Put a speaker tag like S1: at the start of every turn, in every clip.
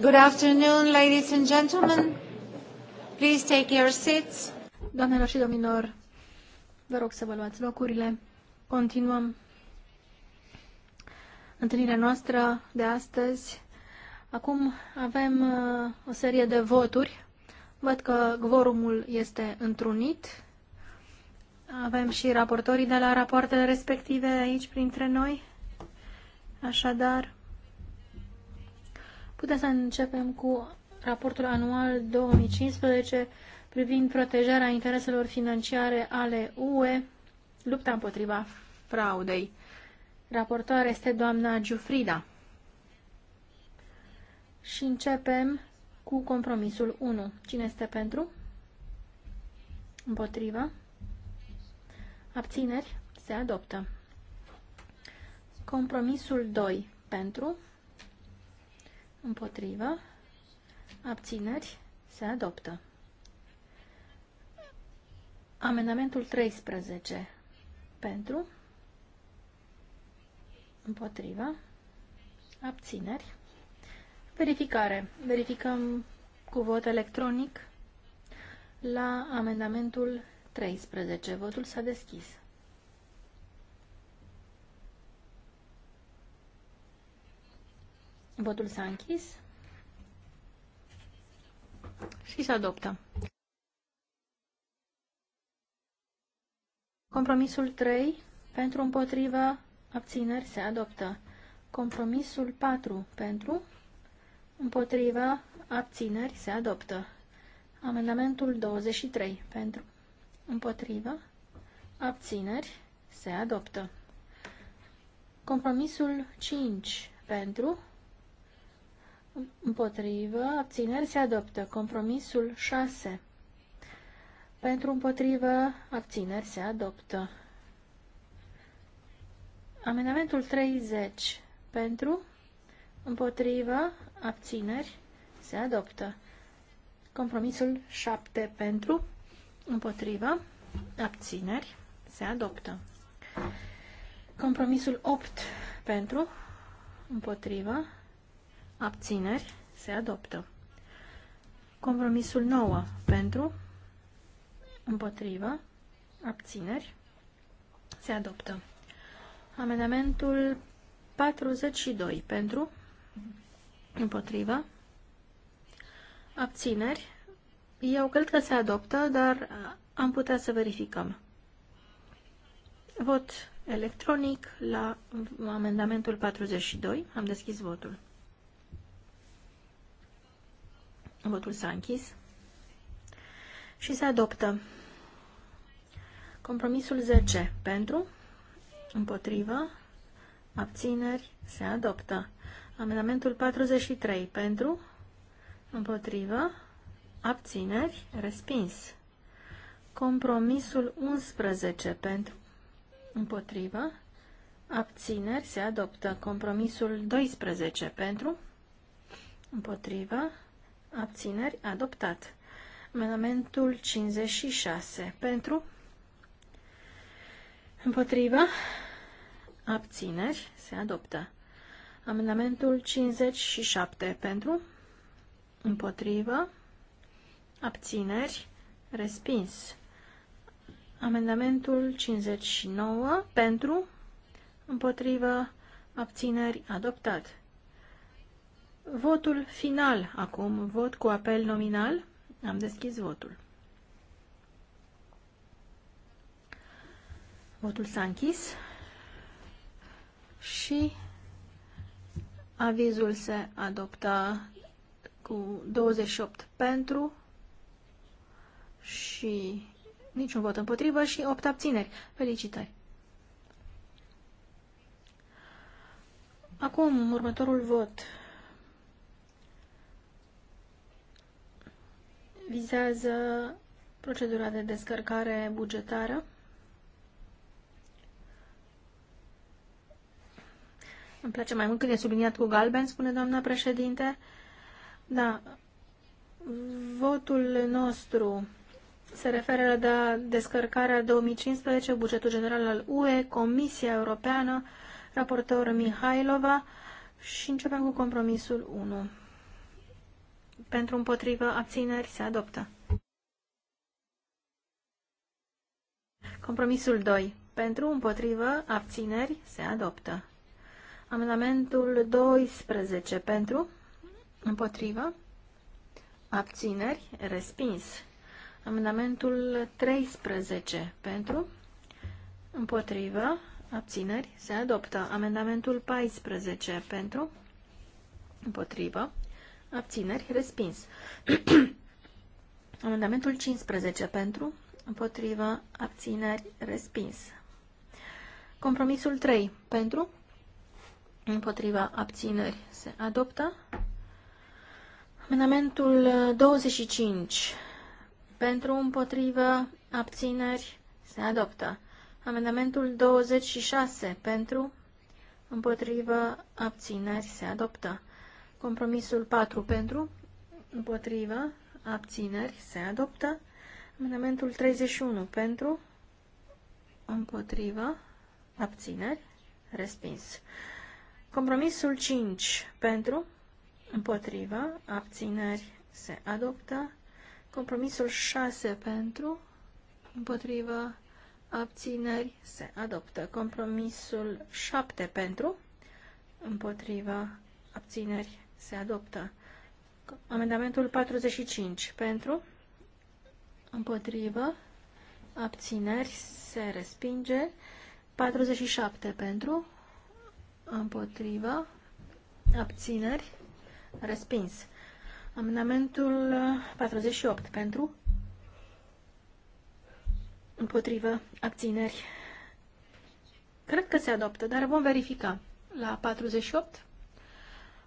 S1: Good afternoon, ladies and gentlemen. Please take your seats. Doamnelor și domnilor, vă rog să vă luați locurile. Continuăm întâlnirea noastră de astăzi. Acum avem uh, o serie de voturi. Văd că gvorumul este întrunit. Avem și raportorii de la rapoartele respective aici printre noi. Așadar, Putem să începem cu raportul anual 2015 privind protejarea intereselor financiare ale UE, lupta împotriva fraudei. Raportoare este doamna Giufrida. Și începem cu compromisul 1. Cine este pentru? Împotriva. Abțineri. Se adoptă. Compromisul 2. Pentru împotrivă, abțineri, se adoptă. Amendamentul 13 pentru, împotrivă, abțineri, verificare. Verificăm cu vot electronic la amendamentul 13. Votul s-a deschis. Votul s-a închis și se adoptă. Compromisul 3 pentru împotrivă abțineri se adoptă. Compromisul 4 pentru împotrivă abțineri se adoptă. Amendamentul 23 pentru împotrivă abțineri se adoptă. Compromisul 5 pentru Împotrivă, abțineri se adoptă. Compromisul 6. Pentru împotrivă, abțineri se adoptă. Amendamentul 30. Pentru împotrivă, abțineri se adoptă. Compromisul 7. Pentru împotrivă, abțineri se adoptă. Compromisul 8. Pentru împotrivă, Abțineri. Se adoptă. Compromisul 9. Pentru. Împotrivă. Abțineri. Se adoptă. Amendamentul 42. Pentru. Împotrivă. Abțineri. Eu cred că se adoptă, dar am putea să verificăm. Vot electronic la amendamentul 42. Am deschis votul. Votul s-a închis și se adoptă. Compromisul 10 pentru, împotrivă, abțineri, se adoptă. Amendamentul 43 pentru, împotrivă, abțineri, respins. Compromisul 11 pentru, împotrivă, abțineri, se adoptă. Compromisul 12 pentru, împotrivă, abțineri, adoptat. Amendamentul 56 pentru, împotriva, abțineri, se adoptă. Amendamentul 57 pentru, împotriva abțineri, respins. Amendamentul 59 pentru, împotriva abțineri, adoptat. Votul final acum, vot cu apel nominal. Am deschis votul. Votul s-a închis și avizul se adopta cu 28 pentru și niciun vot împotrivă și 8 abțineri. Felicitări! Acum, următorul vot vizează procedura de descărcare bugetară. Îmi place mai mult când e subliniat cu galben, spune doamna președinte. Da, votul nostru se referă la descărcarea 2015, bugetul general al UE, Comisia Europeană, raportor Mihailova și începem cu compromisul 1 pentru împotrivă abțineri se adoptă. Compromisul 2. Pentru împotrivă abțineri se adoptă. Amendamentul 12 pentru împotrivă abțineri respins. Amendamentul 13 pentru împotrivă abțineri se adoptă. Amendamentul 14 pentru împotrivă Abțineri. Respins. Amendamentul 15 pentru. Împotrivă. Abțineri. Respins. Compromisul 3 pentru. Împotriva abțineri se adoptă. Amendamentul 25 pentru împotriva abțineri se adoptă. Amendamentul 26 pentru împotriva abțineri se adoptă. Compromisul 4 pentru, împotrivă, abțineri, se adoptă. Amendamentul 31 pentru, împotrivă, abțineri, respins. Compromisul 5 pentru, împotrivă, abțineri, se adoptă. Compromisul 6 pentru, împotrivă, abțineri, se adoptă. Compromisul 7 pentru, împotrivă, abțineri, se adoptă. Amendamentul 45. Pentru? Împotrivă. Abțineri. Se respinge. 47 pentru. Împotrivă. Abțineri. Respins. Amendamentul 48 pentru. Împotrivă. Abțineri. Cred că se adoptă, dar vom verifica. La 48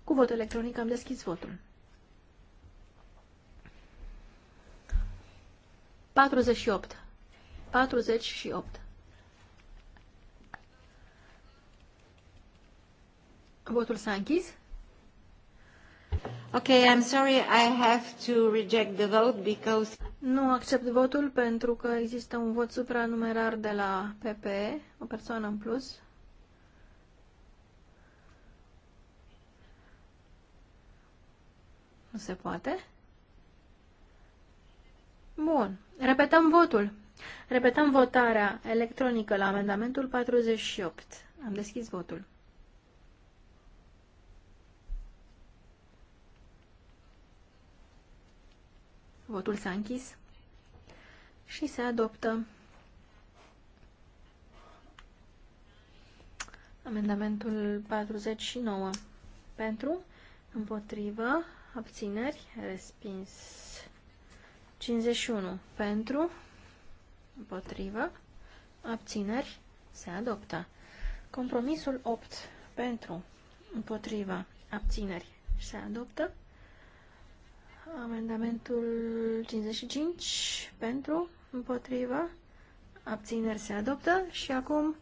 S1: cu vot electronic am deschis votul. 48. 48. Votul s-a închis. Ok, I'm sorry, I have to reject the vote because... Nu accept votul pentru că există un vot supranumerar de la PP, o persoană în plus. Nu se poate. Bun. Repetăm votul. Repetăm votarea electronică la amendamentul 48. Am deschis votul. Votul s-a închis și se adoptă amendamentul 49 pentru, împotrivă, abțineri, respins. 51 pentru, împotrivă, abțineri, se adoptă. Compromisul 8 pentru, împotriva, abțineri, se adoptă. Amendamentul 55 pentru, împotriva, abțineri se adoptă și acum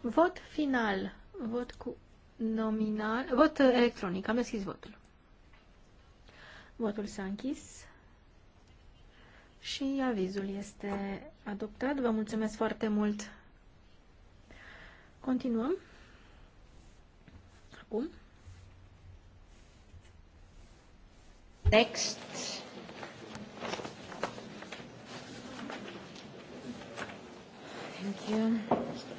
S1: vot final, vot cu nominal, vot electronic, am deschis votul. Votul s-a închis și avizul este adoptat. Vă mulțumesc foarte mult. Continuăm. Acum. Next. Thank you.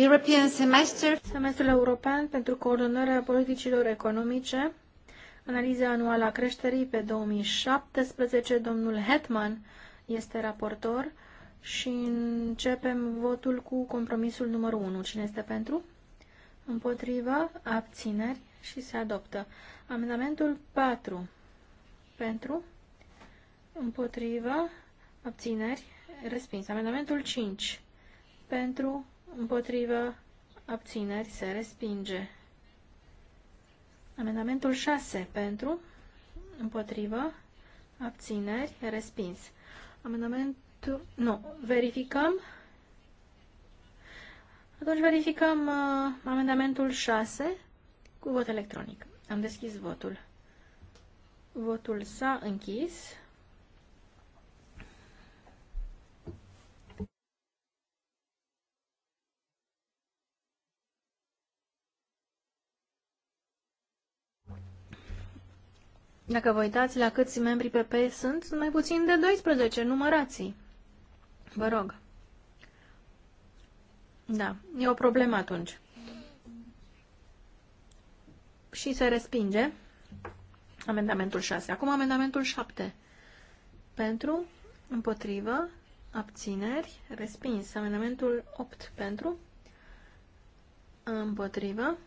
S1: European Semester. Semestrul european pentru coordonarea politicilor economice, analiza anuală a creșterii pe 2017, domnul Hetman este raportor și începem votul cu compromisul numărul 1. Cine este pentru? Împotriva, abțineri și se adoptă. Amendamentul 4. Pentru, împotriva, abțineri, respins. Amendamentul 5. Pentru, împotrivă, abțineri, se respinge. Amendamentul 6 pentru, împotrivă, abțineri, respins. Amendamentul, nu, verificăm. Atunci verificăm uh, amendamentul 6 cu vot electronic. Am deschis votul. Votul s-a închis. Dacă vă uitați la câți membri PP sunt, sunt mai puțin de 12, numărați Vă rog. Da, e o problemă atunci. Și se respinge amendamentul 6. Acum amendamentul 7. Pentru, împotrivă, abțineri, respins. Amendamentul 8 pentru, împotrivă,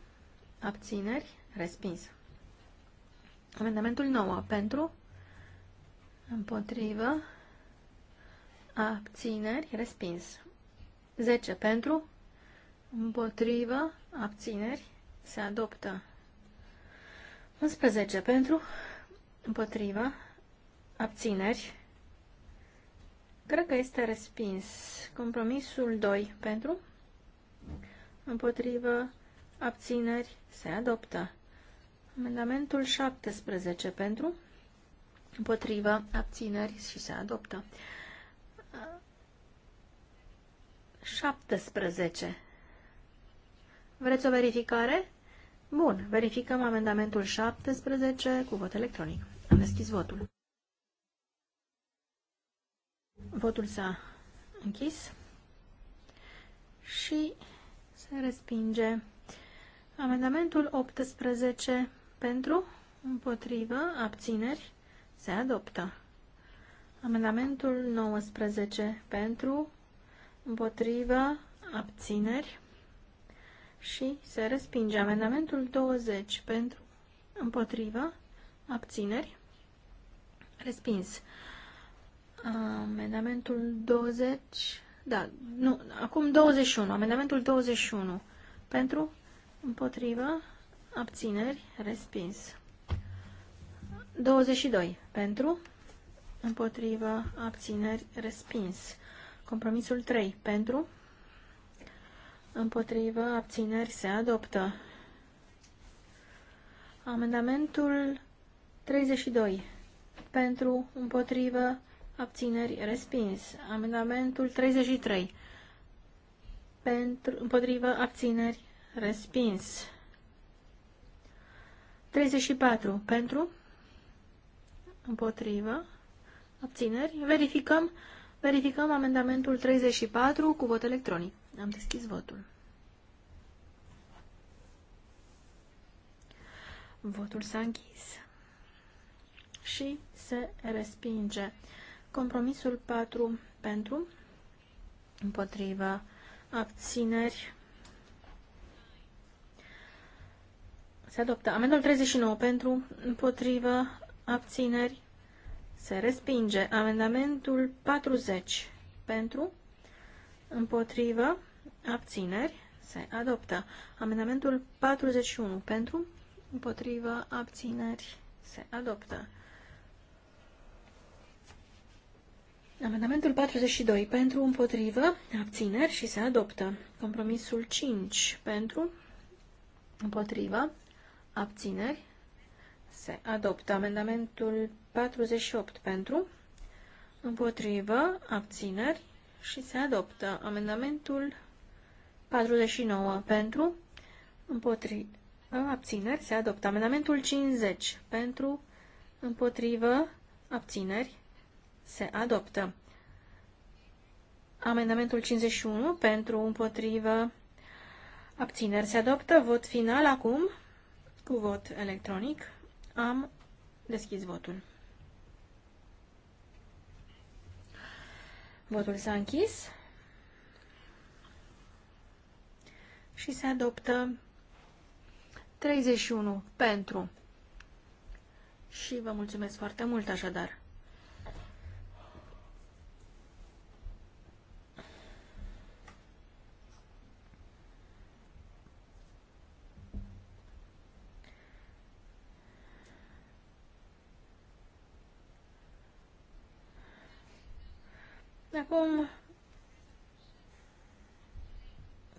S1: abțineri, respins. Amendamentul 9 pentru, împotrivă, abțineri, respins. 10 pentru, împotrivă, abțineri, se adoptă. 11 pentru, împotrivă, abțineri, cred că este respins. Compromisul 2 pentru, împotrivă, abțineri, se adoptă. Amendamentul 17 pentru, împotrivă, abțineri și se adoptă. 17. Vreți o verificare? Bun, verificăm amendamentul 17 cu vot electronic. Am deschis votul. Votul s-a închis și se respinge. Amendamentul 18 pentru, împotrivă, abțineri, se adoptă. Amendamentul 19 pentru, împotrivă, abțineri și se respinge. Amendamentul 20 pentru, împotrivă, abțineri, respins. Amendamentul 20, da, nu, acum 21, amendamentul 21 pentru, împotrivă, abțineri, respins. 22 pentru, împotrivă, abțineri, respins. Compromisul 3 pentru, împotrivă, abțineri, se adoptă. Amendamentul 32 pentru, împotrivă, abțineri, respins. Amendamentul 33 pentru, împotrivă, abțineri, respins. 34 pentru, împotrivă, abțineri. Verificăm, verificăm amendamentul 34 cu vot electronic. Am deschis votul. Votul s-a închis și se respinge. Compromisul 4 pentru, împotrivă, abțineri Se adoptă. Amendamentul 39 pentru, împotrivă, abțineri, se respinge. Amendamentul 40 pentru, împotrivă, abțineri, se adoptă. Amendamentul 41 pentru, împotrivă, abțineri, se adoptă. Amendamentul 42 pentru, împotrivă, abțineri și se adoptă. Compromisul 5 pentru, împotrivă, abțineri, se adoptă. Amendamentul 48 pentru, împotrivă, abțineri și se adoptă. Amendamentul 49 pentru, împotrivă, abțineri, se adoptă. Amendamentul 50 pentru, împotrivă, abțineri, se adoptă. Amendamentul 51 pentru, împotrivă, abțineri, se adoptă. Vot final acum cu vot electronic. Am deschis votul. Votul s-a închis și se adoptă 31 pentru. Și vă mulțumesc foarte mult așadar. Acum,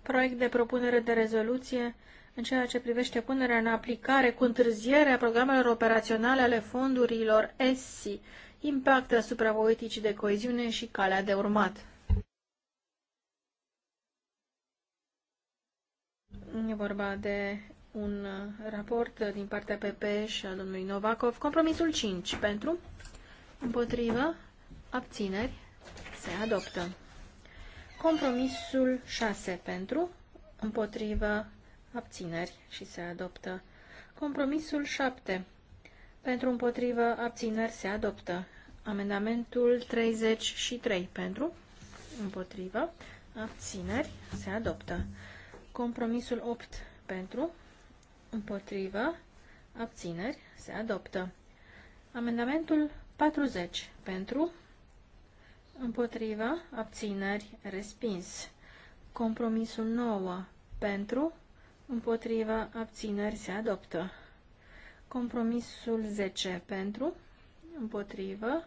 S1: proiect de propunere de rezoluție în ceea ce privește punerea în aplicare cu întârziere a programelor operaționale ale fondurilor ESSI, impact asupra politicii de coeziune și calea de urmat. E vorba de un raport din partea PP și al domnului Novakov. Compromisul 5 pentru, împotrivă, abțineri, se adoptă. Compromisul 6 pentru, împotrivă, abțineri și se adoptă. Compromisul 7 pentru, împotrivă, abțineri se adoptă. Amendamentul 33 pentru, împotrivă, abțineri se adoptă. Compromisul 8 pentru, împotrivă, abțineri se adoptă. Amendamentul 40 pentru, Împotriva, abțineri, respins. Compromisul 9. Pentru, împotriva, abțineri, se adoptă. Compromisul 10. Pentru, împotriva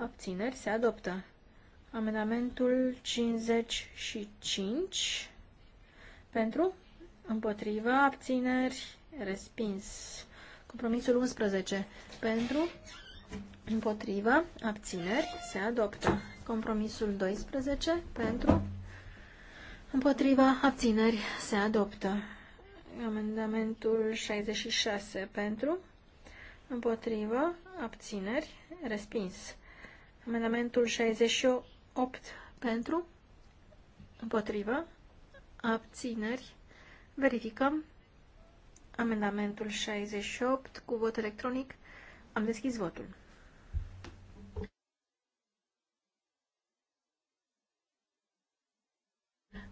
S1: abțineri, se adoptă. Amendamentul 55. Pentru, împotriva, abțineri, respins. Compromisul 11. Pentru, Împotrivă, abțineri, se adoptă. Compromisul 12 pentru, împotriva, abțineri, se adoptă. Amendamentul 66 pentru, împotrivă, abțineri, respins. Amendamentul 68 pentru, împotrivă, abțineri, verificăm. Amendamentul 68 cu vot electronic am deschis votul.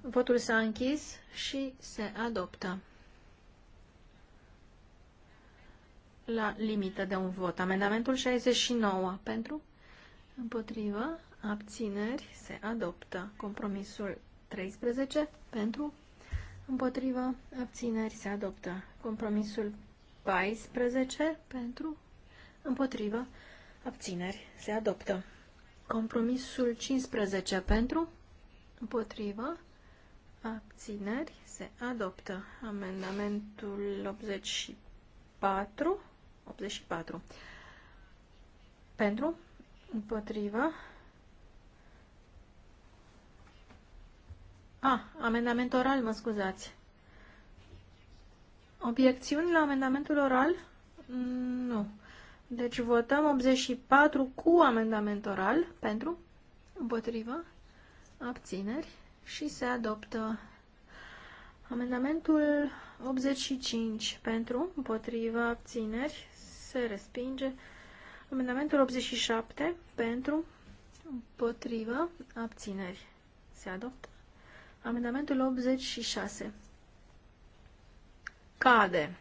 S1: Votul s-a închis și se adoptă la limită de un vot. Amendamentul 69 pentru, împotrivă, abțineri, se adoptă. Compromisul 13 pentru, împotrivă, abțineri, se adoptă. Compromisul 14 pentru, împotrivă, abțineri, se adoptă. Compromisul 15 pentru, împotrivă, abțineri, se adoptă. Amendamentul 84, 84, pentru, împotrivă, a, amendament oral, mă scuzați. Obiecțiuni la amendamentul oral? Nu. Deci votăm 84 cu amendament oral pentru, împotrivă, abțineri și se adoptă amendamentul 85 pentru, împotrivă, abțineri, se respinge. Amendamentul 87 pentru, împotrivă, abțineri, se adoptă. Amendamentul 86 cade.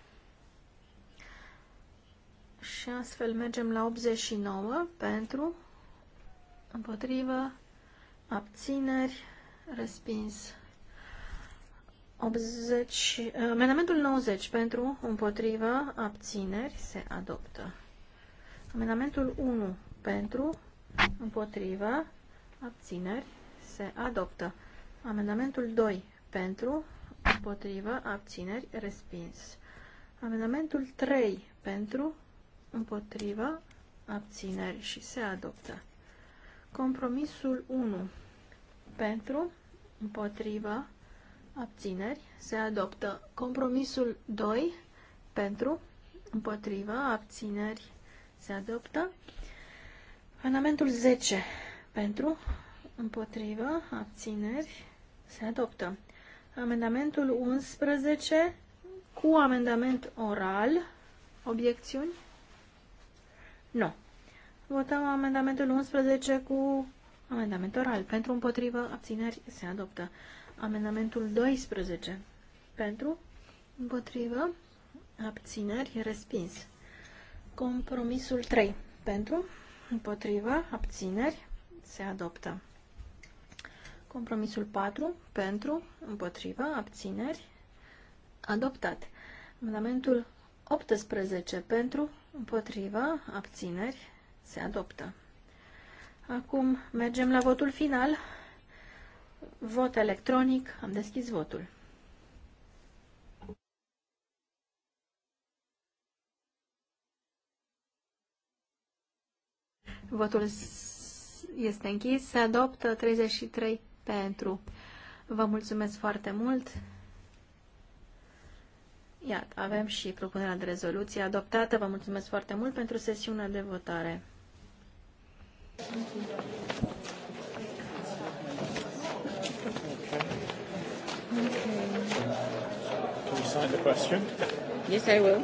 S1: Și astfel mergem la 89 pentru, împotrivă, abțineri, respins. 80, amendamentul 90 pentru, împotrivă, abțineri, se adoptă. Amendamentul 1 pentru, împotrivă, abțineri, se adoptă. Amendamentul 2 pentru, împotrivă, abțineri, respins. Amendamentul 3 pentru, împotriva, abțineri și se adoptă. Compromisul 1 pentru, împotriva, abțineri, se adoptă. Compromisul 2 pentru, împotriva, abțineri, se adoptă. Amendamentul 10 pentru, împotriva, abțineri, se adoptă. Amendamentul 11 cu amendament oral, obiecțiuni, nu. Votăm amendamentul 11 cu amendament oral. Pentru, împotrivă, abțineri, se adoptă. Amendamentul 12. Pentru, împotrivă, abțineri, respins. Compromisul 3. Pentru, împotrivă, abțineri, se adoptă. Compromisul 4. Pentru, împotrivă, abțineri, adoptat. Amendamentul 18. Pentru, Împotriva, abțineri, se adoptă. Acum mergem la votul final. Vot electronic, am deschis votul. Votul este închis. Se adoptă 33 pentru. Vă mulțumesc foarte mult. Iată, avem și propunerea de rezoluție adoptată. Vă mulțumesc foarte mult pentru sesiunea de votare. Okay. Can you sign the question? Yes, I will.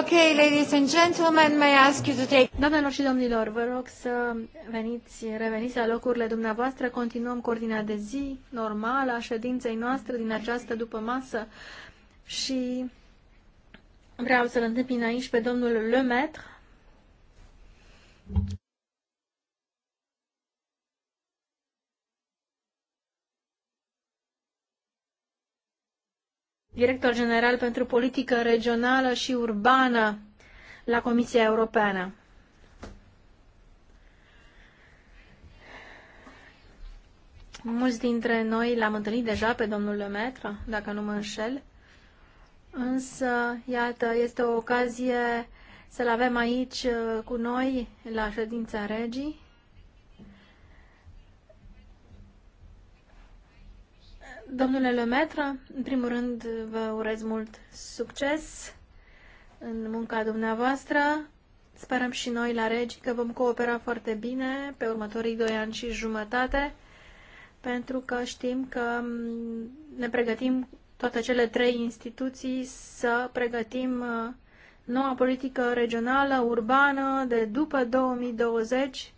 S1: Okay, ladies and gentlemen, may I ask you to take... Doamnelor și domnilor, vă rog să veniți, reveniți la locurile dumneavoastră. Continuăm cu ordinea de zi normală a ședinței noastre din această după masă și vreau să-l întâmpin aici pe domnul Lemaitre. director general pentru politică regională și urbană la Comisia Europeană. Mulți dintre noi l-am întâlnit deja pe domnul Lemaitre, dacă nu mă înșel, însă, iată, este o ocazie să-l avem aici uh, cu noi la ședința regii Domnule Lemetră, în primul rând vă urez mult succes în munca dumneavoastră. Sperăm și noi la Regi că vom coopera foarte bine pe următorii doi ani și jumătate, pentru că știm că ne pregătim toate cele trei instituții să pregătim uh, noua politică regională, urbană, de după 2020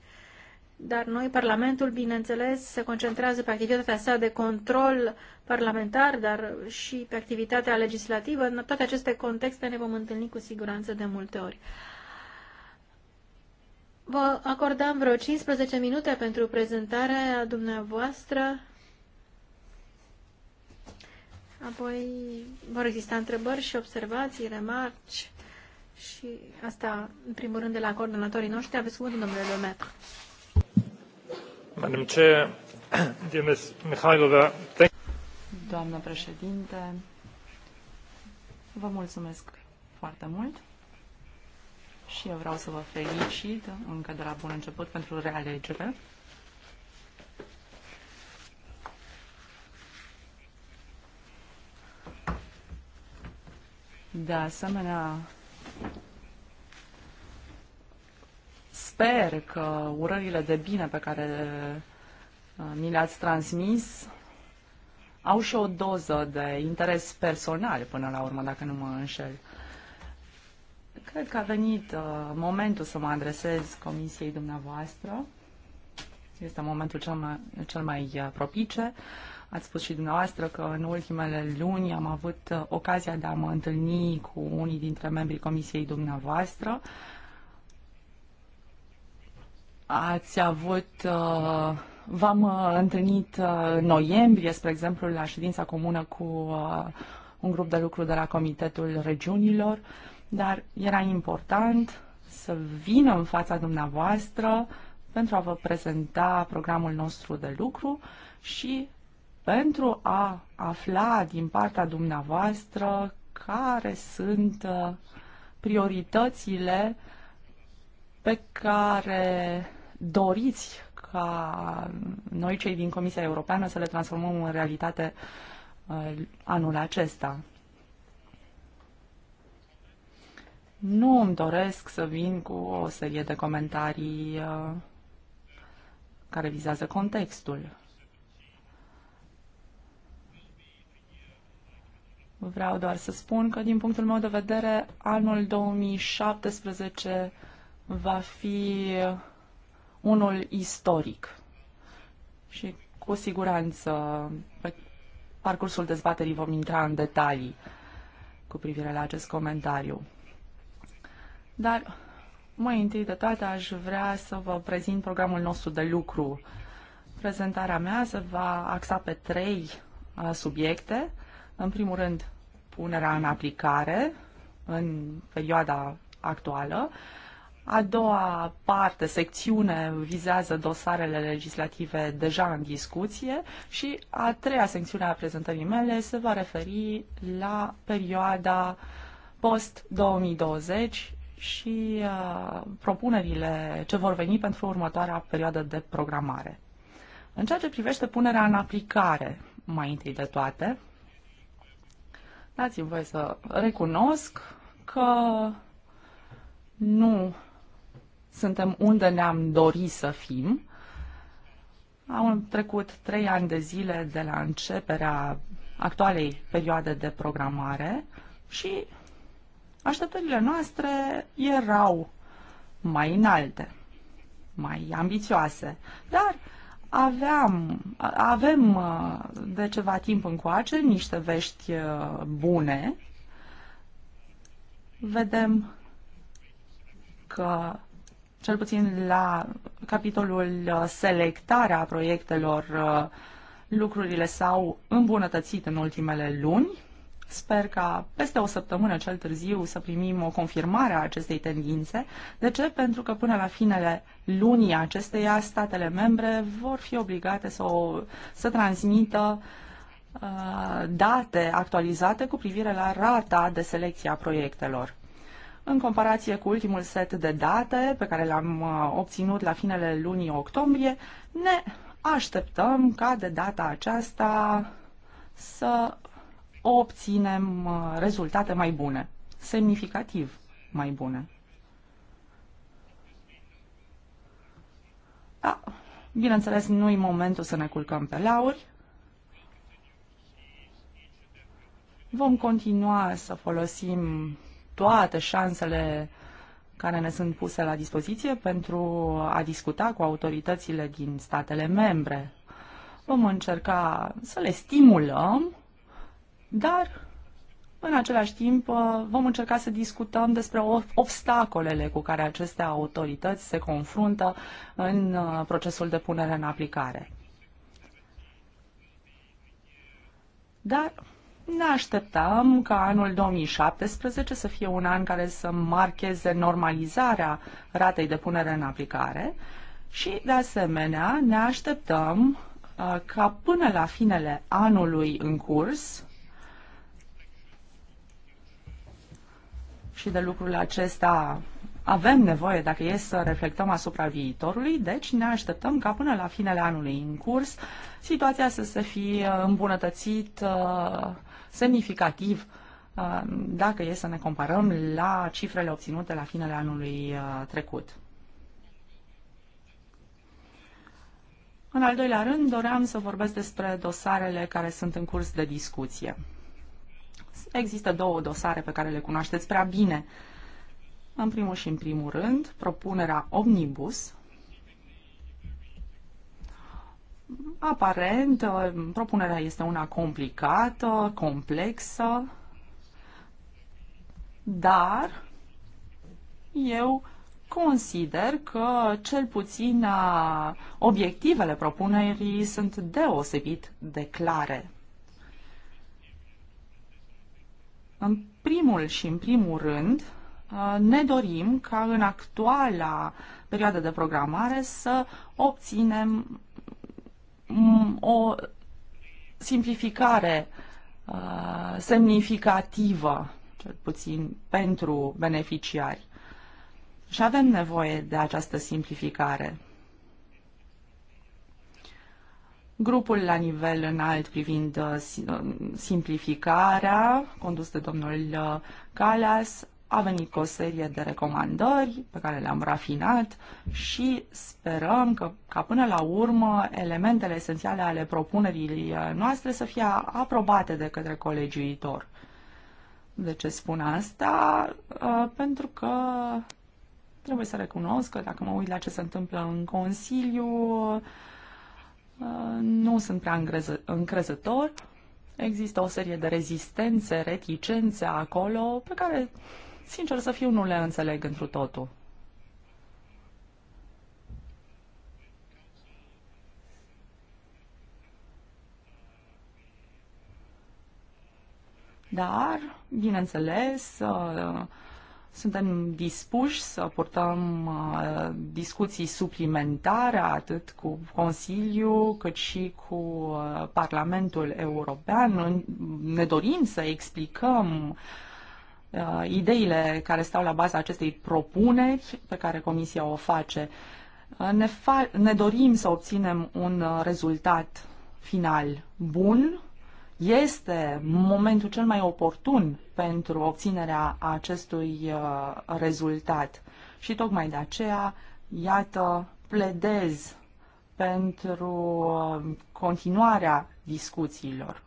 S1: dar noi, Parlamentul, bineînțeles, se concentrează pe activitatea sa de control parlamentar, dar și pe activitatea legislativă. În toate aceste contexte ne vom întâlni cu siguranță de multe ori. Vă acordam vreo 15 minute pentru prezentarea dumneavoastră. Apoi vor exista întrebări și observații, remarci și asta, în primul rând, de la coordonatorii noștri. Aveți cuvântul, domnule Lometru.
S2: Doamnă președinte, vă mulțumesc foarte mult și eu vreau să vă felicit încă de la bun început pentru realegere. De asemenea, sper că urările de bine pe care mi uh, le-ați transmis au și o doză de interes personal până la urmă, dacă nu mă înșel. Cred că a venit uh, momentul să mă adresez comisiei dumneavoastră. Este momentul cel mai, cel mai uh, propice. Ați spus și dumneavoastră că în ultimele luni am avut uh, ocazia de a mă întâlni cu unii dintre membrii comisiei dumneavoastră. Uh, ați avut, uh, v-am uh, întâlnit uh, în noiembrie, spre exemplu, la ședința comună cu un grup de lucru de la Comitetul Regiunilor, dar era important să vină în fața dumneavoastră pentru a vă prezenta programul nostru de lucru și pentru a afla din partea dumneavoastră care sunt prioritățile pe care doriți ca noi cei din Comisia Europeană să le transformăm în realitate uh, anul acesta. Nu îmi doresc să vin cu o serie de comentarii uh, care vizează contextul. Vreau doar să spun că, din punctul meu de vedere, anul 2017 va fi unul istoric. Și cu siguranță pe parcursul dezbaterii vom intra în detalii cu privire la acest comentariu. Dar mai întâi de toate aș vrea să vă prezint programul nostru de lucru. Prezentarea mea se va axa pe trei subiecte. În primul rând, punerea în aplicare în perioada actuală. Uh, a doua parte, secțiune, vizează dosarele legislative deja în discuție și a treia secțiune a prezentării mele se va referi la perioada post-2020 și uh, propunerile ce vor veni pentru următoarea perioadă de programare. În ceea ce privește punerea în aplicare, mai întâi de toate, dați-mi voie să recunosc că nu suntem unde ne-am dorit să fim. Au trecut trei ani de zile de la începerea actualei perioade de programare și așteptările noastre erau mai înalte, mai ambițioase, dar aveam, avem uh, de ceva timp încoace niște vești uh, bune. Vedem că cel puțin la capitolul uh, selectarea proiectelor, uh, lucrurile s-au îmbunătățit în ultimele luni. Sper ca peste o săptămână cel târziu să primim o confirmare a acestei tendințe. De ce? Pentru că până la finele lunii acesteia statele membre vor fi obligate să, o, să transmită uh, date actualizate cu privire la rata de selecție a proiectelor în comparație cu ultimul set de date pe care l am uh, obținut la finele lunii octombrie, ne așteptăm ca de data aceasta să obținem uh, rezultate mai bune, semnificativ mai bune. Da, bineînțeles, nu-i momentul să ne culcăm pe lauri. Vom continua să folosim toate șansele care ne sunt puse la dispoziție pentru a discuta cu autoritățile din statele membre. Vom încerca să le stimulăm, dar în același timp vom încerca să discutăm despre obstacolele cu care aceste autorități se confruntă în uh, procesul de punere în aplicare. Dar ne așteptăm ca anul 2017 să fie un an care să marcheze normalizarea ratei de punere în aplicare și, de asemenea, ne așteptăm uh, ca până la finele anului în curs și de lucrul acesta avem nevoie, dacă e să reflectăm asupra viitorului, deci ne așteptăm ca până la finele anului în curs situația să se fi îmbunătățit uh, semnificativ uh, dacă e să ne comparăm la cifrele obținute la finele anului uh, trecut. În al doilea rând, doream să vorbesc despre dosarele care sunt în curs de discuție. Există două dosare pe care le cunoașteți prea bine. În primul și în primul rând, propunerea Omnibus, Aparent, uh, propunerea este una complicată, complexă, dar eu consider că cel puțin uh, obiectivele propunerii sunt deosebit de clare. În primul și în primul rând, uh, ne dorim ca în actuala perioadă de programare să obținem Mm, o simplificare uh, semnificativă, cel puțin pentru beneficiari. Și avem nevoie de această simplificare. Grupul la nivel înalt privind uh, uh, simplificarea, condus de domnul Calas, a venit cu o serie de recomandări pe care le-am rafinat și sperăm că, ca până la urmă elementele esențiale ale propunerii eh, noastre să fie aprobate de către viitor. De ce spun asta? Eh, pentru că trebuie să recunosc că dacă mă uit la ce se întâmplă în Consiliu, eh, nu sunt prea încrezător. Există o serie de rezistențe, reticențe acolo pe care Sincer să fiu, nu le înțeleg întru totul. Dar, bineînțeles, uh, suntem dispuși să purtăm uh, discuții suplimentare atât cu Consiliul cât și cu uh, Parlamentul European. Ne dorim să explicăm Uh, ideile care stau la baza acestei propuneri pe care Comisia o face. Uh, ne, fa- ne dorim să obținem un uh, rezultat final bun. Este momentul cel mai oportun pentru obținerea acestui rezultat. Și tocmai de aceea, iată, pledez pentru continuarea discuțiilor.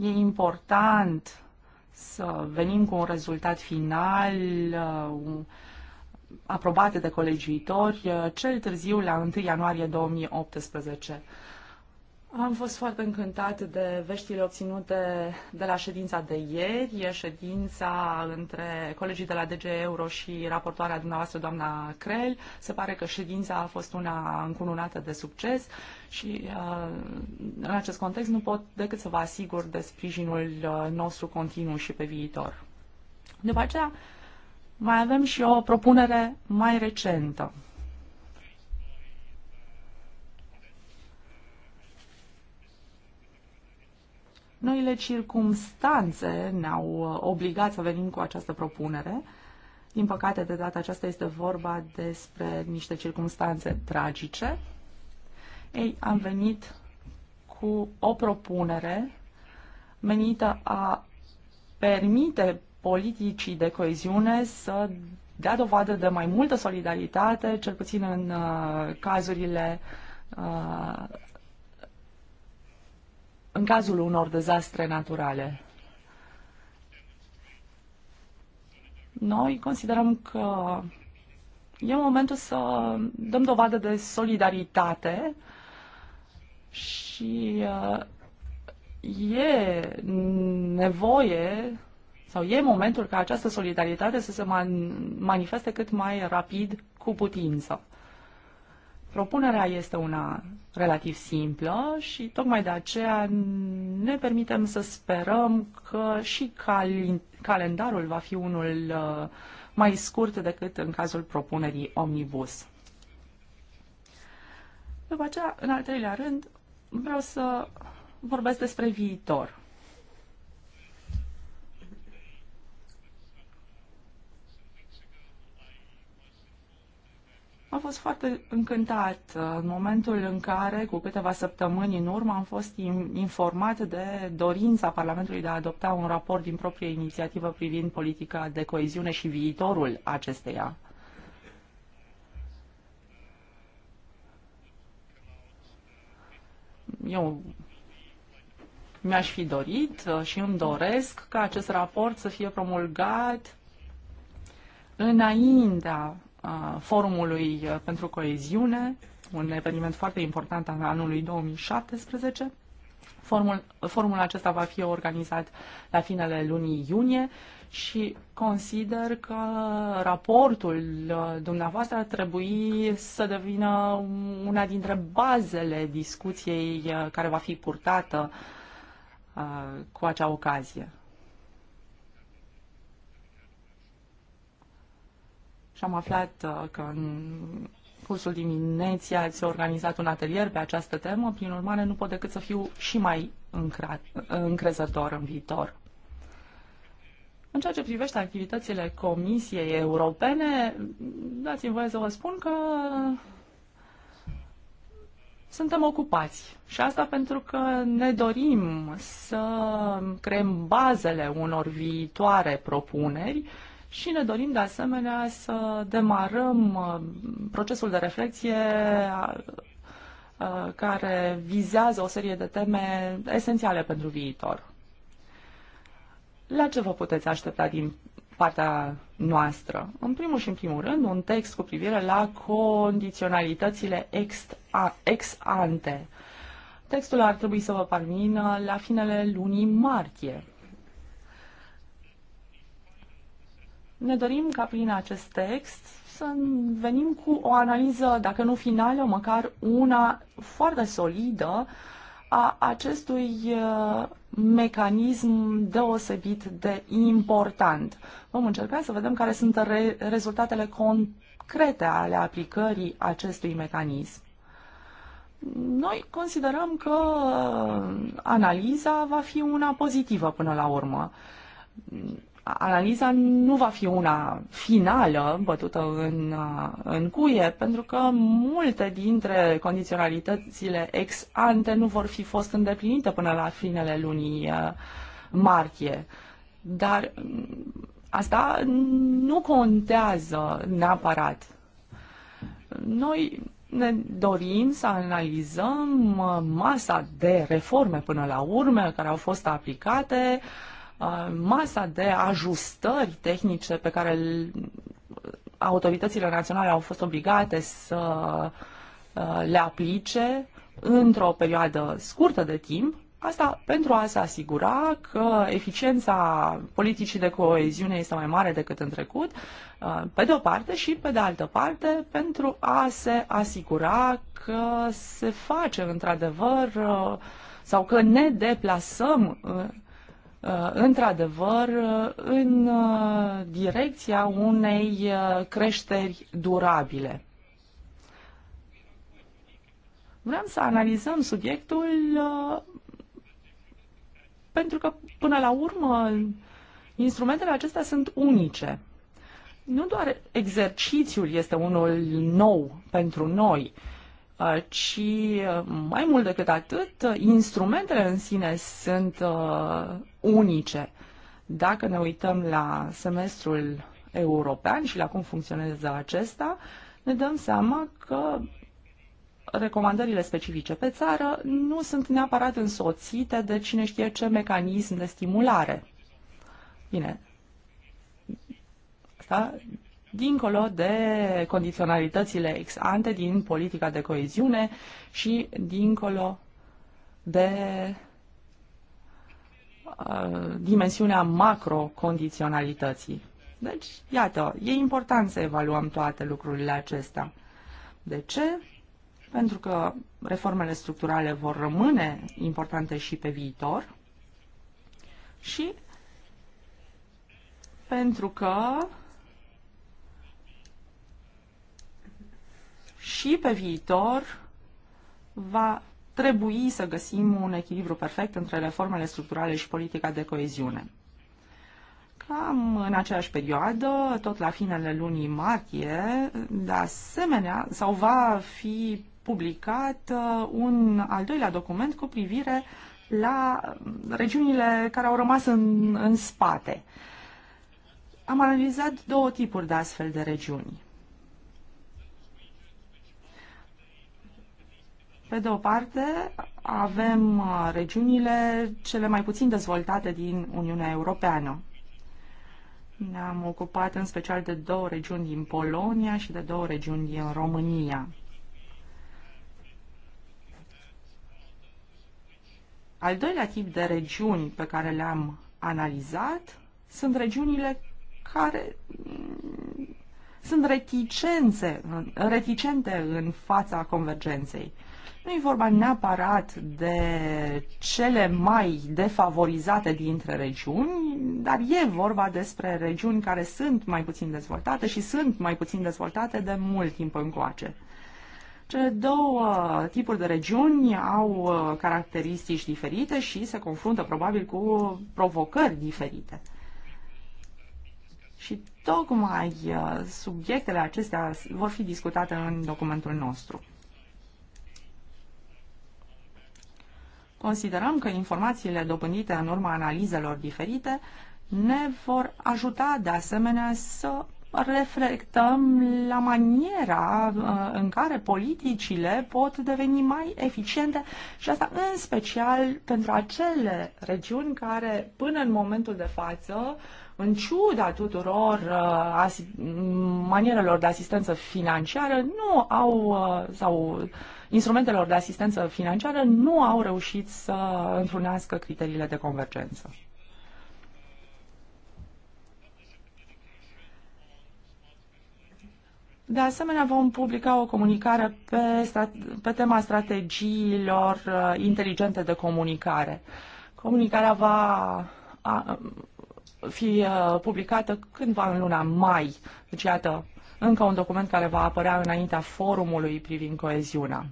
S2: E important să venim cu un rezultat final uh, aprobat de colegiuitori uh, cel târziu la 1 ianuarie 2018. Am fost foarte încântat de veștile obținute de la ședința de ieri, ședința între colegii de la DG Euro și raportoarea dumneavoastră, doamna Crel. Se pare că ședința a fost una încununată de succes și uh, în acest context nu pot decât să vă asigur de sprijinul uh, nostru continuu și pe viitor. După aceea, mai avem și o propunere mai recentă. Noile circumstanțe ne-au uh, obligat să venim cu această propunere. Din păcate, de data aceasta este vorba despre niște circumstanțe tragice. Ei, am venit cu o propunere menită a permite politicii de coeziune să dea dovadă de mai multă solidaritate, cel puțin în uh, cazurile uh, în cazul unor dezastre naturale. Noi considerăm că e momentul să dăm dovadă de solidaritate și uh, e nevoie sau e momentul ca această solidaritate să se manifeste cât mai rapid cu putință. Propunerea este una relativ simplă și tocmai de aceea ne permitem să sperăm că și cal- calendarul va fi unul uh, mai scurt decât în cazul propunerii omnibus. După aceea, în al treilea rând, vreau să vorbesc despre viitor. Am fost foarte încântat uh, în momentul în care, cu câteva săptămâni în urmă, am fost informat de dorința Parlamentului de a adopta un raport din proprie inițiativă privind politica de coeziune și viitorul acesteia. Eu mi-aș fi dorit uh, și îmi doresc ca acest raport să fie promulgat înaintea Forumului uh, pentru Coeziune, un eveniment foarte important al anului 2017. Formul, formul acesta va fi organizat la finele lunii iunie și consider că raportul uh, dumneavoastră ar trebui să devină una dintre bazele discuției uh, care va fi purtată cu acea ocazie. și am aflat uh, că în cursul dimineții ați organizat un atelier pe această temă, prin urmare nu pot decât să fiu și mai încrezător în viitor. În ceea ce privește activitățile Comisiei Europene, dați-mi voie să vă spun că suntem ocupați. Și asta pentru că ne dorim să creăm bazele unor viitoare propuneri și ne dorim de asemenea să demarăm uh, procesul de reflexie care vizează o serie de teme esențiale pentru viitor. La ce vă puteți aștepta din partea noastră? În primul și în primul rând, un text cu privire la condiționalitățile ex, ante. Textul ar trebui să vă parmină la finele lunii martie. Ne dorim ca prin acest text să venim cu o analiză, dacă nu finală, măcar una foarte solidă a acestui uh, mecanism deosebit de important. Vom încerca să vedem care sunt re- rezultatele concrete ale aplicării acestui mecanism. Noi considerăm că uh, analiza va fi una pozitivă până la urmă analiza nu va fi una finală, bătută în, în cuie, pentru că multe dintre condiționalitățile ex ante nu vor fi fost îndeplinite până la finele lunii uh, martie. Dar mm, asta nu contează neapărat. Noi ne dorim să analizăm uh, masa de reforme până la urmă care au fost aplicate, uh, masa de ajustări tehnice pe care autoritățile naționale au fost obligate să uh, le aplice într-o perioadă scurtă de timp, asta pentru a se asigura că eficiența politicii de coeziune este mai mare decât în trecut, uh, pe de o parte și pe de altă parte pentru a se asigura că se face într-adevăr uh, sau că ne deplasăm Uh, într-adevăr, uh, în uh, direcția unei creșteri durabile. Vreau să analizăm subiectul pentru că, până la urmă, instrumentele acestea sunt unice. Nu doar exercițiul este unul nou pentru noi, ci mai mult decât atât, instrumentele în sine sunt uh, unice. Dacă ne uităm la semestrul european și la cum funcționează acesta, ne dăm seama că recomandările specifice pe țară nu sunt neapărat însoțite de cine știe ce mecanism de stimulare. Bine, asta dincolo de condiționalitățile ex ante din politica de coeziune și dincolo de Uh, dimensiunea macro-condiționalității. Deci, iată, e important să evaluăm toate lucrurile acestea. De ce? Pentru că reformele structurale vor rămâne importante și pe viitor și pentru că și pe viitor va trebui să găsim un echilibru perfect între reformele structurale și politica de coeziune. Cam în aceeași perioadă, tot la finele lunii martie, de asemenea, sau va fi publicat uh, un al doilea document cu privire la um, regiunile care au rămas în, în spate. Am analizat două tipuri de astfel de regiuni. Pe de o parte, avem uh, regiunile cele mai puțin dezvoltate din Uniunea Europeană. Ne-am ocupat în special de două regiuni din Polonia și de două regiuni din România. Al doilea tip de regiuni pe care le-am analizat sunt regiunile care mm, sunt reticențe, reticente în fața convergenței. Nu e vorba neapărat de cele mai defavorizate dintre regiuni, dar e vorba despre regiuni care sunt mai puțin dezvoltate și sunt mai puțin dezvoltate de mult timp încoace. Cele două tipuri de regiuni au uh, caracteristici diferite și se confruntă probabil cu provocări diferite. Și tocmai uh, subiectele acestea vor fi discutate în documentul nostru. Considerăm că informațiile dobândite în urma analizelor diferite ne vor ajuta de asemenea să reflectăm la maniera uh, în care politicile pot deveni mai eficiente și asta în special pentru acele regiuni care până în momentul de față în ciuda tuturor uh, manierelor de asistență financiară, nu au uh, sau instrumentelor de asistență financiară nu au reușit să întrunească criteriile de convergență. De asemenea, vom publica o comunicare pe, pe tema strategiilor uh, inteligente de comunicare. Comunicarea va fi uh, publicată cândva în luna mai. Deci, iată, încă un document care va apărea înaintea forumului privind coeziunea.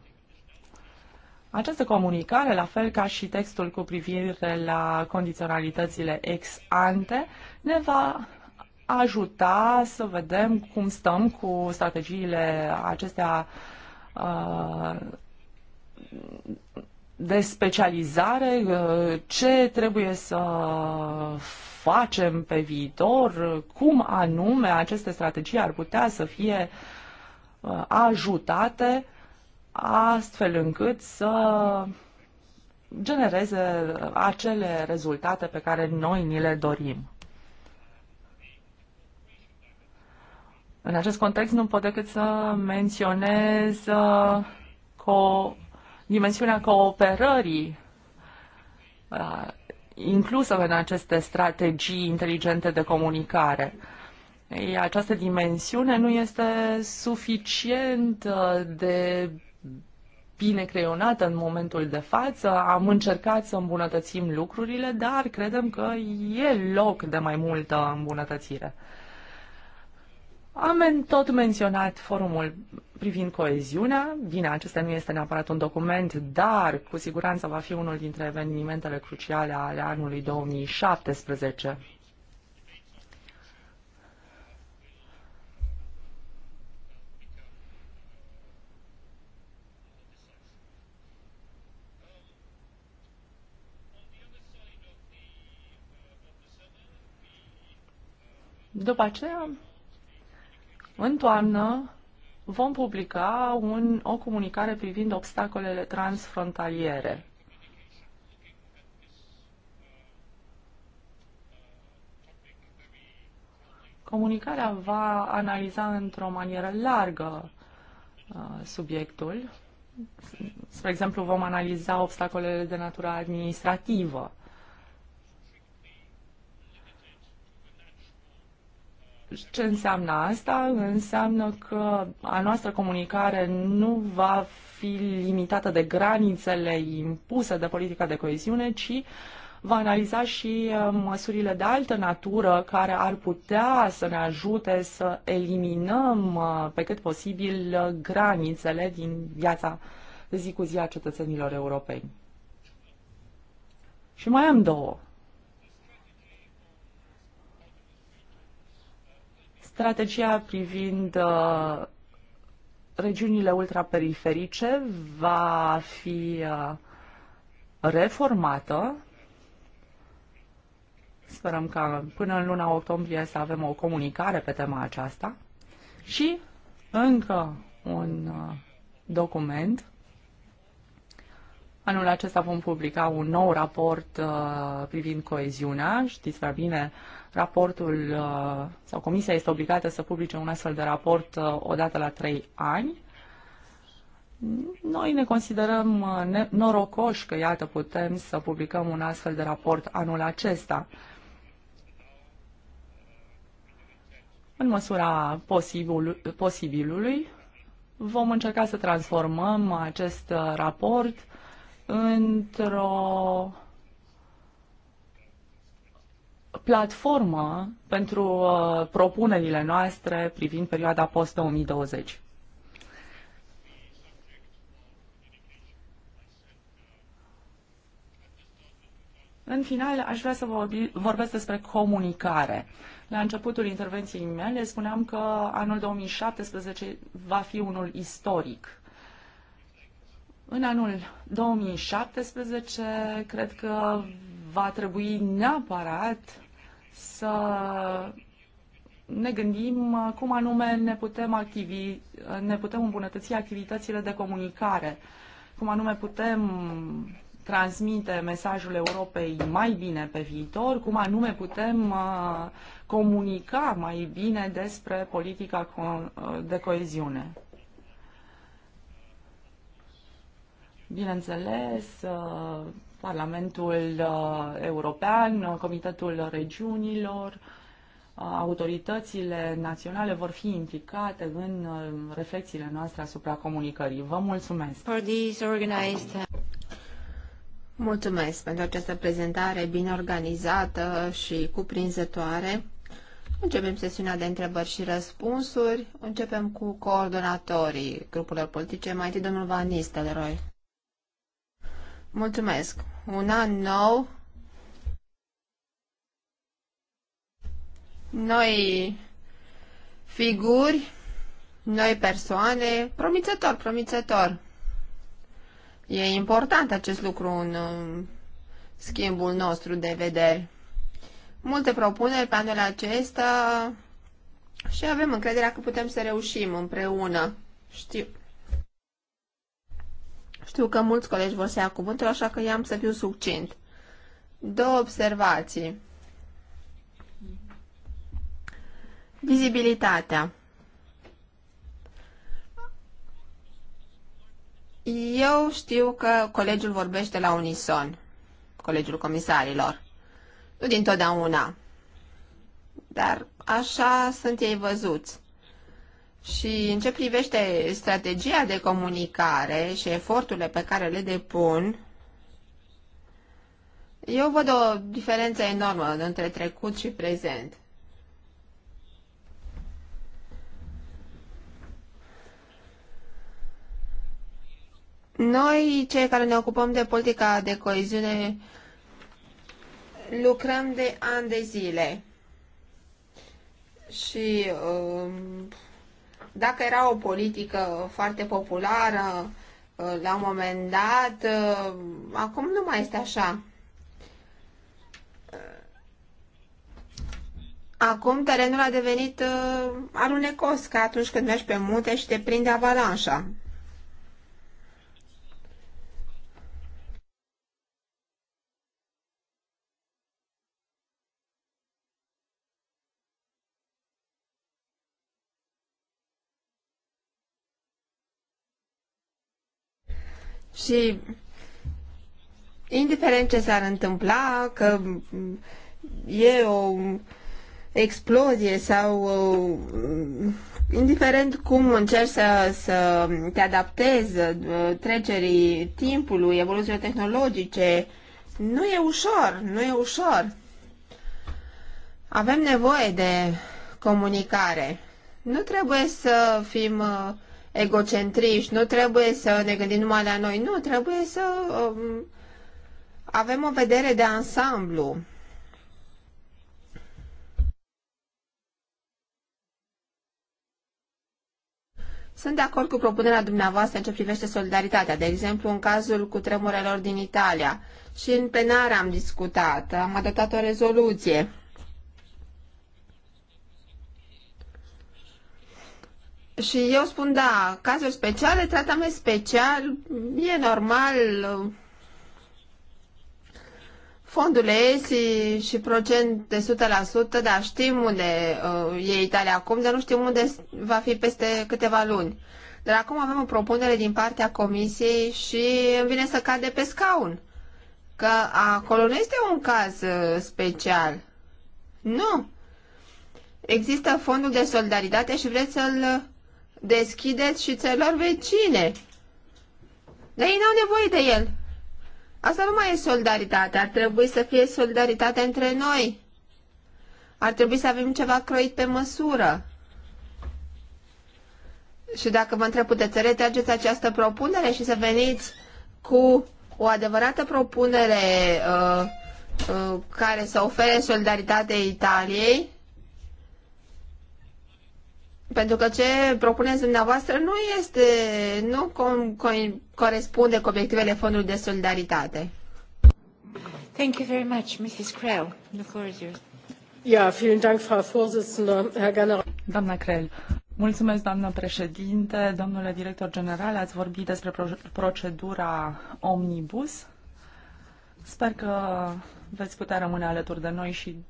S2: Această comunicare, la fel ca și textul cu privire la condiționalitățile ex ante, ne va ajuta să vedem cum stăm cu strategiile acestea uh, de specializare, uh, ce trebuie să facem pe viitor, cum anume aceste strategii ar putea să fie uh, ajutate astfel încât să genereze acele rezultate pe care noi ni le dorim. În acest context nu pot decât să menționez uh, co- dimensiunea cooperării uh, inclusă în aceste strategii inteligente de comunicare. această dimensiune nu este suficient uh, de bine creionată în momentul de față, am încercat să îmbunătățim lucrurile, dar credem că e loc de mai multă îmbunătățire. Am tot menționat forumul privind coeziunea. Bine, acesta nu este neapărat un document, dar cu siguranță va fi unul dintre evenimentele cruciale ale anului 2017. După aceea, în toamnă, vom publica un, o comunicare privind obstacolele transfrontaliere. Comunicarea va analiza într-o manieră largă uh, subiectul. Spre exemplu, vom analiza obstacolele de natură administrativă. Ce înseamnă asta? Înseamnă că a noastră comunicare nu va fi limitată de granițele impuse de politica de coeziune, ci va analiza și uh, măsurile de altă natură care ar putea să ne ajute să eliminăm uh, pe cât posibil uh, granițele din viața zi cu zi a cetățenilor europeni. Și mai am două Strategia privind uh, regiunile ultraperiferice va fi uh, reformată. Sperăm că până în luna octombrie să avem o comunicare pe tema aceasta. Și încă un uh, document. Anul acesta vom publica un nou raport uh, privind coeziunea. Știți prea bine uh, Raportul uh, sau comisia este obligată să publice un astfel de raport uh, odată la trei ani. Noi ne considerăm uh, norocoși că, iată, putem să publicăm un astfel de raport anul acesta. În măsura posibil, posibilului, vom încerca să transformăm acest raport într-o platformă pentru uh, propunerile noastre privind perioada post-2020. În final, aș vrea să vorbesc despre comunicare. La începutul intervenției mele spuneam că anul 2017 va fi unul istoric. În anul 2017, cred că va trebui neapărat să ne gândim uh, cum anume ne putem, activi, uh, ne putem îmbunătăți activitățile de comunicare, cum anume putem transmite mesajul Europei mai bine pe viitor, cum anume putem uh, comunica mai bine despre politica de coeziune. Bineînțeles, Parlamentul uh, European, uh, Comitetul Regiunilor, uh, autoritățile naționale vor fi implicate în reflexiile noastre asupra comunicării. Vă mulțumesc!
S3: For these organized... Mulțumesc pentru această prezentare bine organizată și cuprinzătoare. Începem sesiunea de întrebări și răspunsuri. Începem cu coordonatorii grupurilor politice. Mai întâi domnul Van Nistelrooy. Mulțumesc. Un an nou. Noi figuri, noi persoane, promițător, promițător. E important acest lucru în schimbul nostru de vederi. Multe propuneri pe anul acesta și avem încrederea că putem să reușim împreună. Știu, știu că mulți colegi vor să ia cuvântul, așa că i-am să fiu succint. Două observații. Vizibilitatea. Eu știu că colegiul vorbește la unison, colegiul comisarilor. Nu dintotdeauna, dar așa sunt ei văzuți. Și în ce privește strategia de comunicare și eforturile pe care le depun, eu văd o diferență enormă între trecut și prezent. Noi, cei care ne ocupăm de politica de coeziune, lucrăm de ani de zile. Și Uh, dacă era o politică foarte populară ă, la un moment dat, ă, acum nu mai este așa. Acum terenul a devenit ă, alunecos, ca atunci când mergi pe munte și te prinde avalanșa. Și indiferent ce s-ar întâmpla, că e o explozie sau uh, indiferent cum încerci să, să te adaptezi uh, trecerii timpului, evoluțiilor tehnologice, nu e ușor, nu e ușor. Avem nevoie de comunicare. Nu trebuie să fim uh, egocentriști, nu trebuie să ne gândim numai la noi, nu, trebuie să um, avem o vedere de ansamblu. Sunt de acord cu propunerea dumneavoastră în ce privește solidaritatea, de exemplu în cazul cu tremurelor din Italia. Și în plenară am discutat, am adoptat o rezoluție. Și eu spun, da, cazuri speciale, tratament special, e normal, uh, fondurile ESI și procent de 100%, dar știm unde uh, e Italia acum, dar nu știm unde va fi peste câteva luni. Dar acum avem o propunere din partea comisiei și îmi vine să cade pe scaun. Că acolo nu este un caz uh, special. Nu. Există fondul de solidaritate și vreți să-l deschideți și țelor vecine. ei n-au nevoie de el. Asta nu mai e solidaritate, ar trebui să fie solidaritate între noi. Ar trebui să avem ceva croit pe măsură. Și dacă vă întreb, puteți să retrageți această propunere și să veniți cu o adevărată propunere uh, uh, care să ofere solidaritate Italiei? Pentru că ce propuneți dumneavoastră nu este, nu com, com, corespunde cu obiectivele Fondului de Solidaritate. Thank you very much, Mrs. Krell. The floor is yours. Ja, vielen Dank, Frau Vorsitzende,
S2: Herr General. Doamna Krell, Mulțumesc, doamnă președinte, domnule director general, ați vorbit despre procedura omnibus. Sper că veți putea rămâne alături de noi și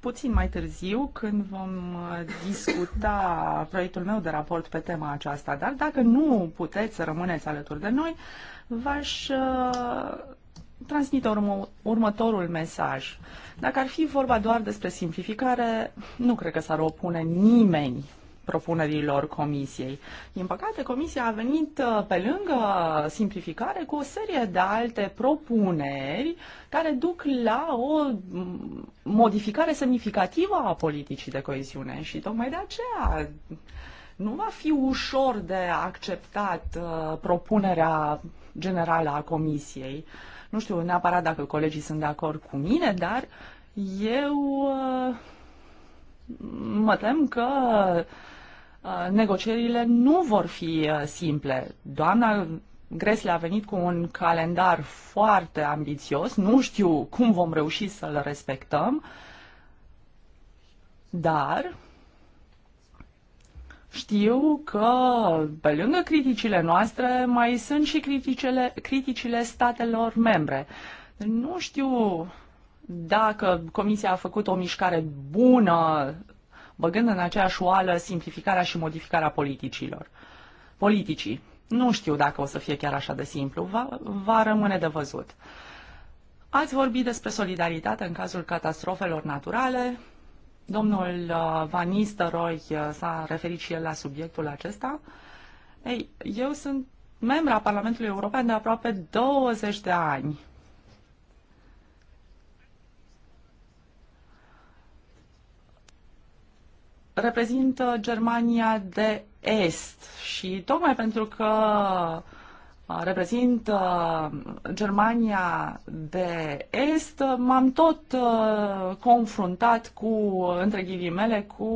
S2: puțin mai târziu când vom uh, discuta proiectul meu de raport pe tema aceasta, dar dacă nu puteți să rămâneți alături de noi, v-aș uh, transmite urmă, următorul mesaj. Dacă ar fi vorba doar despre simplificare, nu cred că s-ar opune nimeni propunerilor comisiei. Din păcate, comisia a venit uh, pe lângă simplificare cu o serie de alte propuneri care duc la o mm, modificare semnificativă a politicii de coeziune și tocmai de aceea nu va fi ușor de acceptat uh, propunerea generală a comisiei. Nu știu neapărat dacă colegii sunt de acord cu mine, dar eu uh, mă tem că Uh, negocierile nu vor fi uh, simple. Doamna Gresle a venit cu un calendar foarte ambițios, nu știu cum vom reuși să-l respectăm, dar știu că, pe lângă criticile noastre, mai sunt și criticile, criticile statelor membre. Nu știu dacă Comisia a făcut o mișcare bună băgând în aceeași oală simplificarea și modificarea politicilor. Politicii. Nu știu dacă o să fie chiar așa de simplu, va, va rămâne de văzut. Ați vorbit despre solidaritate în cazul catastrofelor naturale. Domnul uh, Van Nistelrooy uh, s-a referit și el la subiectul acesta. Ei, eu sunt membra Parlamentului European de aproape 20 de ani reprezintă Germania de Est și tocmai pentru că uh, reprezintă uh, Germania de Est, m-am tot uh, confruntat cu, între ghilimele, cu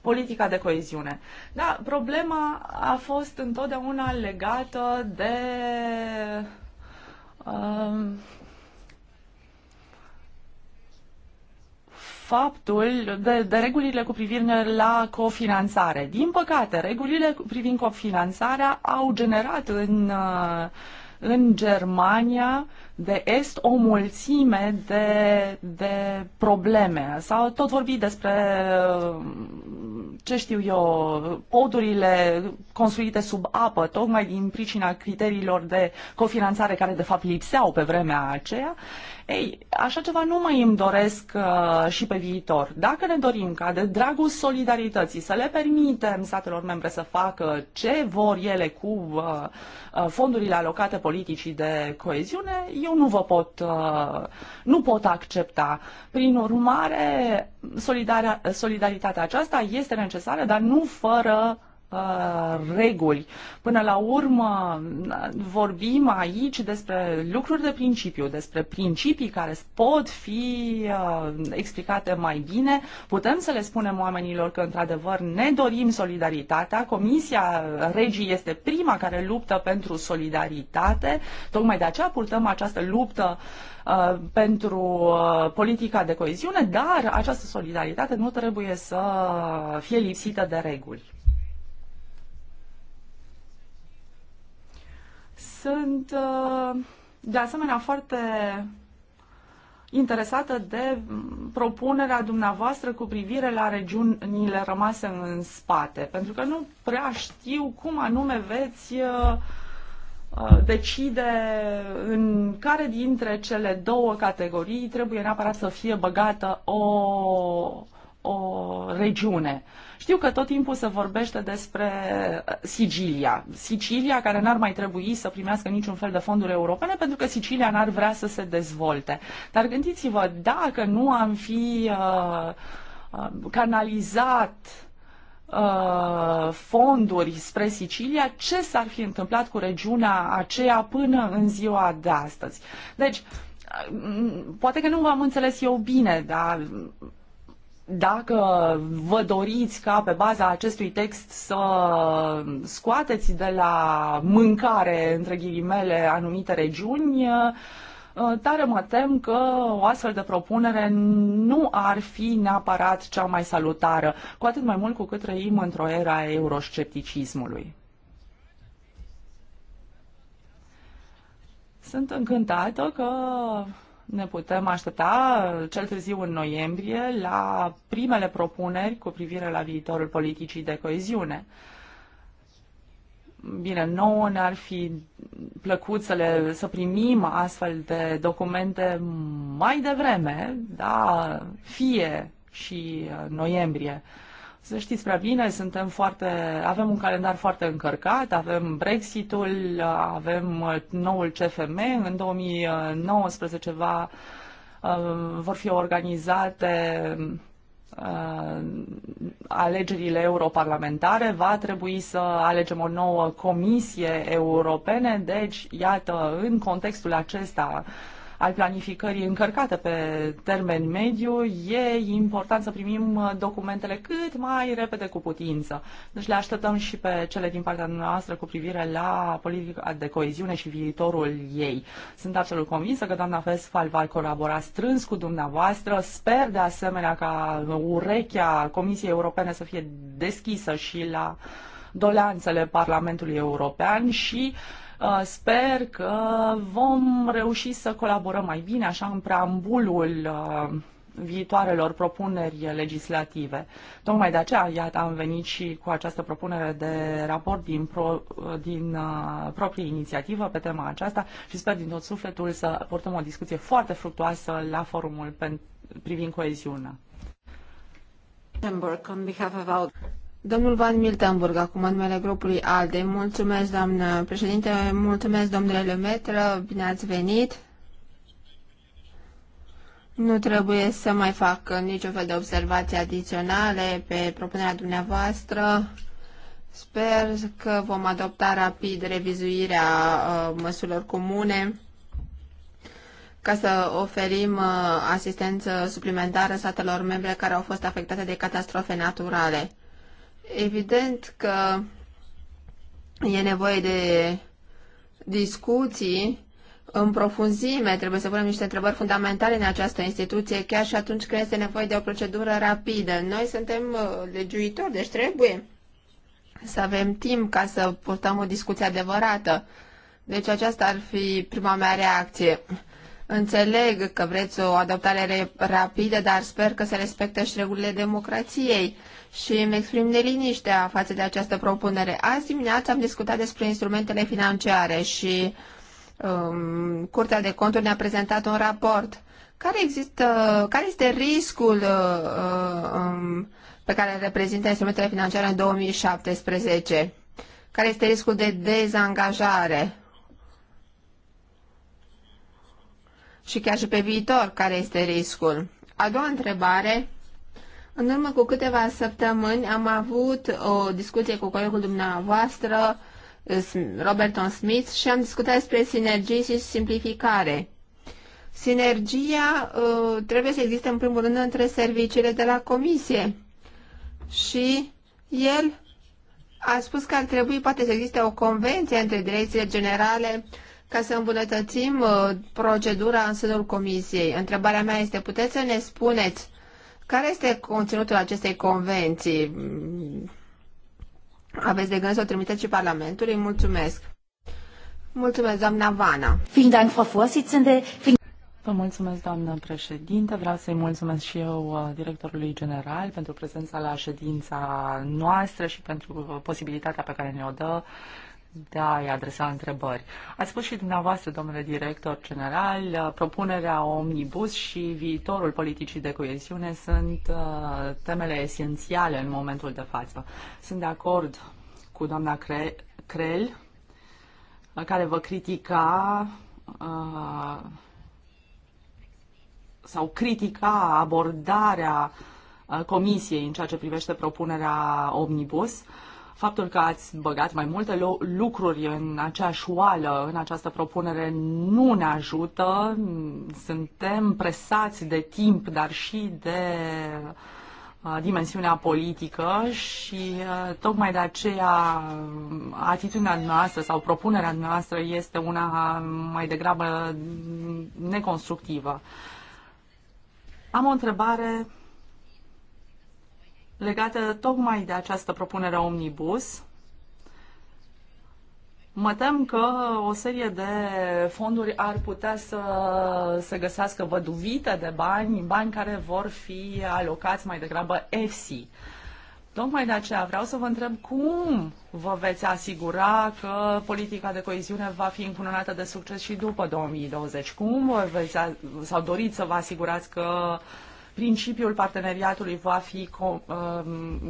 S2: politica de coeziune. Da, problema a fost întotdeauna legată de faptul de, de regulile cu privire la cofinanțare. Din păcate, regulile privind cofinanțarea au generat în, uh, în Germania de est o mulțime de, de probleme. S-au tot vorbit despre, uh, ce știu eu, podurile construite sub apă, tocmai din pricina criteriilor de cofinanțare care de fapt lipseau pe vremea aceea. Ei, așa ceva nu mai îmi doresc uh, și pe viitor. Dacă ne dorim ca de dragul solidarității să le permitem statelor membre să facă ce vor ele cu uh, uh fondurile alocate politicii de coeziune, eu nu vă pot, uh, nu pot accepta. Prin urmare, solidar- solidaritatea aceasta este necesară, dar nu fără Uh, reguli. Până la urmă vorbim aici despre lucruri de principiu, despre principii care pot fi uh, explicate mai bine. Putem să le spunem oamenilor că într-adevăr ne dorim solidaritatea. Comisia Regii este prima care luptă pentru solidaritate. Tocmai de aceea purtăm această luptă uh, pentru politica de coeziune, dar această solidaritate nu trebuie să fie lipsită de reguli. Sunt uh, de asemenea foarte interesată de propunerea dumneavoastră cu privire la regiunile rămase în spate, pentru că nu prea știu cum anume veți uh, uh, decide în care dintre cele două categorii trebuie neapărat să fie băgată o, o regiune. Uh, știu că tot timpul se vorbește despre uh, Sicilia. Sicilia care n-ar mai trebui să primească niciun fel de fonduri europene pentru că Sicilia n-ar vrea să se dezvolte. Dar gândiți-vă, dacă nu am fi uh, uh canalizat uh, fonduri spre Sicilia, ce s-ar fi întâmplat cu regiunea aceea până în ziua de astăzi. Deci, poate că nu v-am înțeles eu bine, dar dacă vă doriți ca pe baza acestui text să scoateți de la mâncare, între ghilimele, anumite regiuni, eh, tare mă tem că o astfel de propunere nu ar fi neapărat cea mai salutară, cu atât mai mult cu cât trăim într-o era euroscepticismului. Sunt încântată că ne putem aștepta cel târziu în noiembrie la primele propuneri cu privire la viitorul politicii de coeziune. Bine, nouă ne-ar fi plăcut să, le, să primim astfel de documente mai devreme, da, fie și noiembrie. Uh, să știți prea bine, suntem foarte, avem un calendar foarte încărcat, avem Brexitul, avem uh, noul CFM, în 2019 va, uh, vor fi organizate uh, alegerile europarlamentare, va trebui să alegem o nouă comisie europene, deci, iată, în contextul acesta, al planificării încărcată pe termen mediu, e important să primim uh, documentele cât mai repede cu putință. Deci le așteptăm și pe cele din partea noastră cu privire la politica de coeziune și viitorul ei. Sunt absolut convinsă că doamna Vesfal va colabora strâns cu dumneavoastră. Sper de asemenea ca urechea Comisiei Europene să fie deschisă și la doleanțele Parlamentului European și uh, Uh, sper că vom reuși să colaborăm mai bine, așa, în preambulul uh, viitoarelor propuneri legislative. Tocmai de aceea, iată, am venit și cu această propunere de raport din, pro, uh, din uh, proprie inițiativă pe tema aceasta și sper din tot sufletul să portăm o discuție foarte fructuoasă la forumul privind coeziunea.
S3: Domnul Van Miltenburg, acum în numele grupului ALDE. Mulțumesc, doamnă președinte, mulțumesc, domnule Lemetră, bine ați venit. Nu trebuie să mai fac niciun fel de observații adiționale pe propunerea dumneavoastră. Sper că vom adopta rapid revizuirea uh, măsurilor comune ca să oferim uh, asistență suplimentară statelor membre care au fost afectate de catastrofe naturale. Evident că e nevoie de discuții în profunzime, trebuie să punem niște întrebări fundamentale în această instituție, chiar și atunci când este nevoie de o procedură rapidă. Noi suntem uh, legiuitori, deci trebuie să avem timp ca să purtăm o discuție adevărată. Deci aceasta ar fi prima mea reacție. Înțeleg că vreți o adoptare rapidă, dar sper că se respectă și regulile democrației și îmi exprim neliniștea față de această propunere. Azi dimineața am discutat despre instrumentele financiare și um, Curtea de Conturi ne-a prezentat un raport. Care, există, care este riscul uh, uh um, pe care îl reprezintă instrumentele financiare în 2017? Care este riscul de dezangajare? și chiar și pe viitor care este riscul. A doua întrebare. În urmă cu câteva săptămâni am avut o discuție cu colegul dumneavoastră, Roberton Smith, și am discutat despre sinergii și simplificare. Sinergia uh, trebuie să existe în primul rând între serviciile de la comisie. Și el a spus că ar trebui poate să existe o convenție între direcțiile generale uh, ca să îmbunătățim uh, procedura în sânul comisiei. Întrebarea mea este, puteți să ne spuneți care este conținutul acestei convenții? Aveți de gând să o trimiteți și Parlamentului? Mulțumesc! Mulțumesc, doamna Vana!
S2: Vă mulțumesc, doamnă președinte. Vreau să-i mulțumesc și eu uh, directorului general pentru prezența la ședința noastră și pentru uh, posibilitatea pe care ne-o dă uh, de a-i adresa întrebări. Ați spus și dumneavoastră, domnule director general, propunerea omnibus și viitorul politicii de coeziune sunt uh, temele esențiale în momentul de față. Sunt de acord cu doamna Crel, uh, care vă critica uh, sau critica abordarea Comisiei în ceea ce privește propunerea omnibus. Faptul că ați băgat mai multe lucruri în aceeași oală, în această propunere, nu ne ajută. Suntem presați de timp, dar și de uh, dimensiunea politică și uh, tocmai de aceea uh, atitudinea noastră sau propunerea noastră este una mai degrabă neconstructivă. Am o întrebare legată tocmai de această propunere omnibus. Mă tem că o serie de fonduri ar putea să, se găsească văduvite de bani, bani care vor fi alocați mai degrabă EFSI. Tocmai de aceea vreau să vă întreb cum vă veți asigura că politica de coeziune va fi încununată de succes și după 2020? Cum vă veți, sau doriți să vă asigurați că uh, principiul parteneriatului va fi um,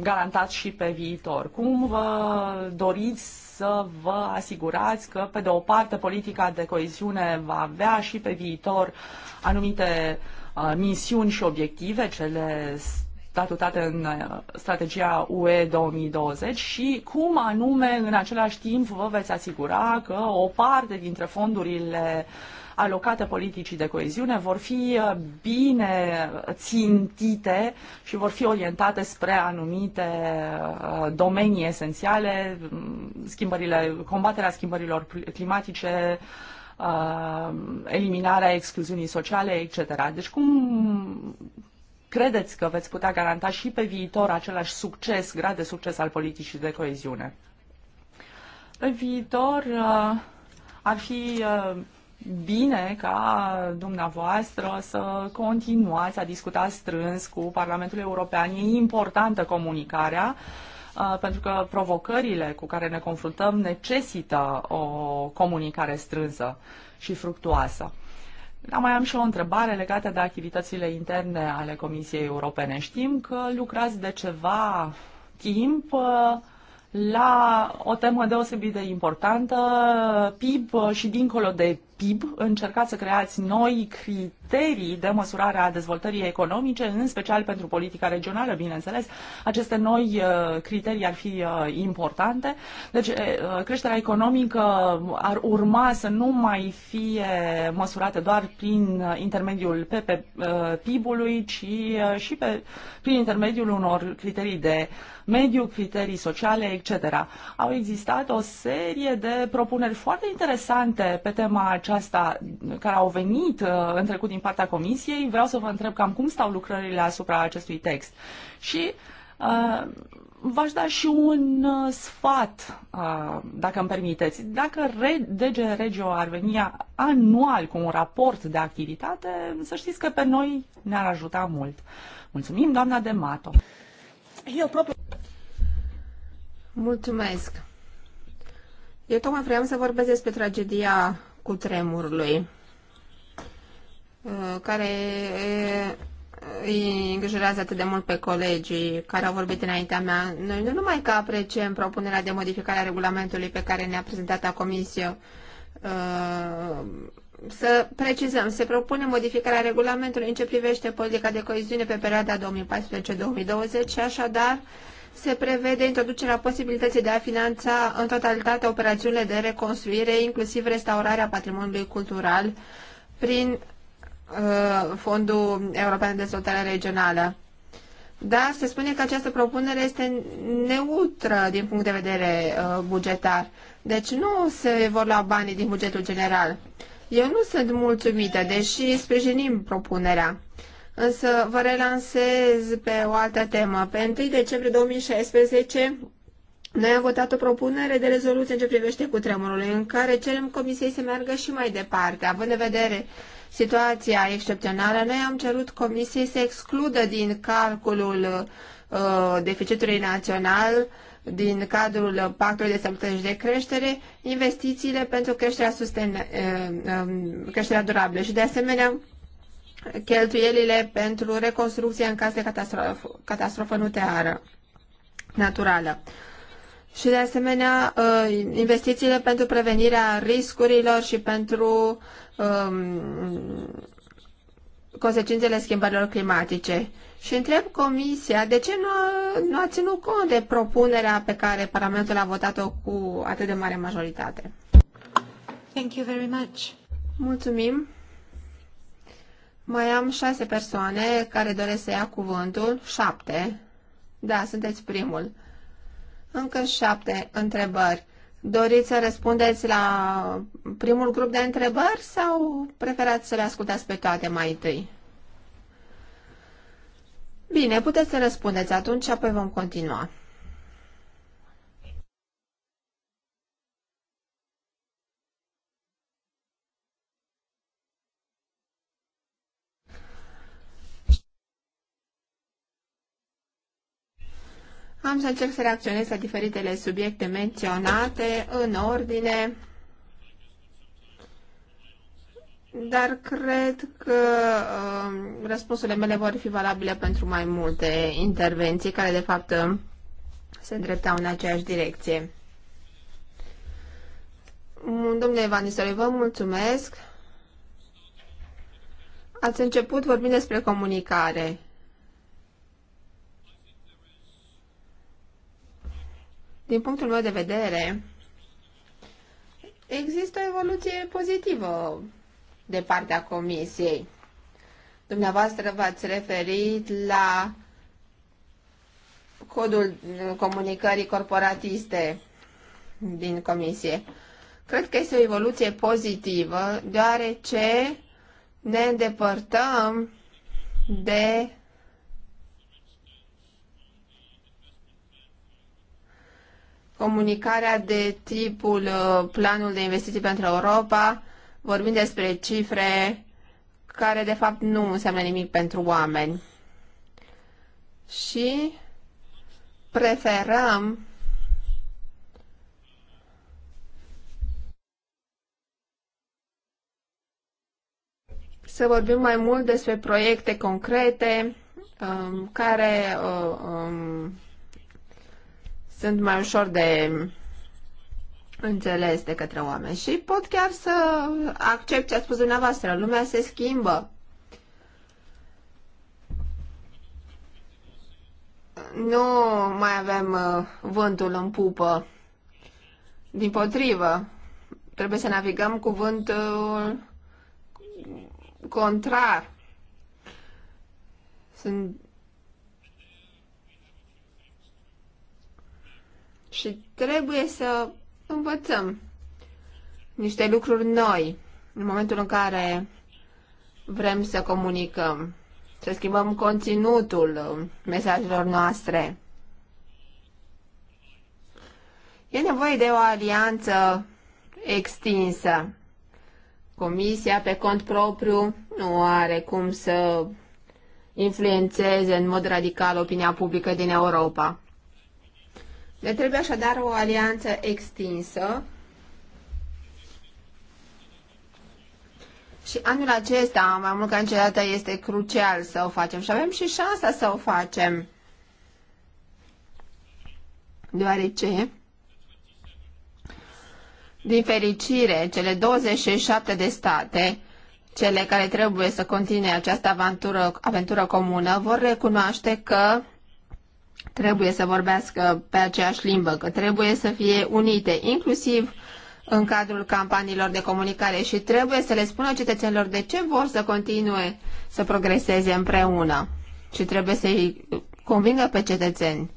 S2: garantat și pe viitor. Cum vă doriți să vă asigurați că, pe de o parte, politica de coeziune va avea și pe viitor anumite uh, misiuni și obiective, cele statutate în uh, strategia UE 2020 și cum anume, în același timp, vă veți asigura că o parte dintre fondurile uh, alocate politicii de coeziune vor fi uh, bine țintite și vor fi orientate spre anumite uh, domenii esențiale, mm, schimbările, combaterea schimbărilor climatice, uh, eliminarea excluziunii sociale, etc. Deci cum credeți că veți putea garanta și pe viitor același succes, grad de succes al politicii de coeziune? Pe viitor ar fi bine ca dumneavoastră să continuați a discuta strâns cu Parlamentul European. E importantă comunicarea uh, pentru că provocările cu care ne confruntăm necesită o comunicare strânsă și fructuoasă. Mai am și o întrebare legată de activitățile interne ale Comisiei Europene. Știm că lucrați de ceva timp uh, la o temă deosebit de importantă, uh, PIB și dincolo de PIB, încercați să creați noi cri- criterii de măsurare a dezvoltării economice, în special pentru politica regională, bineînțeles. Aceste noi uh, criterii ar fi uh, importante. Deci, uh, creșterea economică ar urma să nu mai fie măsurată doar prin intermediul PIB-ului, ci și pe, prin intermediul unor criterii de mediu, criterii sociale, etc. Au existat o serie de propuneri foarte interesante pe tema aceasta care au venit în trecut din din partea comisiei. Vreau să vă întreb cam cum stau lucrările asupra acestui text. Și uh, v-aș da și un uh, sfat, uh, dacă îmi permiteți. Dacă Re- DG Regio ar veni anual cu un raport de activitate, să știți că pe noi ne-ar ajuta mult. Mulțumim, doamna Demato.
S3: Eu propriu... Mulțumesc. Eu tocmai vreau să vorbesc despre tragedia cu tremurului. Uh, care uh, îi îngrijorează atât de mult pe colegii care au vorbit înaintea mea. Noi nu numai că apreciem propunerea de modificare a regulamentului pe care ne-a prezentat a comisie, uh, să precizăm, se propune modificarea regulamentului în ce privește politica de coeziune pe perioada 2014-2020 și așadar se prevede introducerea posibilității de a finanța în totalitate operațiunile de reconstruire, inclusiv restaurarea patrimoniului cultural, prin Uh, Fondul European de Dezvoltare Regională. Dar se spune că această propunere este neutră din punct de vedere uh, bugetar. Deci nu se vor lua banii din bugetul general. Eu nu sunt mulțumită, deși sprijinim propunerea. Însă vă relansez pe o altă temă. Pe 1 decembrie 2016 noi am votat o propunere de rezoluție în ce privește tremurul, în care cerem Comisiei să meargă și mai departe, având în vedere uh, situația excepțională, noi am cerut Comisiei să excludă din calculul uh, deficitului național din cadrul Pactului de Sănătate și de Creștere investițiile pentru creșterea, susten- uh, um, creșterea durabilă și, de asemenea, cheltuielile pentru reconstrucția în caz de catastrofă, catastrofă nucleară naturală. Și de asemenea, uh, investițiile pentru prevenirea riscurilor și pentru um, consecințele schimbărilor climatice. Și întreb Comisia de ce nu, nu a ținut cont de propunerea pe care Parlamentul a votat-o cu atât de mare majoritate. Thank you very much. Mulțumim. Mai am șase persoane care doresc să ia cuvântul. Șapte. Da, sunteți primul. Încă șapte întrebări. Doriți să răspundeți la primul grup de întrebări sau preferați să le ascultați pe toate mai întâi? Bine, puteți să răspundeți atunci și apoi vom continua. Am să încerc să reacționez la diferitele subiecte menționate în ordine, dar cred că uh, răspunsurile mele vor fi valabile pentru mai multe intervenții care de fapt um, se îndreptau în aceeași direcție. Domnule Evan vă mulțumesc. Ați început vorbind despre comunicare. Din punctul meu de vedere, există o evoluție pozitivă de partea Comisiei. Dumneavoastră v-ați referit la codul comunicării corporatiste din Comisie. Cred că este o evoluție pozitivă, deoarece ne îndepărtăm de comunicarea de tipul uh, Planul de Investiții pentru Europa, vorbim despre cifre care de fapt nu înseamnă nimic pentru oameni. Și preferăm să vorbim mai mult despre proiecte concrete um, care uh, um, sunt mai ușor de înțeles de către oameni și pot chiar să accept ce a spus dumneavoastră. Lumea se schimbă. Nu mai avem uh, vântul în pupă. Din potrivă, trebuie să navigăm cu vântul contrar. Sunt și trebuie să învățăm niște lucruri noi în momentul în care vrem să comunicăm, să schimbăm conținutul mesajelor noastre. E nevoie de o alianță extinsă. Comisia, pe cont propriu, nu are cum să influențeze în mod radical opinia publică din Europa. Ne trebuie așadar o alianță extinsă și anul acesta, mai mult ca niciodată, este crucial să o facem și avem și șansa să o facem, deoarece din fericire, cele 27 de state, cele care trebuie să continue această aventură, aventură comună, vor recunoaște că trebuie să vorbească pe aceeași limbă, că trebuie să fie unite, inclusiv în cadrul campaniilor de comunicare și trebuie să le spună cetățenilor de ce vor să continue să progreseze împreună și trebuie să-i convingă pe cetățeni.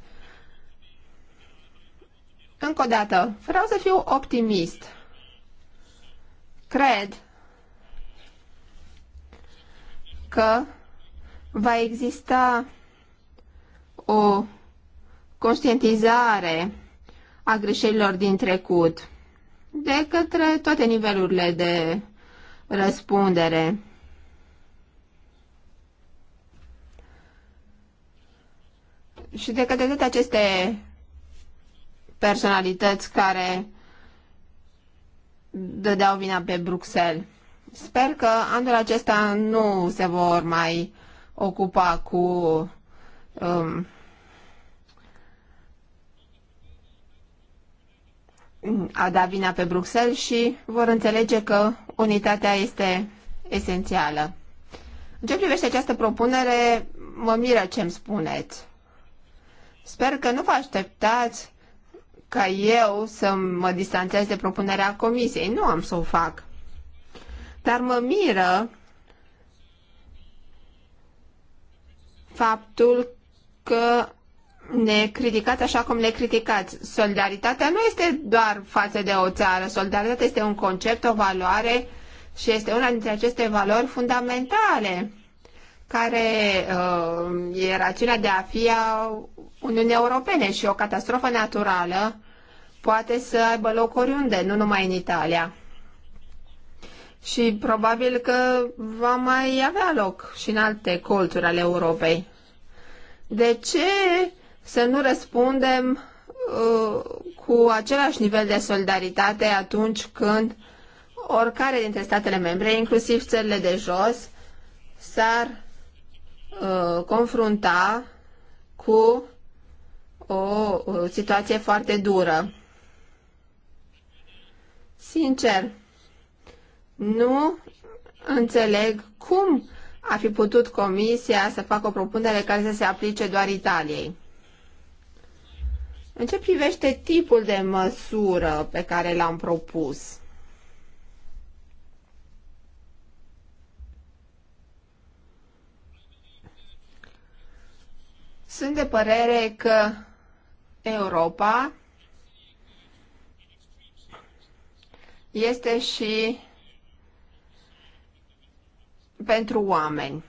S3: Încă o dată, vreau să fiu optimist. Cred că va exista o conștientizare a greșelilor din trecut de către toate nivelurile de răspundere. Și de către toate aceste personalități care dădeau vina pe Bruxelles. Sper că anul acesta nu se vor mai ocupa cu um, a da vina pe Bruxelles și vor înțelege că unitatea este esențială. În ce privește această propunere, mă miră ce îmi spuneți. Sper că nu vă așteptați ca eu să mă distanțez de propunerea comisiei. Nu am să o fac. Dar mă miră faptul că ne criticați așa cum ne criticați. Solidaritatea nu este doar față de o țară. Solidaritatea este un concept, o valoare și este una dintre aceste valori fundamentale care uh, e rațiunea de a fi a Uniunii Europene și o catastrofă naturală poate să aibă loc oriunde, nu numai în Italia. Și probabil că va mai avea loc și în alte colțuri ale Europei. De ce să nu răspundem uh, cu același nivel de solidaritate atunci când oricare dintre statele membre, inclusiv țările de jos, s-ar uh, confrunta cu o, o uh, situație foarte dură. Sincer, nu înțeleg cum a fi putut Comisia să facă o propunere care să se aplice doar Italiei. În ce privește tipul de măsură pe care l-am propus? Sunt de părere că Europa este și pentru oameni.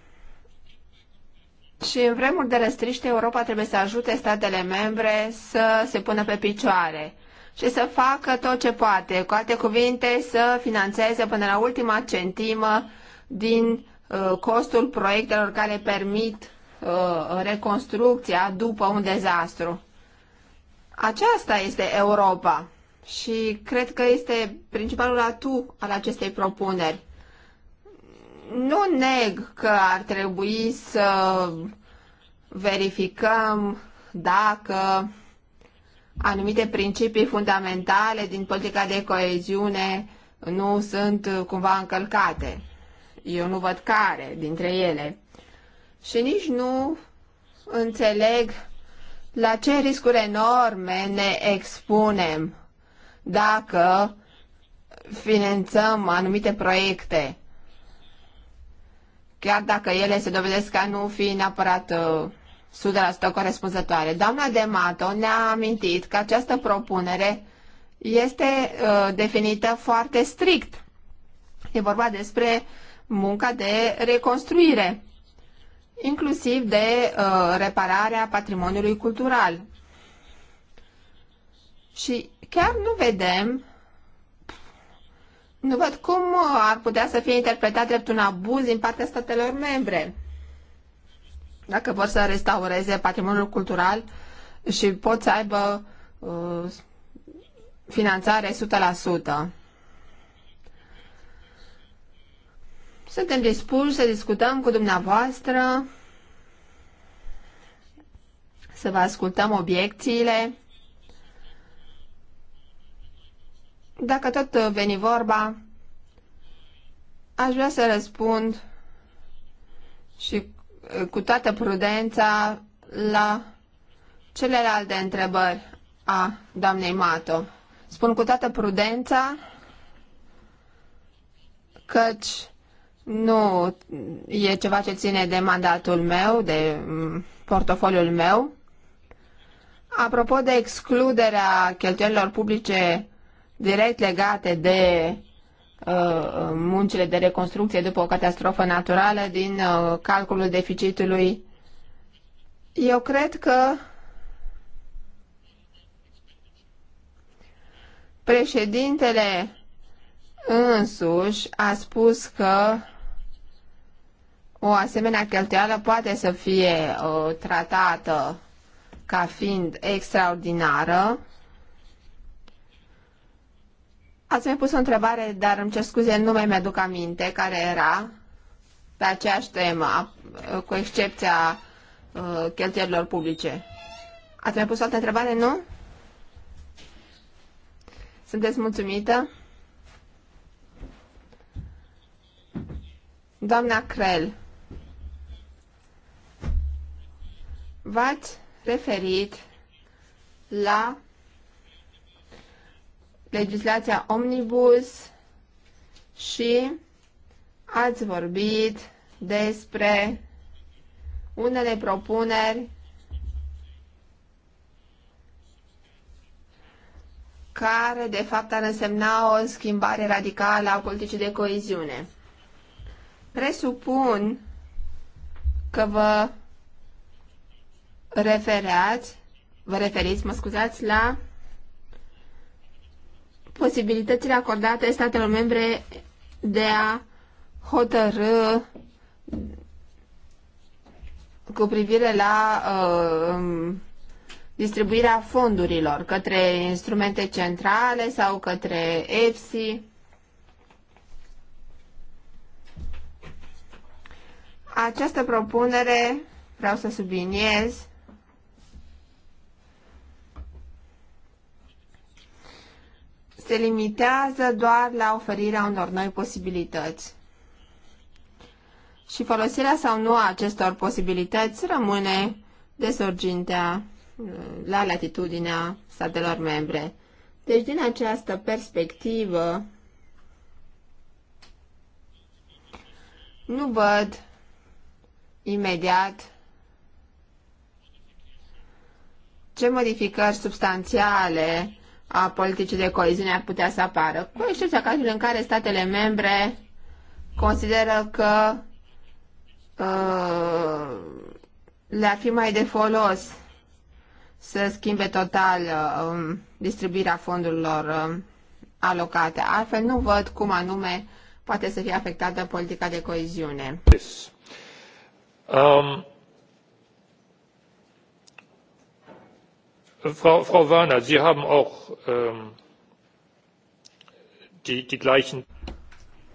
S3: Și în vremuri de restriște, Europa trebuie să ajute statele membre să se pună pe picioare și să facă tot ce poate, cu alte cuvinte, să financeze până la ultima centimă din uh, costul proiectelor care permit uh, reconstrucția după un dezastru. Aceasta este Europa și cred că este principalul atu al acestei propuneri nu neg că ar trebui să verificăm dacă anumite principii fundamentale din politica de coeziune nu sunt cumva încălcate. Eu nu văd care dintre ele. Și nici nu înțeleg la ce riscuri enorme ne expunem dacă finanțăm anumite proiecte chiar dacă ele se dovedesc ca nu fi neapărat 100% uh, corespunzătoare. Doamna Demato ne-a amintit că această propunere este uh, definită foarte strict. E vorba despre munca de reconstruire, inclusiv de uh, repararea patrimoniului cultural. Și chiar nu vedem nu văd cum uh, ar putea să fie interpretat drept un abuz din partea statelor membre. Dacă vor să restaureze patrimoniul cultural și pot să aibă uh, finanțare 100%. Suntem dispuși să discutăm cu dumneavoastră, să vă ascultăm obiecțiile Dacă tot veni vorba, aș vrea să răspund și cu toată prudența la celelalte întrebări a doamnei Mato. Spun cu toată prudența căci nu e ceva ce ține de mandatul meu, de portofoliul meu. Apropo de excluderea cheltuielilor publice direct legate de uh, muncile de reconstrucție după o catastrofă naturală din uh, calculul deficitului. Eu cred că președintele însuși a spus că o asemenea cheltuială poate să fie uh, tratată ca fiind extraordinară Ați mai pus o întrebare, dar îmi cer scuze, nu mai mi-aduc aminte care era pe aceeași temă, cu excepția uh, cheltuielilor publice. Ați mai pus o altă întrebare, nu? Sunteți mulțumită? Doamna Crel, v-ați referit la legislația omnibus și ați vorbit despre unele propuneri care de fapt ar însemna o schimbare radicală a politicii de coeziune. Presupun că vă refereați, vă referiți, mă scuzați, la posibilitățile acordate statelor membre de a hotărâ cu privire la uh, distribuirea fondurilor către instrumente centrale sau către EFSI. Această propunere, vreau să subliniez, se limitează doar la oferirea unor noi posibilități. Și folosirea sau nu a acestor posibilități rămâne de sorgintea uh, la latitudinea statelor membre. Deci, din această perspectivă, nu văd imediat ce modificări substanțiale a politicii de coeziune ar putea să apară, cu excepția cazului în care statele membre consideră că uh, le-ar fi mai de folos să schimbe total uh, um, distribuirea fondurilor uh, alocate. Altfel nu văd cum anume poate să fie afectată politica de coeziune. Yes.
S1: Um... Frau, Werner, Sie haben auch ähm, die, gleichen.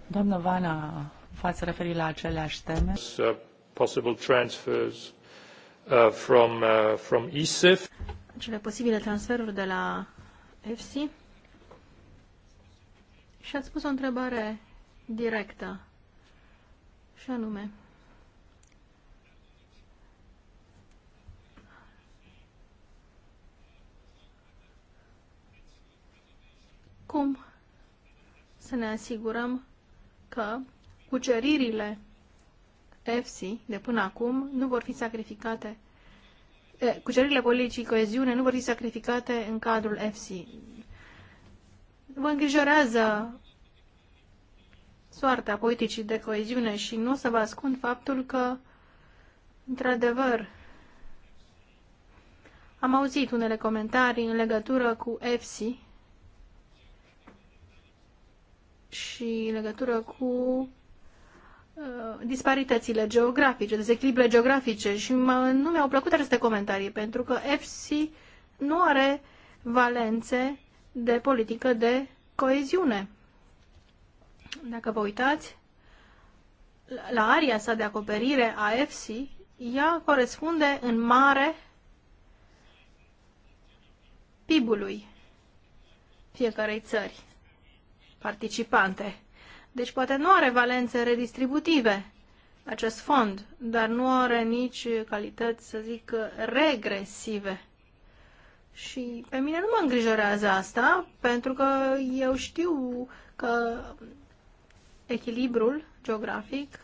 S2: Doamnă Vana, v-ați referit la aceleași teme.
S1: Uh, possible transfers uh, from, uh, from ESIF. Cele posibile transferuri de la EFSI. Și ați pus o întrebare directă, și anume, cum să ne asigurăm că cuceririle EFSI de până acum nu vor fi sacrificate cuceririle politicii coeziune nu vor fi sacrificate în cadrul EFSI. Vă îngrijorează soarta politicii de coeziune și nu o să vă ascund faptul că, într-adevăr, am auzit unele comentarii în legătură cu EFSI și în legătură cu uh, disparitățile geografice, dezechilibre geografice și mă, nu mi-au plăcut aceste comentarii pentru că FC nu are valențe de politică de coeziune. Dacă vă uitați, la aria sa de acoperire a FC, ea corespunde în mare PIB-ului fiecarei țări participante. Deci poate nu are valențe redistributive acest fond, dar nu are nici calități, să zic, regresive. Și pe mine nu mă îngrijorează asta, pentru că eu știu că echilibrul geografic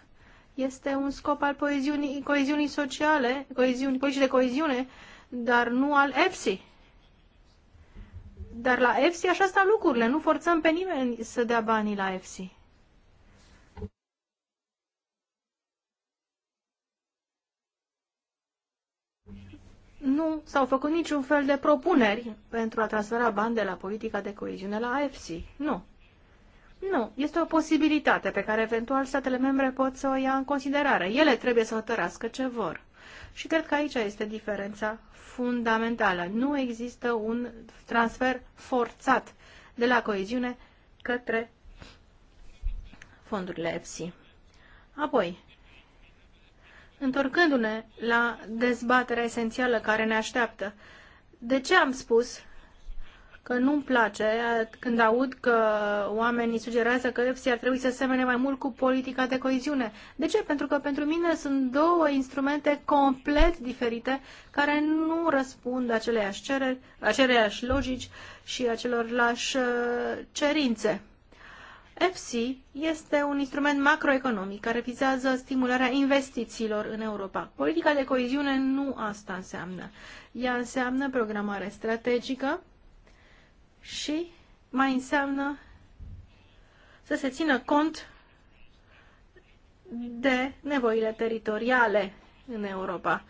S1: este un scop al poeziunii, coeziunii sociale, coeziunii, politicii de coeziune, dar nu al EPSI. Dar la EFSI așa stau lucrurile, nu forțăm pe nimeni să dea banii la EFSI. Nu s-au făcut niciun fel de propuneri pentru a transfera bani de la politica de coeziune la AFC. Nu. Nu, este o posibilitate pe care eventual statele membre pot să o ia în considerare. Ele trebuie să hotărască ce vor. Și cred că aici este diferența fundamentală. Nu există un transfer forțat de la coeziune către fondurile EPSI. Apoi, întorcându-ne la dezbaterea esențială care ne așteaptă, de ce am spus că nu-mi place când aud că oamenii sugerează că EFSI ar trebui să semene mai mult cu politica de coeziune. De ce? Pentru că pentru mine sunt două instrumente complet diferite care nu răspund aceleiași cereri, aceleiași logici și acelorlași uh, cerințe. EFSI este un instrument macroeconomic care vizează stimularea investițiilor în Europa. Politica de coeziune nu asta înseamnă. Ea înseamnă programare strategică, și mai înseamnă să se țină cont de nevoile teritoriale în Europa.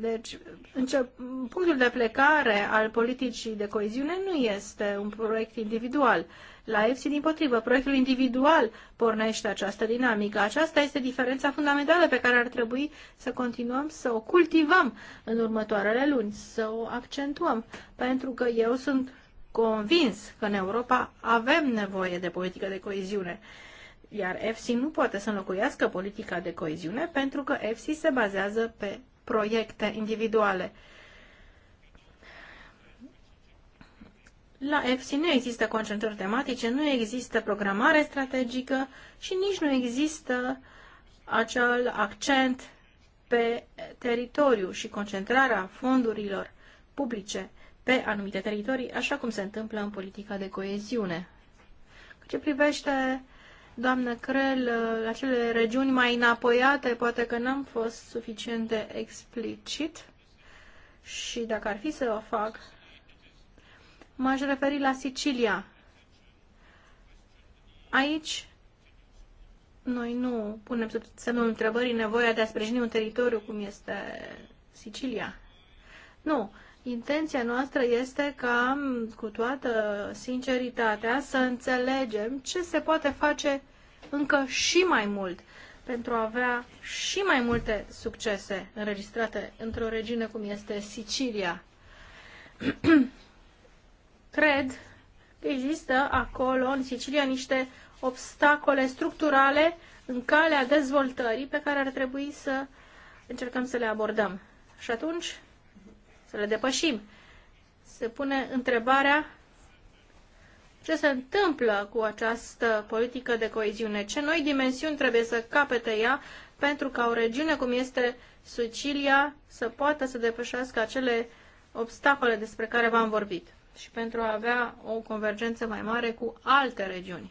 S1: Deci, încep, punctul de plecare al politicii de coeziune nu este un proiect individual. La EFSI, din potrivă, proiectul individual pornește această dinamică. Aceasta este diferența fundamentală pe care ar trebui să continuăm să o cultivăm în următoarele luni, să o accentuăm, pentru că eu sunt convins că în Europa avem nevoie de politică de coeziune. Iar EFSI nu poate să înlocuiască politica de coeziune pentru că EFSI se bazează pe proiecte individuale. La EFSI nu există concentrări tematice, nu există programare strategică și nici nu există acel accent pe teritoriu și concentrarea fondurilor publice pe anumite teritorii, așa cum se întâmplă în politica de coeziune. Ce privește, doamnă Crel, acele regiuni mai înapoiate, poate că n-am fost suficient de explicit și dacă ar fi să o fac, m-aș referi la Sicilia. Aici noi nu punem sub semnul întrebării nevoia de a sprijini un teritoriu cum este Sicilia. Nu, Intenția noastră este ca, cu toată sinceritatea, să înțelegem ce se poate face încă și mai mult pentru a avea și mai multe succese înregistrate într-o regiune cum este Sicilia. Cred că există acolo, în Sicilia, niște obstacole structurale în calea dezvoltării pe care ar trebui să încercăm să le abordăm. Și atunci să le depășim. Se pune întrebarea ce se întâmplă cu această politică de coeziune, ce noi dimensiuni trebuie să capete ea pentru ca o regiune cum este Sicilia să poată să depășească acele obstacole despre care v-am vorbit și pentru a avea o convergență mai mare cu alte regiuni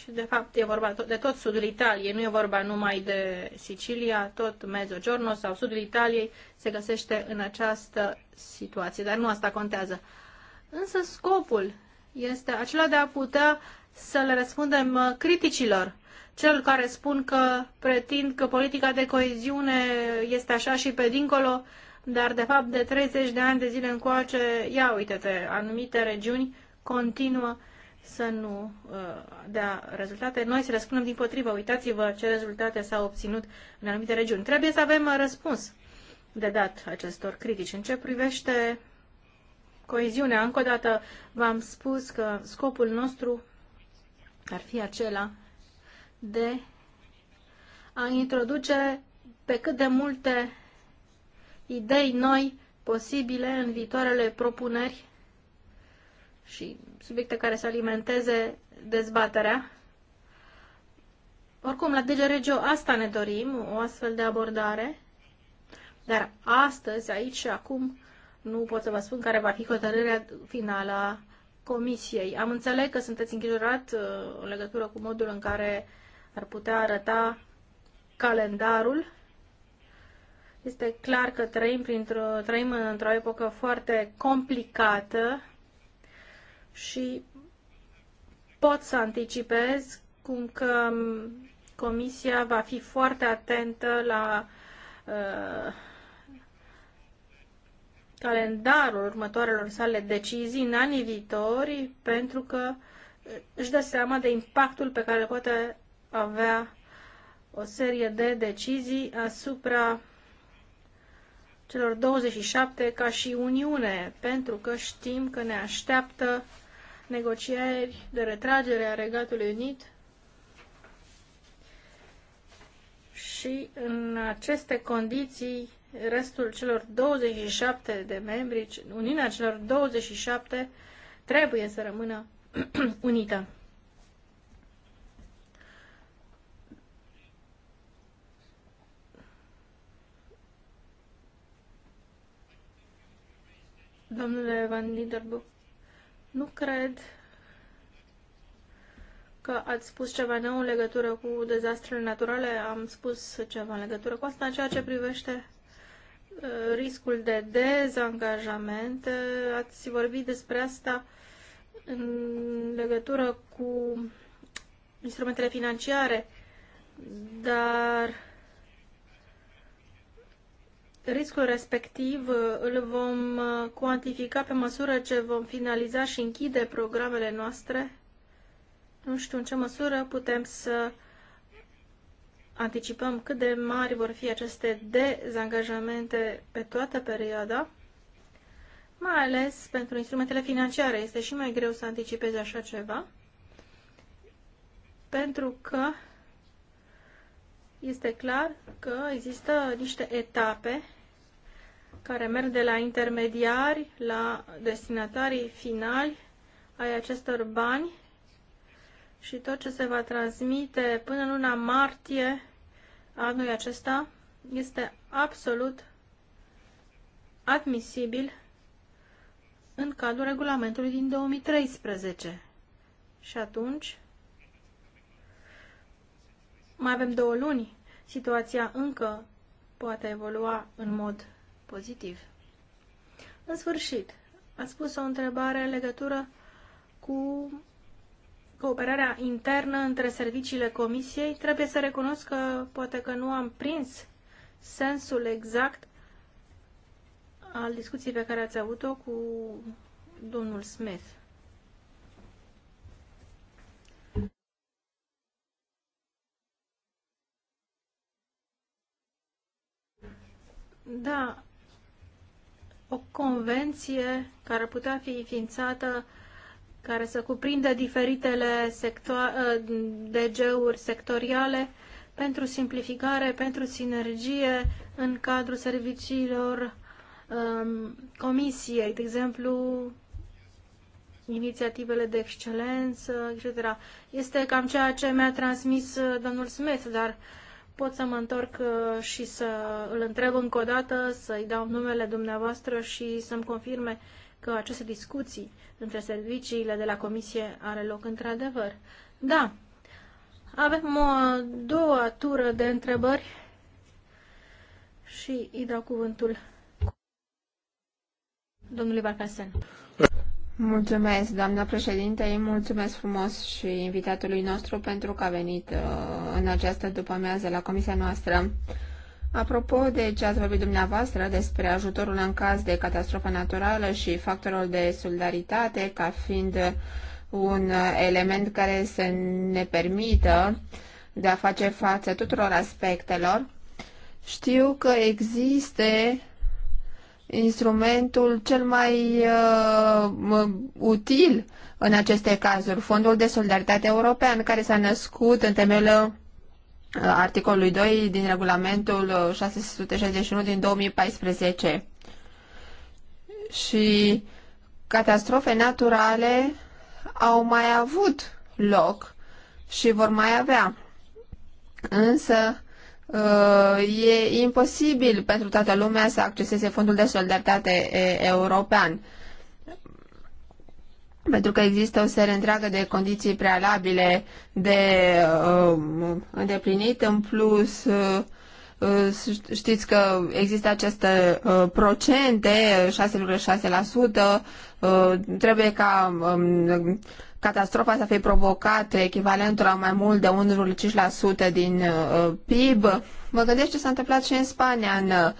S1: și de fapt e vorba de tot sudul Italiei, nu e vorba numai de Sicilia, tot Mezzogiorno sau sudul Italiei se găsește în această situație, dar nu asta contează. Însă scopul este acela de a putea să le răspundem uh, criticilor, cel care spun că pretind că politica de coeziune este așa și pe dincolo, dar de fapt de 30 de ani de zile încoace, ia uite-te, anumite regiuni continuă să nu uh, dea rezultate. Noi să le spunem din potrivă, uitați-vă ce rezultate s-au obținut în anumite regiuni. Trebuie să avem uh, răspuns de dat acestor critici. În ce privește coeziunea, încă o dată v-am spus că scopul nostru ar fi acela de a introduce pe cât de multe idei noi posibile în viitoarele propuneri și subiecte care să alimenteze dezbaterea. Oricum, la DG Regio asta ne dorim, o astfel de abordare, dar astăzi, aici și acum, nu pot să vă spun care va fi hotărârea finală a Comisiei. Am înțeles că sunteți îngrijorat uh, în legătură cu modul în care ar putea arăta calendarul. Este clar că trăim, printr-o, trăim într-o epocă foarte complicată și pot să anticipez cum că Comisia va fi foarte atentă la uh, calendarul următoarelor sale decizii în anii viitori, pentru că își dă seama de impactul pe care poate avea o serie de decizii asupra celor 27 ca și Uniune, pentru că știm că ne așteaptă negocieri de retragere a Regatului Unit și în aceste condiții restul celor 27 de membri, Uniunea celor 27 trebuie să rămână unită. Domnule Van Liderbuch, nu cred că ați spus ceva nou în legătură cu dezastrele naturale, am spus ceva în legătură cu asta. În ceea ce privește uh, riscul de dezangajament, uh, ați vorbit despre asta în legătură cu instrumentele financiare, dar riscul respectiv uh, îl vom uh, cuantifica pe măsură ce vom finaliza și închide programele noastre? Nu știu în ce măsură putem să anticipăm cât de mari vor fi aceste dezangajamente pe toată perioada, mai ales pentru instrumentele financiare. Este și mai greu să anticipezi așa ceva, pentru că este clar că există niște etape care merg de la intermediari la destinatarii finali ai acestor bani și tot ce se va transmite până luna martie anul acesta este absolut admisibil în cadrul regulamentului din 2013. Și atunci mai avem două luni. Situația încă poate evolua în mod pozitiv. În sfârșit, a spus o întrebare în legătură cu cooperarea internă între serviciile comisiei. Trebuie să recunosc că poate că nu am prins sensul exact al discuției pe care ați avut-o cu domnul Smith. Da, o convenție care putea fi înființată care să cuprindă diferitele secto- eh, DG-uri sectoriale pentru simplificare, pentru sinergie în cadrul serviciilor um, comisiei, de exemplu, inițiativele de excelență, etc. Este cam ceea ce mi-a transmis eh, domnul Smith, dar uh, pot să mă întorc uh, și să îl întreb încă o dată, să-i dau numele dumneavoastră și să-mi confirme că aceste discuții între serviciile de la comisie are loc într-adevăr. Da, avem o doua tură de întrebări și îi dau cuvântul domnului Barcasen.
S3: Mulțumesc, doamnă președinte, îi mulțumesc frumos și invitatului nostru pentru că a venit uh, în această după-amiază la comisia noastră. Apropo de ce ați vorbit dumneavoastră despre ajutorul în caz de catastrofă naturală și factorul de solidaritate ca fiind un element care să ne permită de a face față tuturor aspectelor, știu că există instrumentul cel mai uh, util în aceste cazuri, Fondul de Solidaritate European, care s-a născut în temelul uh, articolului 2 din regulamentul 661 uh, din 2014. Și catastrofe naturale au mai avut loc și vor mai avea. Însă, Uh, e imposibil pentru toată lumea să acceseze fondul de solidaritate european. Pentru că există o serie întreagă de condiții prealabile de uh, îndeplinit. În plus, uh, uh știți că există aceste uh, procente, 6,6%, uh, trebuie ca um, catastrofa să fi provocată echivalentul la mai mult de 1,5% din uh, PIB. Vă gândesc ce s-a întâmplat și în Spania, în uh,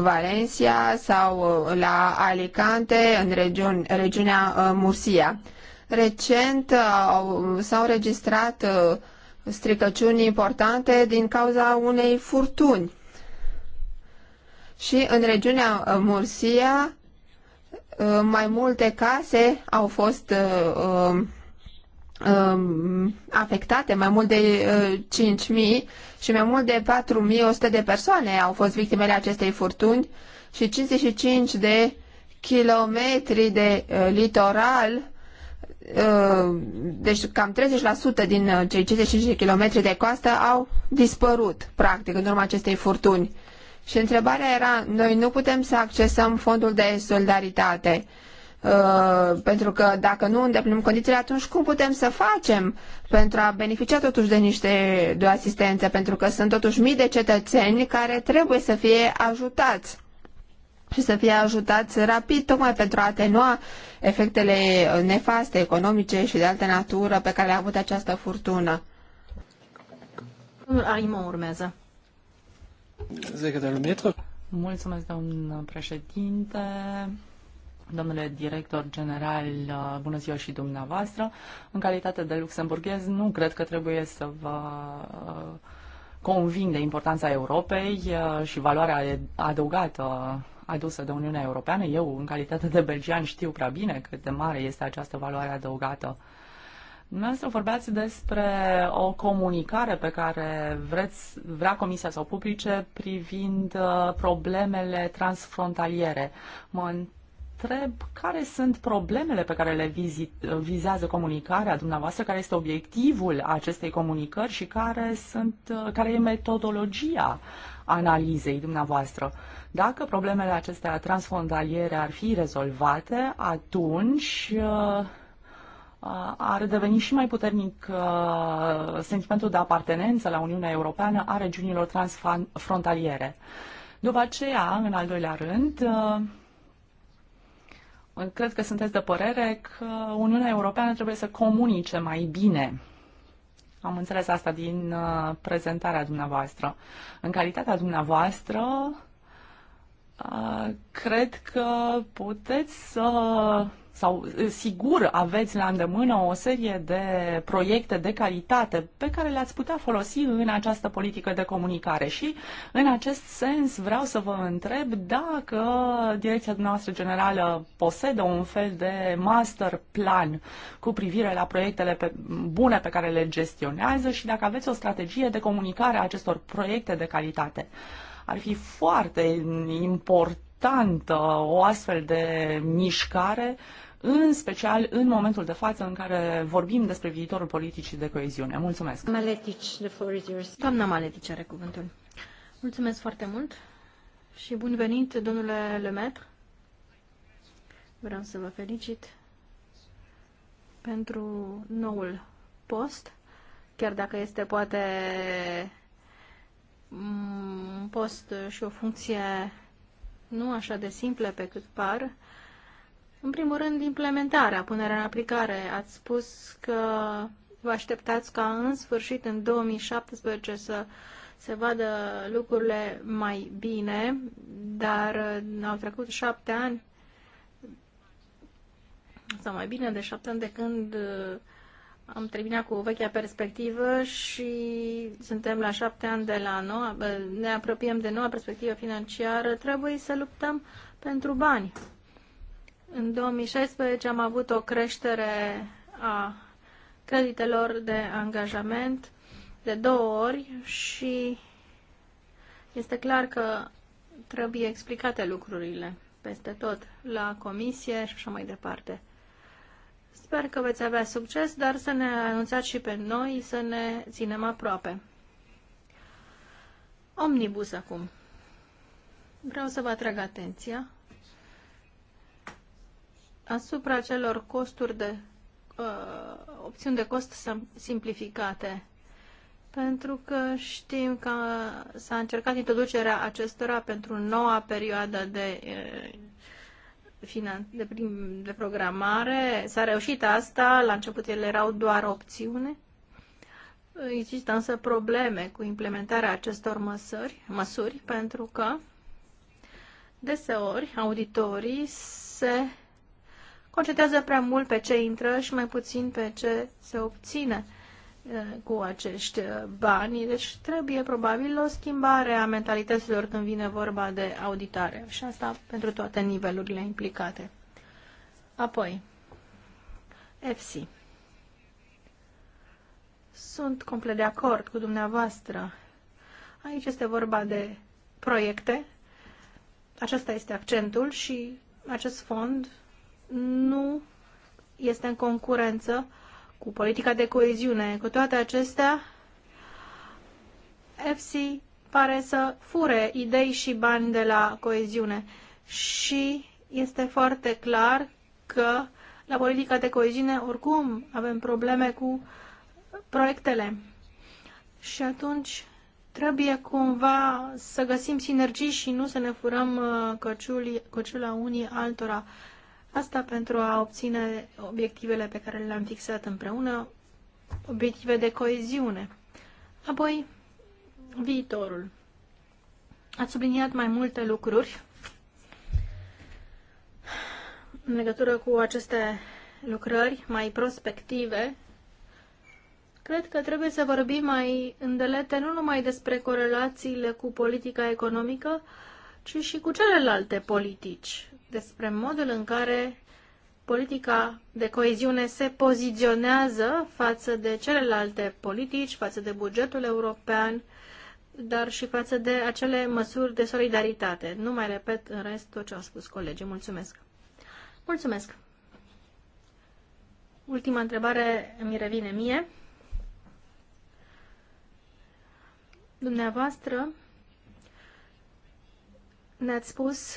S3: Valencia sau uh, la Alicante, în regiun, regiunea Murcia. Recent s-au registrat stricăciuni importante din cauza unei furtuni. Și în regiunea Murcia Uh, mai multe case au fost uh, um, um, afectate, mai mult de 5.000 uh, și mai mult de 4.100 de persoane au fost victimele acestei furtuni și 55 de kilometri de litoral deci cam 30% din cei 55 de kilometri de coastă au dispărut, practic, în urma acestei furtuni. Și întrebarea era, noi nu putem să accesăm fondul de solidaritate, uh, pentru că dacă nu îndeplinim condițiile, atunci cum putem să facem pentru a beneficia totuși de niște de asistență, pentru că sunt totuși mii de cetățeni care trebuie să fie ajutați și să fie ajutați rapid, tocmai pentru a atenua efectele nefaste economice și de altă natură pe care le-a avut această furtună. Domnul urmează.
S2: Mulțumesc, domnul președinte, domnule director general, uh, bună ziua și dumneavoastră. În calitate de luxemburghez, nu cred că trebuie să vă uh, convin de importanța Europei uh, și valoarea adăugată adusă de Uniunea Europeană. Eu, în calitate de belgian, știu prea bine cât de mare este această valoare adăugată Dumneavoastră vorbeați despre o comunicare pe care vreți, vrea Comisia să o publice privind uh, problemele transfrontaliere. Mă întreb care sunt problemele pe care le vizit, vizează comunicarea dumneavoastră, care este obiectivul acestei comunicări și care, sunt, uh, care e metodologia analizei dumneavoastră. Dacă problemele acestea transfrontaliere ar fi rezolvate, atunci uh, ar deveni și mai puternic sentimentul de apartenență la Uniunea Europeană a regiunilor transfrontaliere. După aceea, în al doilea rând, cred că sunteți de părere că Uniunea Europeană trebuie să comunice mai bine. Am înțeles asta din prezentarea dumneavoastră. În calitatea dumneavoastră, cred că puteți să sau sigur aveți la îndemână o serie de proiecte de calitate pe care le-ați putea folosi în această politică de comunicare și în acest sens vreau să vă întreb dacă direcția noastră generală posedă un fel de master plan cu privire la proiectele pe, bune pe care le gestionează și dacă aveți o strategie de comunicare a acestor proiecte de calitate ar fi foarte important importantă o astfel de mișcare, în special în momentul de față în care vorbim despre viitorul politicii de coeziune. Mulțumesc!
S1: Maletici, the floor is yours. Doamna Maletici are cuvântul. Mulțumesc foarte mult și bun venit, domnule Lemaitre. Vreau să vă felicit pentru noul post, chiar dacă este poate un post și o funcție nu așa de simple pe cât par. În primul rând, implementarea, punerea în aplicare. Ați spus că vă așteptați ca în sfârșit, în 2017, să se vadă lucrurile mai bine, dar uh, au trecut șapte ani sau mai bine de șapte ani de când uh, am terminat cu vechea perspectivă și suntem la șapte ani de la noua, ne apropiem de noua perspectivă financiară, trebuie să luptăm pentru bani. În 2016 am avut o creștere a creditelor de angajament de două ori și este clar că trebuie explicate lucrurile peste tot, la comisie și așa mai departe. Sper că veți avea succes, dar să ne anunțați și pe noi, să ne ținem aproape. Omnibus acum. Vreau să vă atrag atenția asupra celor costuri de uh, opțiuni de cost simplificate. Pentru că știm că s-a încercat introducerea acestora pentru noua perioadă de uh, de, prim, de programare. S-a reușit asta, la început ele erau doar opțiune. Există însă probleme cu implementarea acestor măsuri, măsuri pentru că deseori auditorii se concentrează prea mult pe ce intră și mai puțin pe ce se obține cu acești bani. Deci trebuie probabil o schimbare a mentalităților când vine vorba de auditare și asta pentru toate nivelurile implicate. Apoi, FC. Sunt complet de acord cu dumneavoastră. Aici este vorba de proiecte. Acesta este accentul și acest fond nu este în concurență uh, cu politica de coeziune. Cu toate acestea, FC pare să fure idei și bani de la coeziune și este foarte clar că la politica de coeziune oricum avem probleme cu proiectele. Și atunci trebuie cumva să găsim sinergii și nu să ne furăm uh, căciul, căciula unii altora. Asta pentru a obține obiectivele pe care le-am fixat împreună, obiective de coeziune. Apoi, viitorul. Ați subliniat mai multe lucruri în legătură cu aceste lucrări mai prospective. Cred că trebuie să vorbim mai îndelete nu numai despre corelațiile cu politica economică, ci și cu celelalte politici despre modul în care politica de coeziune se poziționează față de celelalte politici, față de bugetul european, dar și față de acele măsuri de solidaritate. Nu mai repet în rest tot ce au spus colegii. Mulțumesc! Mulțumesc! Ultima întrebare mi revine mie. Dumneavoastră ne-ați spus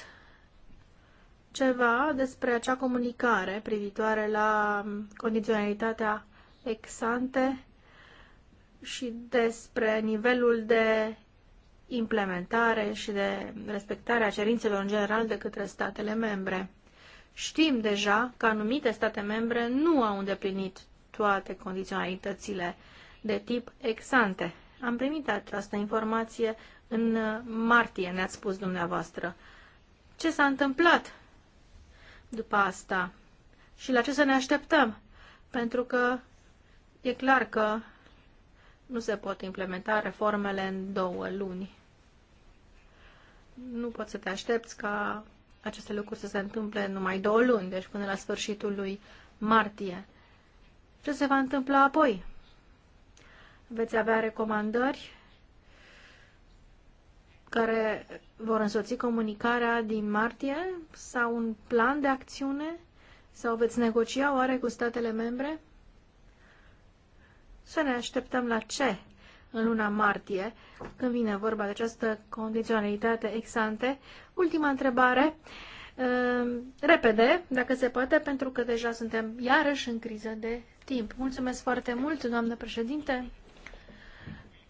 S1: ceva despre acea comunicare privitoare la condiționalitatea exante și despre nivelul de implementare și de respectarea cerințelor în general de către statele membre. Știm deja că anumite state membre nu au îndeplinit toate condiționalitățile de tip exante. Am primit această informație în martie, ne-ați spus dumneavoastră. Ce s-a întâmplat după asta și la ce să ne așteptăm, pentru că e clar că nu se pot implementa reformele în două luni. Nu poți să te aștepți ca aceste lucruri să se întâmple în numai două luni, deci până la sfârșitul lui martie. Ce se va întâmpla apoi? Veți avea recomandări care vor însoți comunicarea din martie sau un plan de acțiune sau veți negocia oare cu statele membre? Să ne așteptăm la ce în luna martie, când vine vorba de această condiționalitate ex-ante. Ultima întrebare, ehm, repede, dacă se poate, pentru că deja suntem iarăși în criză de timp. Mulțumesc foarte mult, doamnă președinte.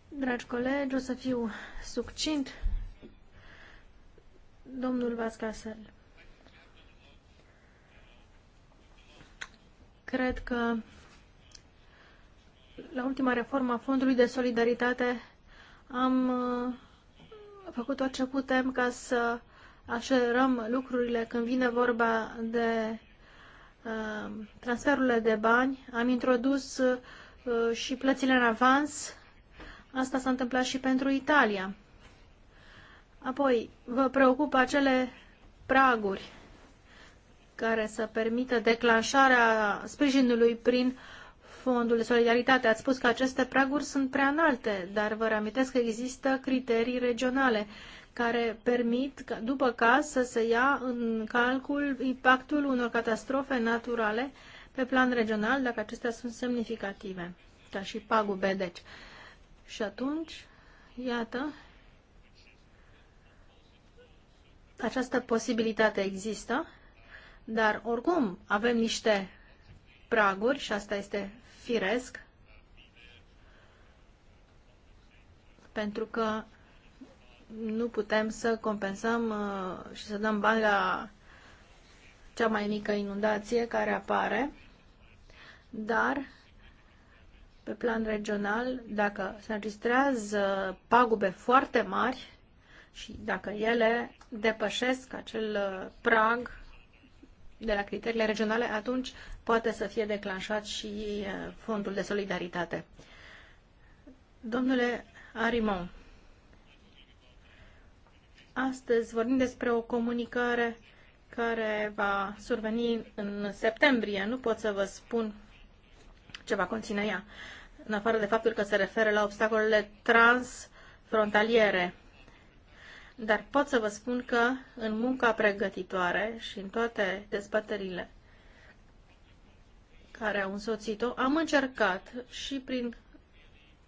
S1: Dragi colegi, o să fiu succint. Domnul Vascasel. Cred că la ultima reformă a Fondului de Solidaritate am uh, făcut ce putem ca să așerăm lucrurile când vine vorba de uh, transferurile de bani. Am introdus uh, și plățile în avans. Asta s-a întâmplat și pentru Italia. Apoi, vă preocupă acele praguri care să permită declanșarea sprijinului prin Fondul de Solidaritate. Ați spus că aceste praguri sunt prea înalte, dar vă reamintesc că există criterii regionale care permit, după caz, să se ia în calcul impactul unor catastrofe naturale pe plan regional, dacă acestea sunt semnificative, ca și pagube, deci. Și atunci, iată, Această posibilitate există, dar oricum avem niște praguri și asta este firesc, pentru că nu putem să compensăm uh, și să dăm bani la cea mai mică inundație care apare, dar pe plan regional, dacă se înregistrează pagube foarte mari și dacă ele depășesc acel uh, prag de la criteriile regionale, atunci poate să fie declanșat și uh, fondul de solidaritate. Domnule Arimon, astăzi vorbim despre o comunicare care va surveni în septembrie. Nu pot să vă spun ce va conține ea, în afară de faptul că se referă la obstacolele transfrontaliere. Dar pot să vă spun că în munca pregătitoare și în toate dezbaterile care au însoțit-o, am încercat și prin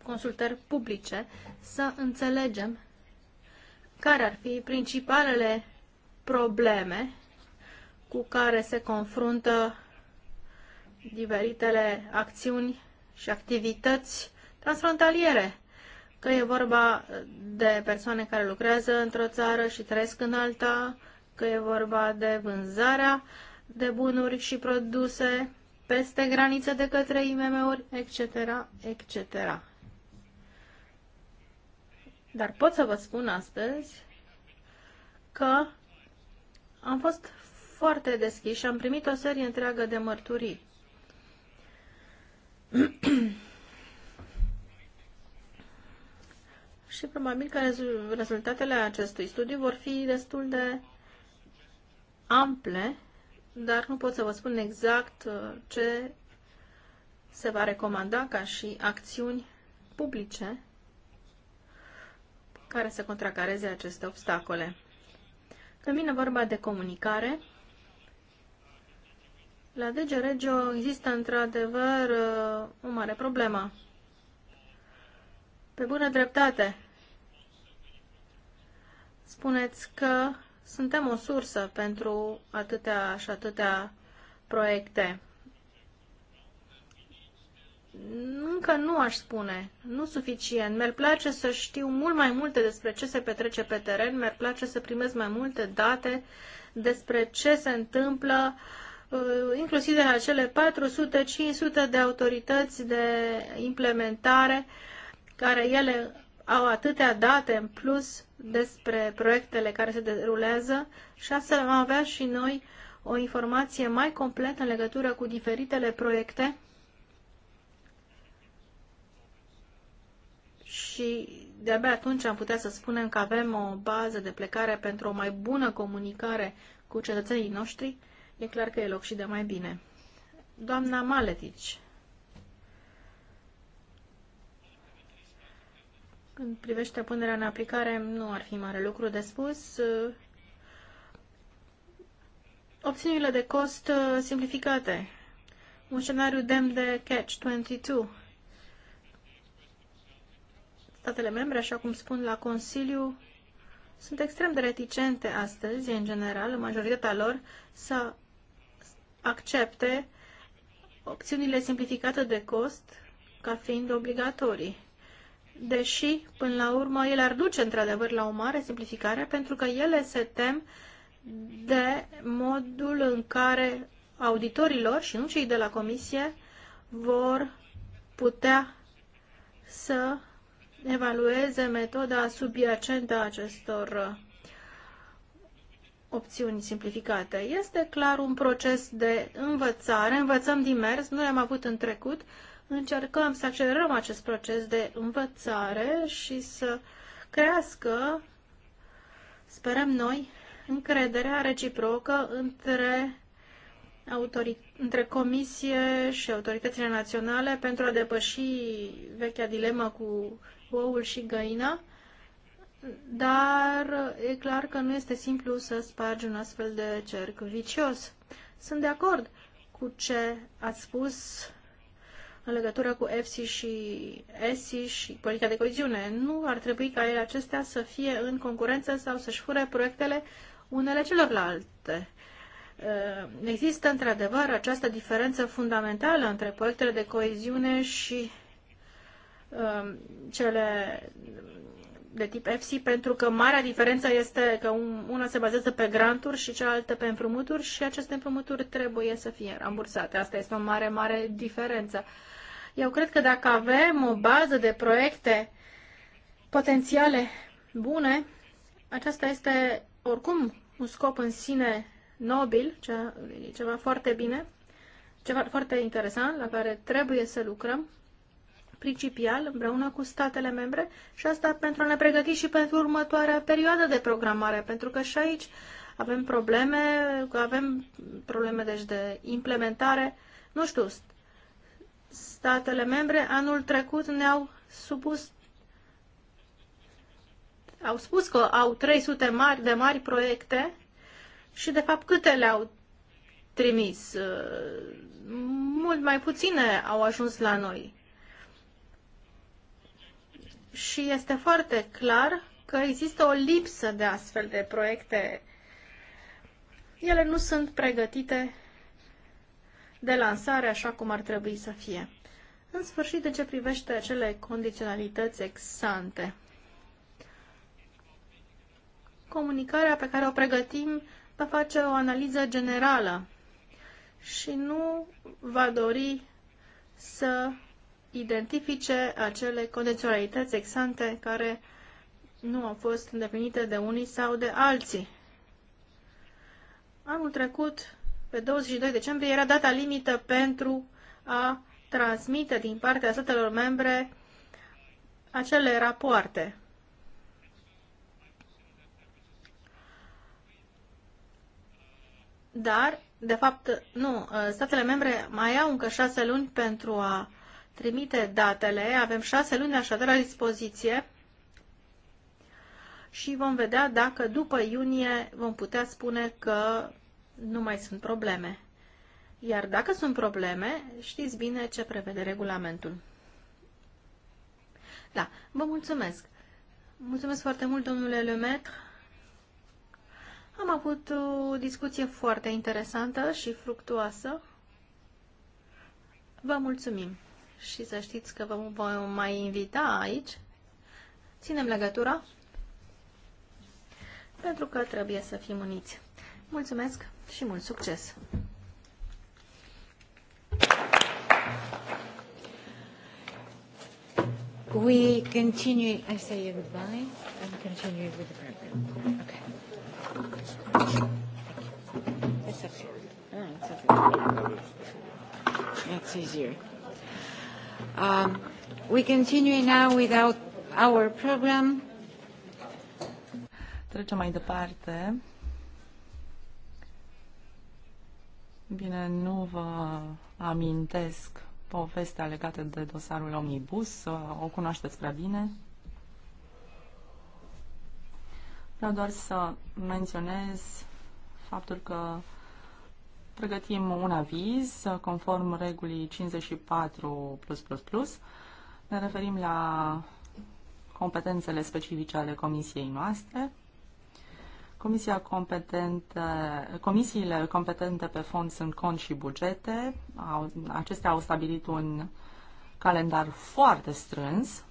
S1: consultări publice să înțelegem care ar fi principalele probleme cu care se confruntă diferitele acțiuni și activități transfrontaliere că e vorba de persoane care lucrează într-o țară și trăiesc în alta, că e vorba de vânzarea de bunuri și produse peste graniță de către IMM-uri, etc., etc. Dar pot să vă spun astăzi că am fost foarte deschiși și am primit o serie întreagă de mărturii. și probabil că rezultatele acestui studiu vor fi destul de ample, dar nu pot să vă spun exact uh, ce se va recomanda ca și acțiuni publice care să contracareze aceste obstacole. Când vine vorba de comunicare, la DG Regio există într-adevăr uh, o mare problemă. Pe bună dreptate, spuneți că suntem o sursă pentru atâtea și atâtea proiecte. Încă nu aș spune, nu suficient. Mi-ar place să știu mult mai multe despre ce se petrece pe teren, mi-ar place să primez mai multe date despre ce se întâmplă, uh, inclusiv de la cele 400-500 de autorități de implementare uh, care ele au atâtea date în plus despre proiectele care se derulează și astfel am avea și noi o informație mai completă în legătură cu diferitele proiecte și de-abia atunci am putea să spunem că avem o bază de plecare pentru o mai bună comunicare cu cetățenii noștri. E clar că e loc și de mai bine. Doamna Maletici. Când privește punerea în aplicare, nu ar fi mare lucru de spus. Opțiunile de cost uh, simplificate. Un scenariu demn de Catch-22. Statele membre, așa cum spun la Consiliu, sunt extrem de reticente astăzi, în general, majoritatea lor, să accepte opțiunile simplificate de cost ca fiind obligatorii deși, până la urmă, ele ar duce într-adevăr la o mare simplificare, pentru că ele se tem de modul în care auditorilor și nu cei de la comisie vor putea să evalueze metoda subiacentă a acestor uh, opțiuni simplificate. Este clar un proces de învățare, învățăm din mers, le am avut în trecut încercăm să accelerăm acest proces de învățare și să crească, sperăm noi, încrederea reciprocă între, autori- între Comisie și autoritățile naționale pentru a depăși vechea dilemă cu oul și găina, dar e clar că nu este simplu să spargi un astfel de cerc vicios. Sunt de acord cu ce ați spus în legătură cu EFSI și ESI și politica de coeziune. Nu ar trebui ca ele acestea să fie în concurență sau să-și fure proiectele unele celorlalte. Uh, există într-adevăr această diferență fundamentală între proiectele de coeziune și uh, cele de tip EFSI, pentru că marea diferență este că una se bazează pe granturi și cealaltă pe împrumuturi și aceste împrumuturi trebuie să fie rambursate. Asta este o mare, mare diferență. Eu cred că dacă avem o bază de proiecte potențiale bune, aceasta este oricum un scop în sine nobil, ceva foarte bine, ceva foarte interesant la care trebuie să lucrăm principial împreună cu statele membre și asta pentru a ne pregăti și pentru următoarea perioadă de programare, pentru că și aici avem probleme, avem probleme deci de implementare. Nu știu, statele membre anul trecut ne-au supus au spus că au 300 mari de mari proiecte și de fapt câte le-au trimis? Mult mai puține au ajuns la noi. Și este foarte clar că există o lipsă de astfel de proiecte. Ele nu sunt pregătite de lansare așa cum ar trebui să fie. În sfârșit, de ce privește acele condiționalități exante, comunicarea pe care o pregătim va face o analiză generală și nu va dori să identifice acele condiționalități exante care nu au fost îndeplinite de unii sau de alții. Anul trecut pe 22 decembrie, era data limită pentru a transmite din partea statelor membre acele rapoarte. Dar, de fapt, nu, statele membre mai au încă șase luni pentru a trimite datele. Avem șase luni așadar la dispoziție și vom vedea dacă după iunie vom putea spune că nu mai sunt probleme. Iar dacă sunt probleme, știți bine ce prevede regulamentul. Da, vă mulțumesc. Mulțumesc foarte mult, domnule Lemaitre. Am avut o discuție foarte interesantă și fructuoasă. Vă mulțumim și să știți că vă vom mai invita aici. Ținem legătura pentru că trebuie să fim uniți. Mulțumesc și mult succes! We continue, I say goodbye and continue with the program. Okay.
S3: That's okay. it's okay. That's oh, easier. Um, we continue now without our program. Trecem mai departe
S2: Bine, nu vă amintesc povestea legată de dosarul Omnibus, o cunoașteți prea bine. Vreau doar să menționez faptul că pregătim un aviz conform regulii 54 plus plus plus. Ne referim la competențele specifice ale comisiei noastre. Comisia competentă, comisiile competente pe fond sunt cont și bugete. Au, acestea au stabilit un calendar foarte strâns.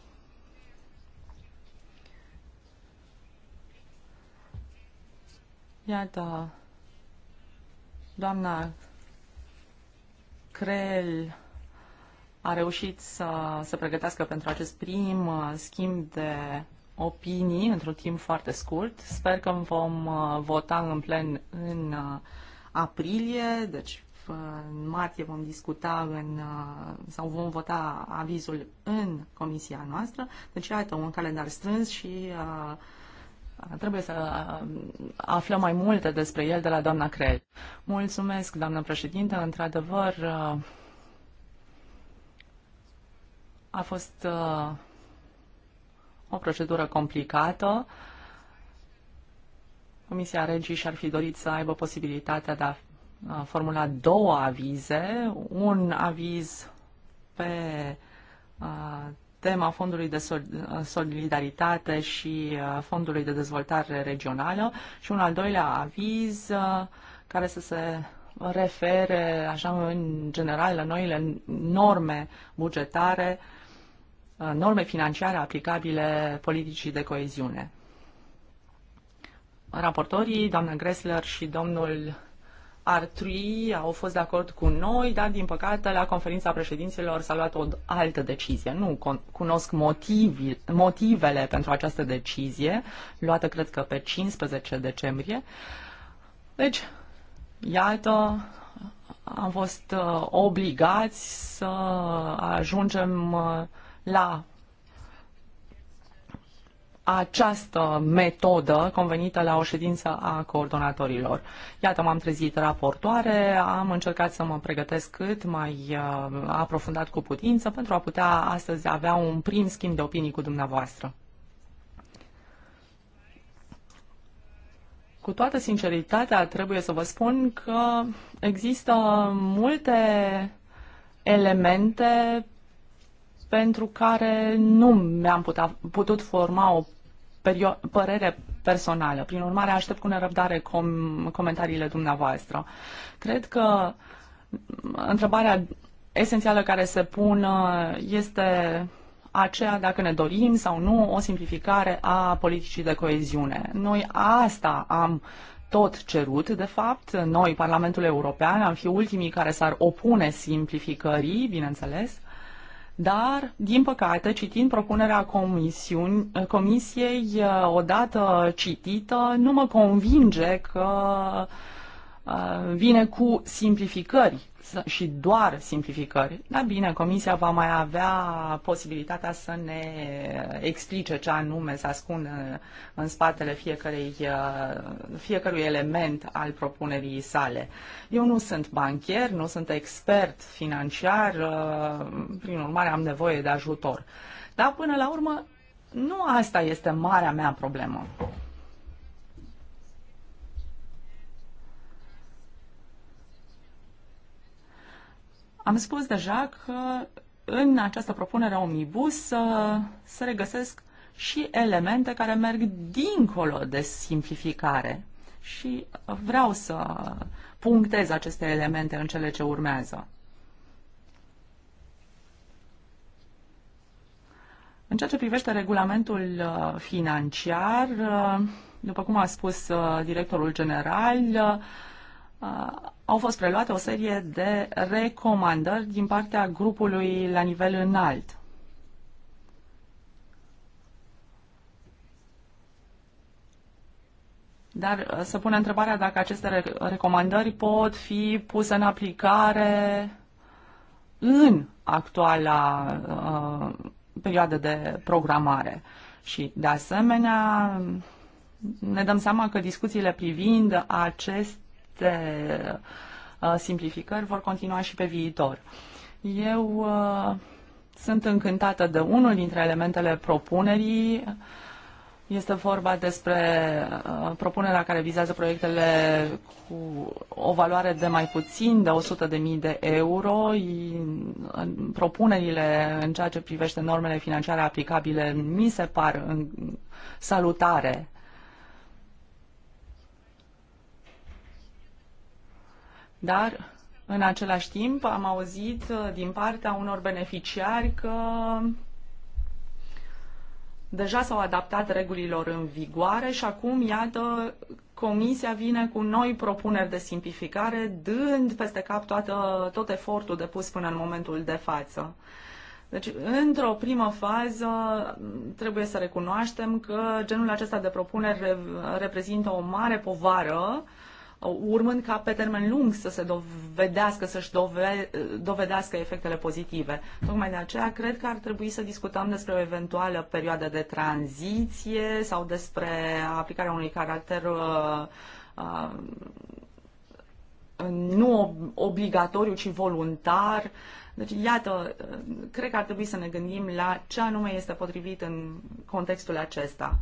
S2: Iată, doamna Crel a reușit să se pregătească pentru acest prim uh, schimb de opinii într-un timp foarte scurt. Sper că vom uh, vota în plen în uh, aprilie, deci uh, în martie vom discuta în, sau vom vota avizul în comisia noastră. Deci iată un calendar strâns și uh, Trebuie să aflăm mai multe despre el de la doamna Crel. Mulțumesc, doamnă președintă, Într-adevăr, a fost o procedură complicată. Comisia Regii și-ar fi dorit să aibă posibilitatea de a formula două avize, un aviz pe tema Fondului de Solidaritate și Fondului de Dezvoltare Regională și un al doilea aviz care să se refere, așa în general, la noile norme bugetare uh, Uh, norme financiare aplicabile politicii de coeziune. Raportorii, doamna Gressler și domnul Artrui au fost de acord cu noi, dar din păcate la conferința președinților s-a luat o altă decizie. Nu cunosc motivi, motivele pentru această decizie, luată cred că pe 15 decembrie. Deci, iată, am fost uh, obligați să ajungem uh, la această metodă convenită la o ședință a coordonatorilor. Iată, m-am trezit raportoare, am încercat să mă pregătesc cât mai uh, aprofundat cu putință pentru a putea astăzi avea un prim schimb de opinii cu dumneavoastră. Cu toată sinceritatea, trebuie să vă spun că există multe elemente pentru care nu mi-am putea, putut forma o părere personală. Prin urmare, aștept cu nerăbdare com- comentariile dumneavoastră. Cred că întrebarea esențială care se pune este aceea dacă ne dorim sau nu o simplificare a politicii de coeziune. Noi asta am tot cerut, de fapt, noi, Parlamentul European, am fi ultimii care s-ar opune simplificării, bineînțeles, dar, din păcate, citind propunerea comisiei, odată citită, nu mă convinge că uh, Uh, vine cu simplificări și doar simplificări. da bine, Comisia va mai avea posibilitatea să ne explice ce anume se ascunde în spatele fiecărei, uh, fiecărui element al propunerii sale. Eu nu sunt banchier, nu sunt expert financiar, uh, prin urmare am nevoie de ajutor. Dar până la urmă, nu asta este marea mea problemă. Am spus deja că în această propunere omnibus să, să regăsesc și elemente care merg dincolo de simplificare. Și vreau să punctez aceste elemente în cele ce urmează. În ceea ce privește regulamentul uh, financiar, uh, după cum a spus uh, directorul general, Uh, au fost preluate o serie de recomandări din partea grupului la nivel înalt. Dar uh, să pune întrebarea dacă aceste recomandări pot fi puse în aplicare în actuala uh, perioadă de programare. Și, de asemenea, ne dăm seama că discuțiile privind acest aceste uh, simplificări vor continua și pe viitor. Eu uh, sunt încântată de unul dintre elementele propunerii. Este vorba despre uh, propunerea care vizează proiectele cu o valoare de mai puțin de 100.000 de euro. Propunerile în ceea ce privește normele financiare aplicabile mi se par salutare Dar, în același timp, am auzit uh, din partea unor beneficiari că deja s-au adaptat regulilor în vigoare și acum, iată, Comisia vine cu noi propuneri de simplificare, dând peste cap toată, tot efortul depus până în momentul de față. Deci, într-o primă fază, trebuie să recunoaștem că genul acesta de propuneri reprezintă o mare povară urmând ca pe termen lung să se dovedească, să-și dove, dovedească efectele pozitive. Tocmai de aceea cred că ar trebui să discutăm despre o eventuală perioadă de tranziție sau despre aplicarea unui caracter uh, uh, nu obligatoriu, ci voluntar. Deci, iată, uh, cred că ar trebui să ne gândim la ce anume este potrivit în contextul acesta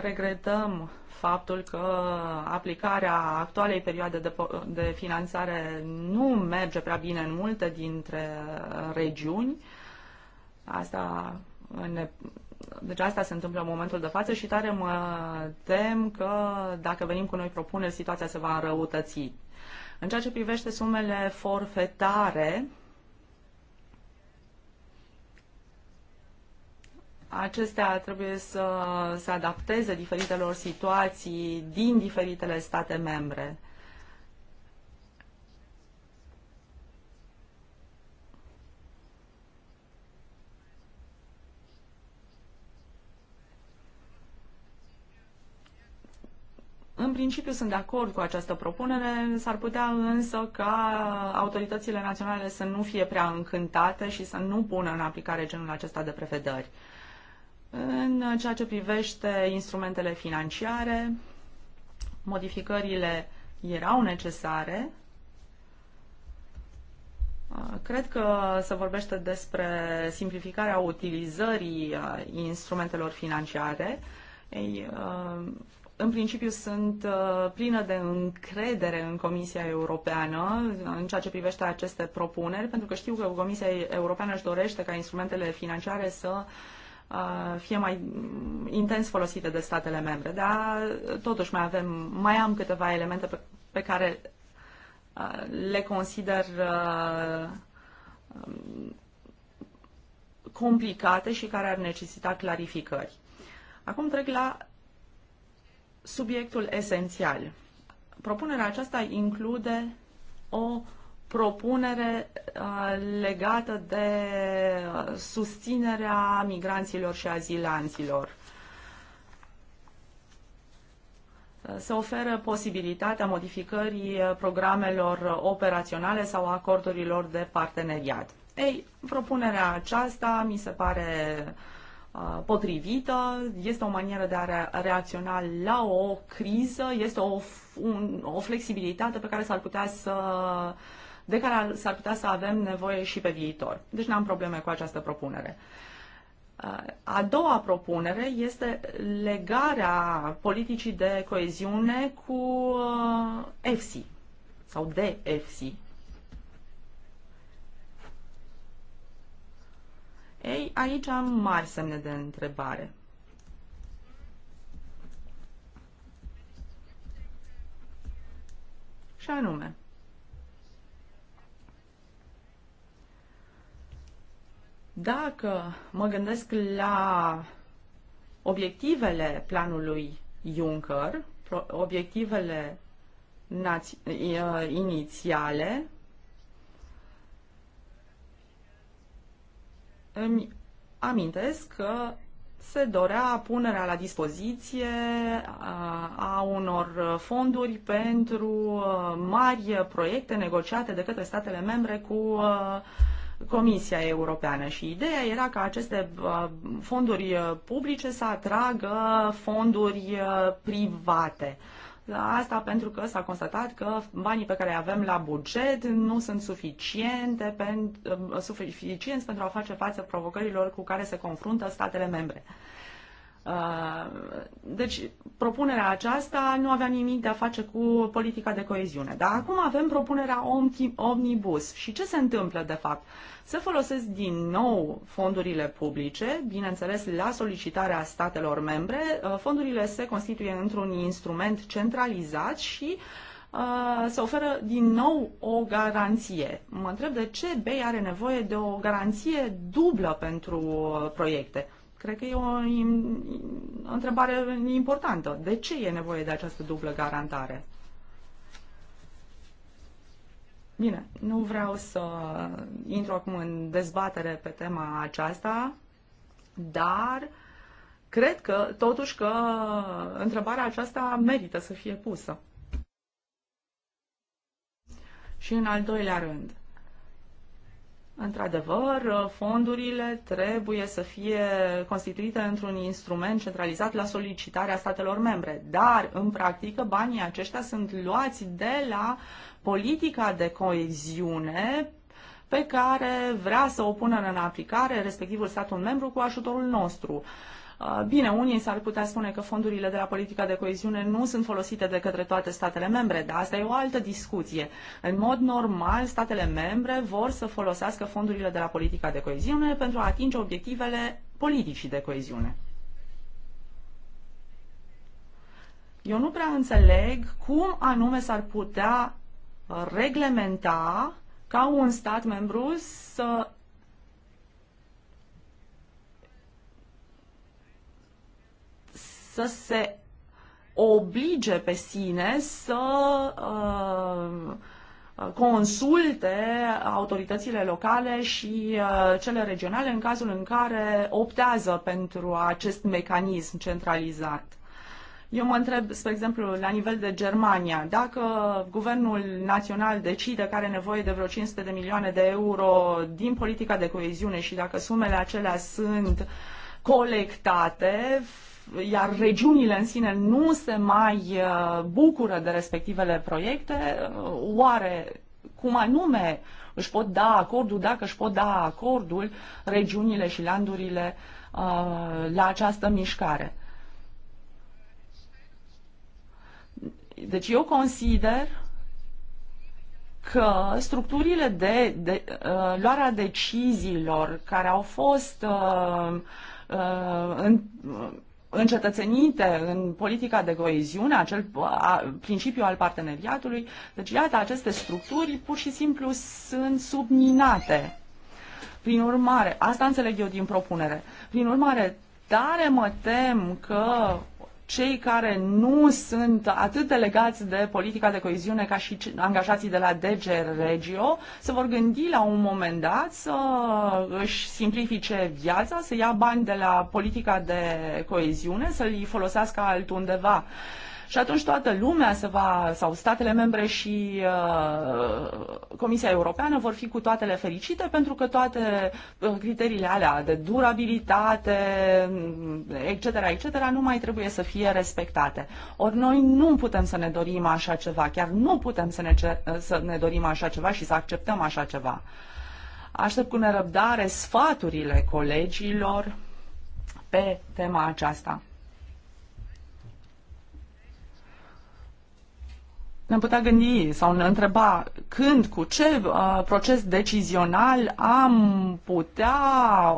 S2: regretăm faptul că aplicarea actualei perioade de, de finanțare nu merge prea bine în multe dintre regiuni. Asta ne, deci asta se întâmplă în momentul de față și tare mă tem că dacă venim cu noi propuneri, situația se va înrăutăți. În ceea ce privește sumele forfetare, Acestea trebuie să se adapteze diferitelor situații din diferitele state membre. În principiu sunt de acord cu această propunere, s-ar putea însă ca autoritățile naționale să nu fie prea încântate și să nu pună în aplicare genul acesta de prevederi. În ceea ce privește instrumentele financiare, modificările erau necesare. Cred că se vorbește despre simplificarea utilizării uh, instrumentelor financiare. Ei, uh, în principiu sunt uh, plină de încredere în Comisia Europeană în ceea ce privește aceste propuneri, pentru că știu că Comisia Europeană își dorește ca instrumentele financiare să uh, fie mai intens folosite de statele membre, dar totuși mai avem, mai am câteva elemente pe, pe care le consider complicate și care ar necesita clarificări. Acum trec la subiectul esențial. Propunerea aceasta include o propunere uh, legată de uh, susținerea migranților și azilanților. Uh, se oferă posibilitatea modificării programelor operaționale sau acordurilor de parteneriat. Ei, propunerea aceasta mi se pare potrivită, este o manieră de a reacționa la o criză, este o, un, o flexibilitate pe care s-ar putea să uh, de care s-ar putea să avem nevoie și pe viitor. Deci n-am probleme cu această propunere. Uh, a doua propunere este legarea politicii de coeziune cu EFSI uh, sau de EFSI. Ei, aici am mari semne de întrebare. Și anume, Dacă mă gândesc la obiectivele planului Juncker, obiectivele uh, inițiale, îmi amintesc că se dorea punerea la dispoziție uh, a unor fonduri pentru uh, mari proiecte negociate de către statele membre cu Comisia Europeană și ideea era ca aceste uh, fonduri uh, publice să atragă fonduri uh, private. Asta pentru că s-a constatat că banii pe care îi avem la buget nu sunt suficiente pentru, suficienți pentru a face față provocărilor cu care se confruntă statele membre. Uh, deci, propunerea aceasta nu avea nimic de a face cu politica de coeziune. Dar acum avem propunerea omnibus. Și ce se întâmplă, de fapt? Se folosesc din nou fondurile publice, bineînțeles, la solicitarea statelor membre. Uh, fondurile se constituie într-un instrument centralizat și uh, se oferă din nou o garanție. Mă întreb de ce BEI are nevoie de o garanție dublă pentru proiecte. Cred că e o, o întrebare importantă. De ce e nevoie de această dublă garantare? Bine, nu vreau să intru acum în dezbatere pe tema aceasta, dar cred că, totuși, că întrebarea aceasta merită să fie pusă. Și în al doilea rând, Într-adevăr, fondurile trebuie să fie constituite într-un instrument centralizat la solicitarea statelor membre, dar, în practică, banii aceștia sunt luați de la politica de coeziune pe care vrea să o pună în aplicare respectivul statul membru cu ajutorul nostru. Uh, Ah, bine, unii s-ar putea spune că fondurile de la politica de coeziune nu sunt folosite de către toate statele membre, dar asta e o altă discuție. În mod normal, statele membre vor să folosească fondurile de la politica de coeziune pentru a atinge obiectivele politicii de coeziune. Eu nu prea înțeleg cum anume s-ar putea reglementa ca un stat membru să să se oblige pe sine să uh, consulte autoritățile locale și uh, cele regionale în cazul în care optează pentru acest mecanism centralizat. Eu mă întreb, spre exemplu, la nivel de Germania, dacă guvernul național decide că are nevoie de vreo 500 de milioane de euro din politica de coeziune și dacă sumele acelea sunt colectate, iar regiunile în sine nu se mai uh, bucură de respectivele proiecte, uh, oare cum anume își pot da acordul, dacă își pot da acordul regiunile și landurile uh, la această mișcare. Deci eu consider că structurile de, de uh, luarea deciziilor care au fost uh, uh, în, uh, încetățenite în politica de coeziune, acel principiu al parteneriatului. Deci, iată, aceste structuri pur și simplu sunt subminate. Prin urmare, asta înțeleg eu din propunere. Prin urmare, tare mă tem că cei care nu sunt atât de legați de politica de coeziune ca și angajații de la DG Regio se vor gândi la un moment dat să își simplifice viața, să ia bani de la politica de coeziune, să-i folosească altundeva. Și atunci toată lumea se va, sau statele membre și uh, Comisia Europeană vor fi cu toatele fericite pentru că toate uh, criteriile alea de durabilitate, etc., mm, etc., nu mai trebuie să fie respectate. Ori noi nu putem să ne dorim așa ceva, chiar nu putem să ne, uh, să ne dorim așa ceva și să acceptăm așa ceva. Aștept cu nerăbdare sfaturile colegilor pe tema aceasta. ne-am putea gândi sau ne întreba când, cu ce uh, proces decizional am putea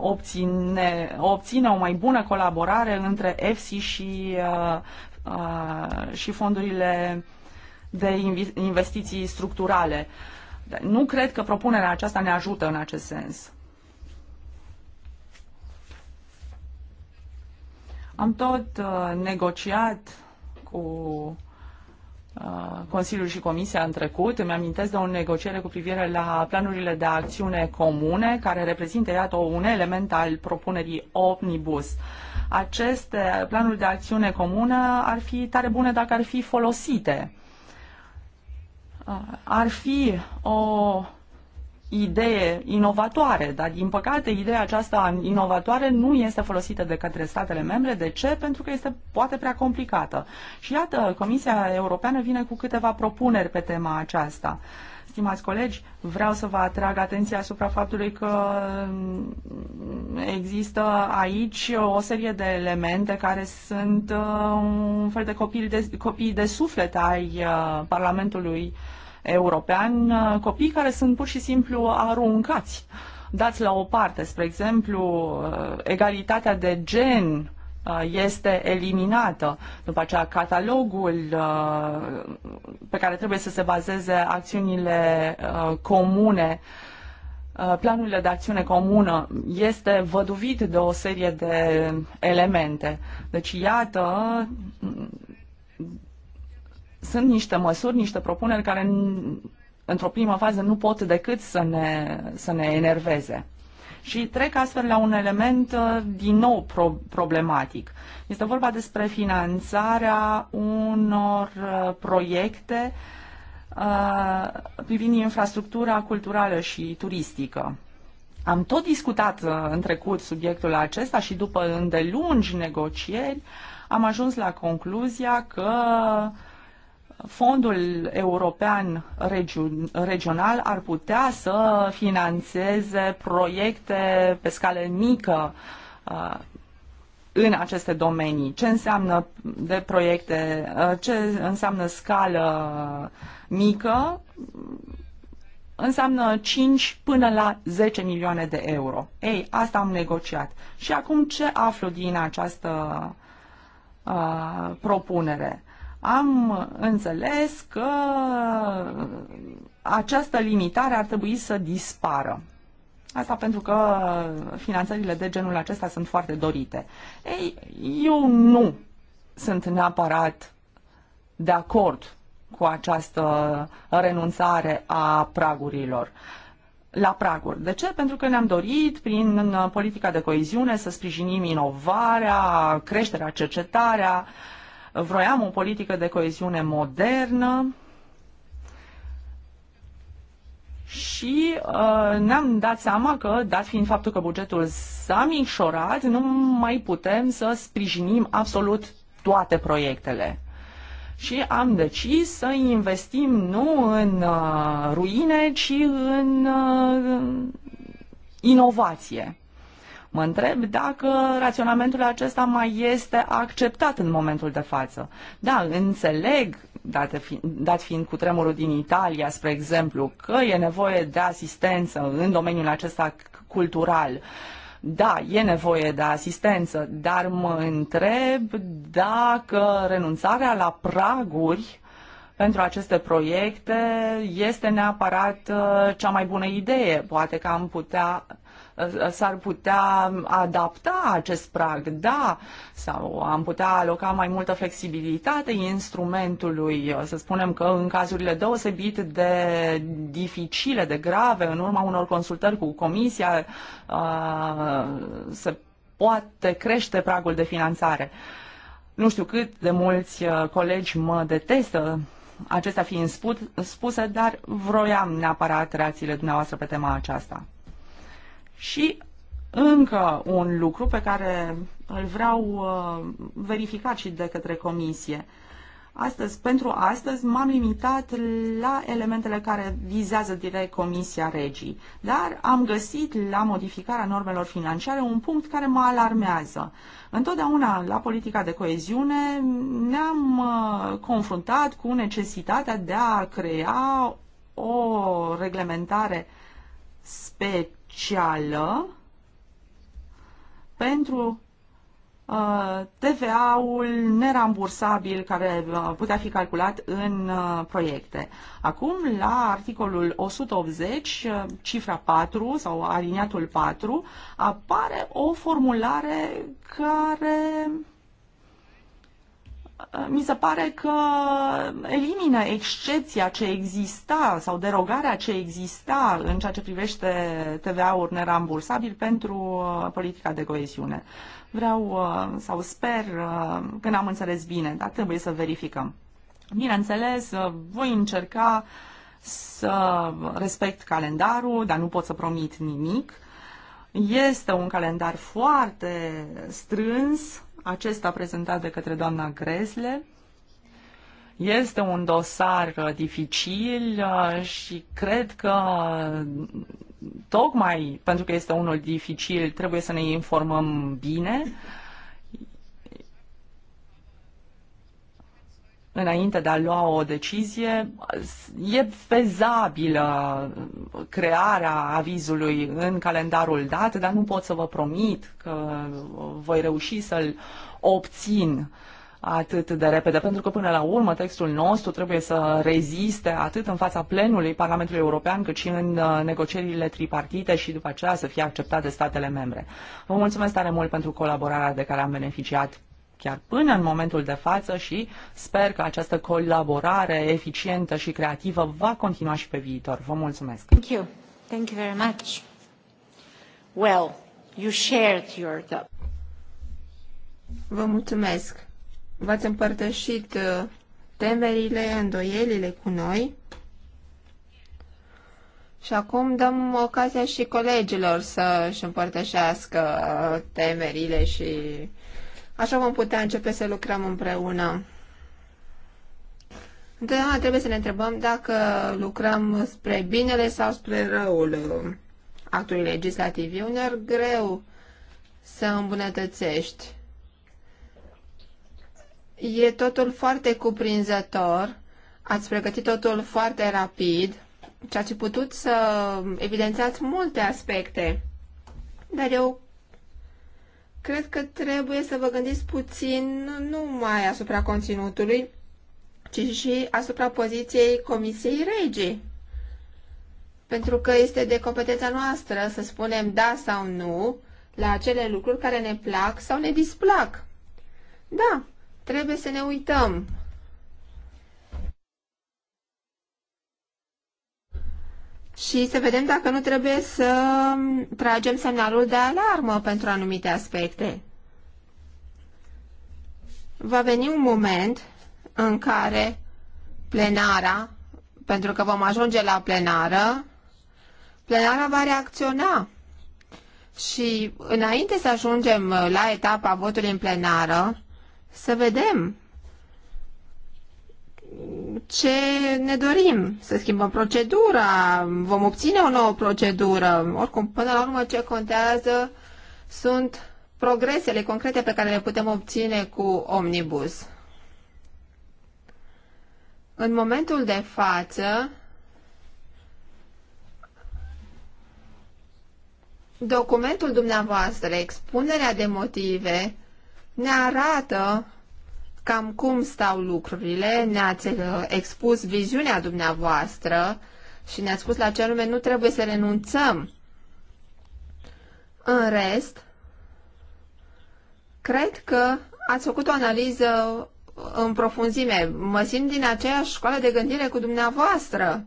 S2: obține, obține o mai bună colaborare între EFSI și, uh, uh, și fondurile de investiții structurale. Nu cred că propunerea aceasta ne ajută în acest sens. Am tot uh, negociat cu Uh, Consiliul și Comisia în trecut. Îmi amintesc de o negociere cu privire la planurile de acțiune comune, care reprezintă, iată, un element al propunerii omnibus. Aceste planuri de acțiune comună ar fi tare bune dacă ar fi folosite. Uh, ar fi o idee inovatoare, dar din păcate ideea aceasta inovatoare nu este folosită de către statele membre. De ce? Pentru că este poate prea complicată. Și iată, Comisia Europeană vine cu câteva propuneri pe tema aceasta. Stimați colegi, vreau să vă atrag atenția asupra faptului că există aici o serie de elemente care sunt uh, un fel de copii de, copii de suflet ai uh, Parlamentului uh, european uh, copii care sunt pur și simplu aruncați, dați la o parte. Spre exemplu, uh, egalitatea de gen uh, este eliminată. După aceea, catalogul pe care trebuie să se bazeze acțiunile comune, planurile de acțiune comună, este văduvit de o serie de elemente. Deci, iată, sunt niște măsuri, niște propuneri care într-o primă fază nu pot decât să ne, să ne enerveze. Și trec astfel la un element uh, din nou pro- problematic. Este vorba despre finanțarea unor uh, proiecte uh, privind infrastructura culturală și turistică. Am tot discutat uh, în trecut subiectul acesta și după îndelungi negocieri am ajuns la concluzia că uh, Fondul European Regional ar putea să financeze proiecte pe scală mică uh, în aceste domenii. Ce înseamnă de proiecte, uh, ce înseamnă scală mică, înseamnă 5 până la 10 milioane de euro. Ei, asta am negociat. Și acum ce aflu din această uh, propunere? Am înțeles că această limitare ar trebui să dispară. Asta pentru că finanțările de genul acesta sunt foarte dorite. Ei, eu nu sunt neapărat de acord cu această renunțare a pragurilor. La praguri. De ce? Pentru că ne-am dorit, prin politica de coeziune, să sprijinim inovarea, creșterea, cercetarea, uh, Vroiam o politică de coeziune modernă și uh, ne-am dat seama că, dat fiind faptul că bugetul s-a micșorat, nu mai putem să sprijinim absolut toate proiectele și am decis să investim nu în uh, ruine, ci în uh, inovație. Mă întreb dacă raționamentul acesta mai este acceptat în momentul de față. Da, înțeleg, dat fiind, dat fiind cu tremurul din Italia, spre exemplu, că e nevoie de asistență în domeniul acesta cultural. Da, e nevoie de asistență, dar mă întreb dacă renunțarea la praguri pentru aceste proiecte este neapărat uh, cea mai bună idee. Poate că am putea s-ar putea adapta acest prag, da, sau am putea aloca mai multă flexibilitate instrumentului, să spunem că în cazurile deosebit de dificile, de grave, în urma unor consultări cu comisia, se poate crește pragul de finanțare. Nu știu cât de mulți colegi mă detestă acestea fiind spuse, dar vroiam neapărat reacțiile dumneavoastră pe tema aceasta. Și încă un lucru pe care îl vreau uh, verificat și de către comisie. Astăzi, pentru astăzi, m-am limitat la elementele care vizează direct Comisia Regii, dar am găsit la modificarea normelor financiare un punct care mă alarmează. Întotdeauna la politica de coeziune ne-am uh, confruntat cu necesitatea de a crea o reglementare specială specială pentru uh, TVA-ul nerambursabil care uh, putea fi calculat în uh, proiecte. Acum, la articolul 180, cifra 4 sau aliniatul 4, apare o formulare care mi se pare că elimină excepția ce exista sau derogarea ce exista în ceea ce privește TVA-uri nerambursabil pentru uh, politica de coeziune. Vreau uh, sau sper uh, că n-am înțeles bine, dar trebuie să verificăm. Bineînțeles, voi încerca să respect calendarul, dar nu pot să promit nimic. Este un calendar foarte strâns, acesta prezentat de către doamna Gresle este un dosar uh, dificil uh, și cred că tocmai pentru că este unul dificil trebuie să ne informăm bine înainte de a lua o decizie. E fezabilă crearea avizului în calendarul dat, dar nu pot să vă promit că voi reuși să-l obțin atât de repede, pentru că până la urmă textul nostru trebuie să reziste atât în fața plenului Parlamentului European, cât și în uh, negocierile tripartite și după aceea să fie acceptat de statele membre. Vă mulțumesc tare mult pentru colaborarea de care am beneficiat chiar până în momentul de față și sper că această colaborare eficientă și creativă va continua și pe viitor. Vă mulțumesc!
S3: Thank you. Thank you very much. Well, you shared your... Vă mulțumesc! V-ați împărtășit uh, temerile, îndoielile cu noi. Și acum dăm ocazia și colegilor să își împărtășească uh, temerile și Așa vom putea începe să lucrăm împreună. Întotdeauna trebuie să ne întrebăm dacă lucrăm spre binele sau spre răul actului legislativ. E uneori greu să îmbunătățești. E totul foarte cuprinzător, ați pregătit totul foarte rapid, și ați putut să evidențiați multe aspecte. Dar eu cred că trebuie să vă gândiți puțin nu numai asupra conținutului, ci și asupra poziției Comisiei Regii. Pentru că este de competența noastră să spunem da sau nu la acele lucruri care ne plac sau ne displac. Da, trebuie să ne uităm și să vedem dacă nu trebuie să tragem semnalul de alarmă pentru anumite aspecte. Va veni un moment în care plenara, pentru că vom ajunge la plenară, plenara va reacționa. Și înainte să ajungem la etapa votului în plenară, să vedem ce ne dorim, să schimbăm procedura, vom obține o nouă procedură. Oricum, până la urmă, ce contează sunt progresele concrete pe care le putem obține cu Omnibus. În momentul de față, documentul dumneavoastră, expunerea de motive, ne arată cam cum stau lucrurile, ne-ați uh, expus viziunea dumneavoastră și ne-ați spus la ce anume nu trebuie să renunțăm. În rest, cred că ați făcut o analiză uh, în profunzime. Mă simt din aceeași școală de gândire cu dumneavoastră.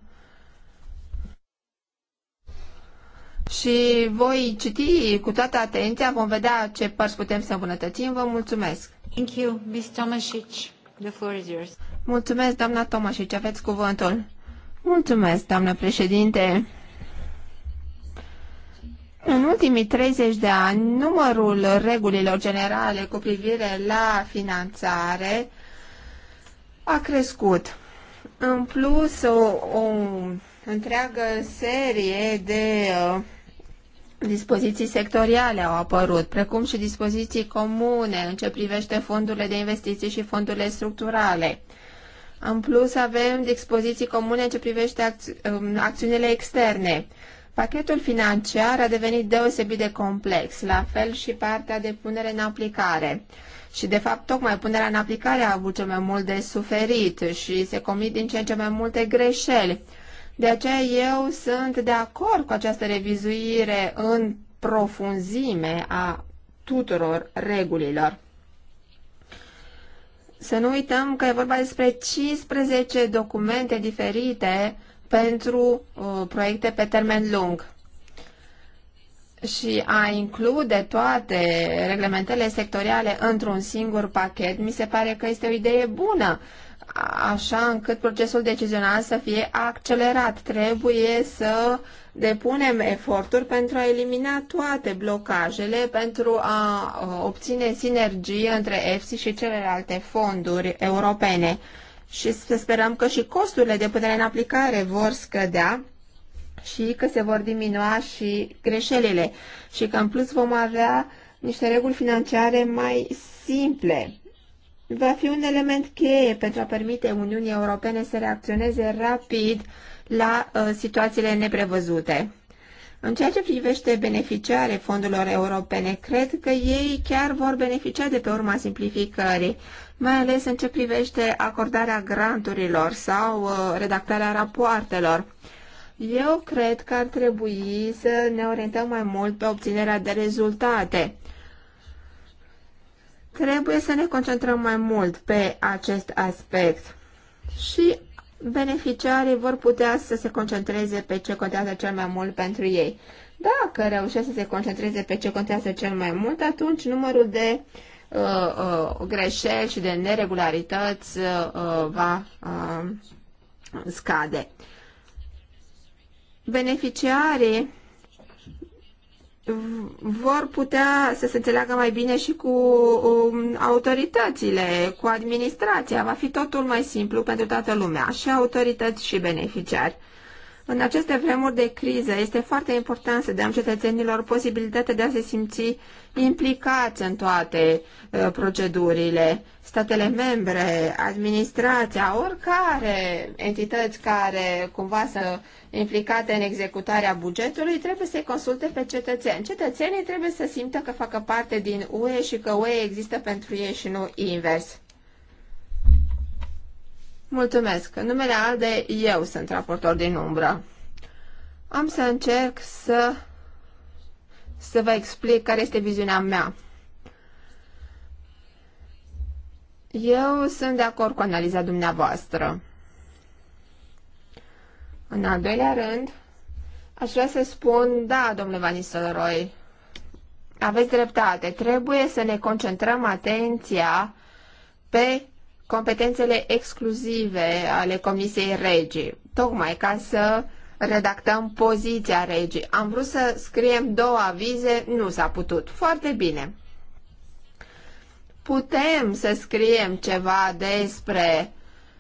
S3: Și voi citi cu toată atenția, vom vedea ce părți putem să îmbunătățim. Vă mulțumesc! Thank you, Ms. Tomasic. The floor is yours. Mulțumesc, doamna Tomasic, aveți cuvântul. Mulțumesc, doamnă președinte. În ultimii 30 de ani, numărul regulilor generale cu privire la finanțare a crescut. În plus, o, o întreagă serie de uh, Dispoziții sectoriale au apărut, precum și dispoziții comune în ce privește fondurile de investiții și fondurile structurale. În plus, avem dispoziții comune în ce privește acți um, acțiunile externe. Pachetul financiar a devenit deosebit de complex, la fel și partea de punere în aplicare. Și, de fapt, tocmai punerea în aplicare a avut cel mai mult de suferit și se comit din ce în ce mai multe greșeli de aceea eu sunt de acord cu această revizuire în profunzime a tuturor regulilor. Să nu uităm că e vorba despre 15 documente diferite pentru uh, proiecte pe termen lung. Și a include toate reglementele sectoriale într-un singur pachet, mi se pare că este o idee bună așa încât procesul decizional să fie accelerat. Trebuie să depunem eforturi pentru a elimina toate blocajele, pentru a uh, obține sinergie între EFSI și celelalte fonduri europene. Și să sperăm că și costurile de punere în aplicare vor scădea și că se vor diminua și greșelile și că în plus vom avea niște reguli financiare mai simple va fi un element cheie pentru a permite Uniunii Europene să reacționeze rapid la uh, situațiile neprevăzute. În ceea ce privește beneficiare fondurilor europene, cred că ei chiar vor beneficia de pe urma simplificării, mai ales în ce privește acordarea granturilor sau uh, redactarea rapoartelor. Eu cred că ar trebui să ne orientăm mai mult pe obținerea de rezultate Trebuie să ne concentrăm mai mult pe acest aspect și beneficiarii vor putea să se concentreze pe ce contează cel mai mult pentru ei. Dacă reușesc să se concentreze pe ce contează cel mai mult, atunci numărul de uh, uh, greșeli și de neregularități uh, uh va uh, scade. Beneficiarii vor putea să se înțeleagă mai bine și cu um, autoritățile, cu administrația. Va fi totul mai simplu pentru toată lumea, și autorități și beneficiari. În aceste vremuri de criză este foarte important să dăm cetățenilor posibilitatea de a se simți implicați în toate uh, procedurile. Statele membre, administrația, oricare entități care cumva să implicate în executarea bugetului trebuie să-i consulte pe cetățeni. Cetățenii trebuie să simtă că facă parte din UE și că UE există pentru ei și nu invers. Mulțumesc. În numele ALDE, eu sunt raportor din umbră. Am să încerc să, să vă explic care este viziunea mea. Eu sunt de acord cu analiza dumneavoastră. În al doilea rând, aș vrea să spun, da, domnule Van aveți dreptate, trebuie să ne concentrăm atenția pe competențele exclusive ale Comisiei Regii, tocmai ca să redactăm poziția regii. Am vrut să scriem două avize, nu s-a putut. Foarte bine. Putem să scriem ceva despre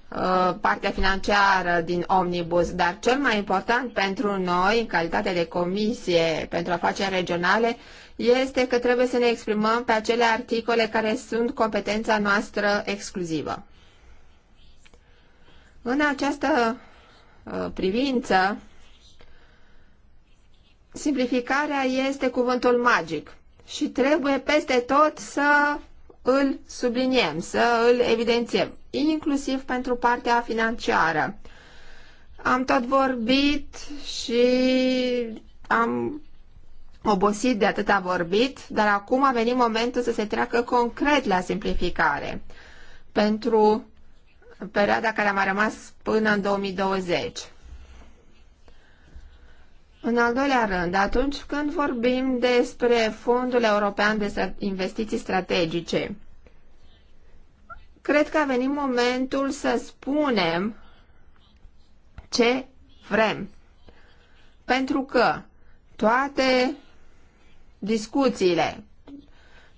S3: uh, partea financiară din Omnibus, dar cel mai important pentru noi, în calitate de comisie pentru afaceri regionale, este că trebuie să ne exprimăm pe acele articole care sunt competența noastră exclusivă. În această uh, privință, simplificarea este cuvântul magic și trebuie peste tot să îl subliniem, să îl evidențiem, inclusiv pentru partea financiară. Am tot vorbit și am obosit de atât a vorbit, dar acum a venit momentul să se treacă concret la simplificare pentru perioada care a mai rămas până în 2020. În al doilea rând, atunci când vorbim despre Fondul European de Investiții Strategice, cred că a venit momentul să spunem ce vrem. Pentru că toate discuțiile,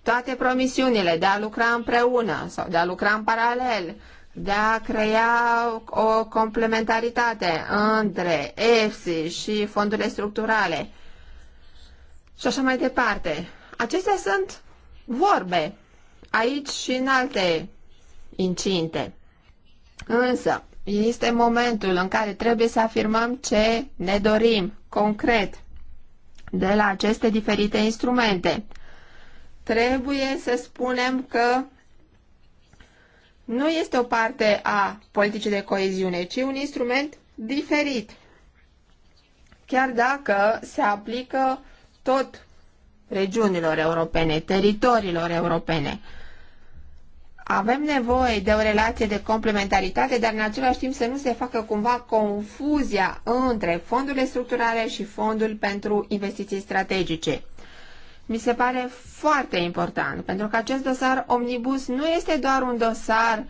S3: toate promisiunile de a lucra împreună sau de a lucra în paralel, de a crea o complementaritate între EFSI și fondurile structurale și așa mai departe. Acestea sunt vorbe aici și în alte incinte. Însă, este momentul în care trebuie să afirmăm ce ne dorim concret de la aceste diferite instrumente. Trebuie să spunem că nu este o parte a politicii de coeziune, ci un instrument diferit. Chiar dacă se aplică tot regiunilor europene, teritoriilor europene avem nevoie de o relație de complementaritate, dar în același timp să nu se facă cumva confuzia între fondurile structurale și fondul pentru investiții strategice. Mi se pare foarte important, pentru că acest dosar omnibus nu este doar un dosar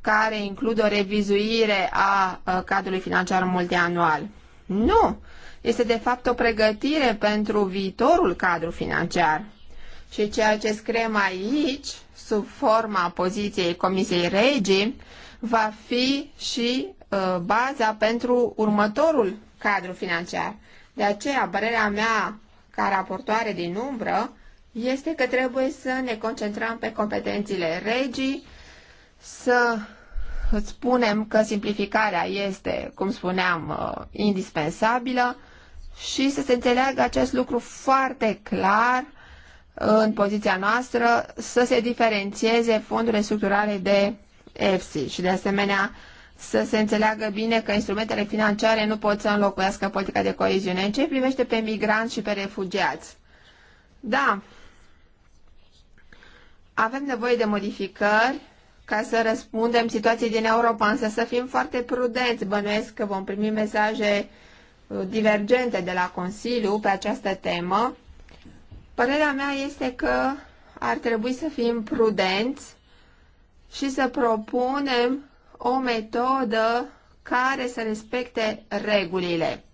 S3: care include o revizuire a cadrului financiar multianual. Nu! Este de fapt o pregătire pentru viitorul cadru financiar. Și ceea ce scriem aici sub forma poziției Comisiei Regii, va fi și uh, baza pentru următorul cadru financiar. De aceea, părerea mea ca raportoare din umbră este că trebuie să ne concentrăm pe competențile regii, să spunem că simplificarea este, cum spuneam, uh, indispensabilă și să se înțeleagă acest lucru foarte clar în poziția noastră să se diferențieze fondurile structurale de EFSI și de asemenea să se înțeleagă bine că instrumentele financiare nu pot să înlocuiască politica de coeziune. În ce privește pe migranți și pe refugiați? Da, avem nevoie de modificări ca să răspundem situației din Europa, însă să fim foarte prudenți. Bănuiesc că vom primi mesaje uh, divergente de la Consiliu pe această temă Părerea mea este că ar trebui să fim prudenți și să propunem o metodă care să respecte regulile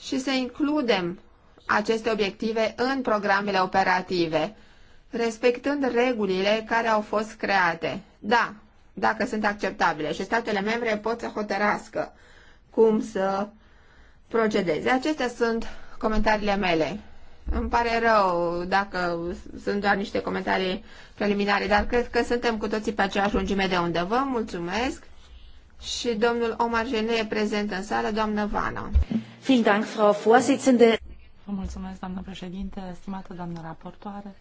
S3: și să includem aceste obiective în programele operative, respectând regulile care au fost create. Da, dacă sunt acceptabile și statele membre pot să hotărască cum să procedeze. Acestea sunt comentariile mele. Îmi pare rău dacă sunt doar niște comentarii preliminare, dar cred că suntem cu toții pe aceeași lungime de undă. Vă mulțumesc și domnul Omar Gene e prezent în sală, doamnă Vana. Vă
S2: mulțumesc, doamnă președinte, stimată doamnă raportoare.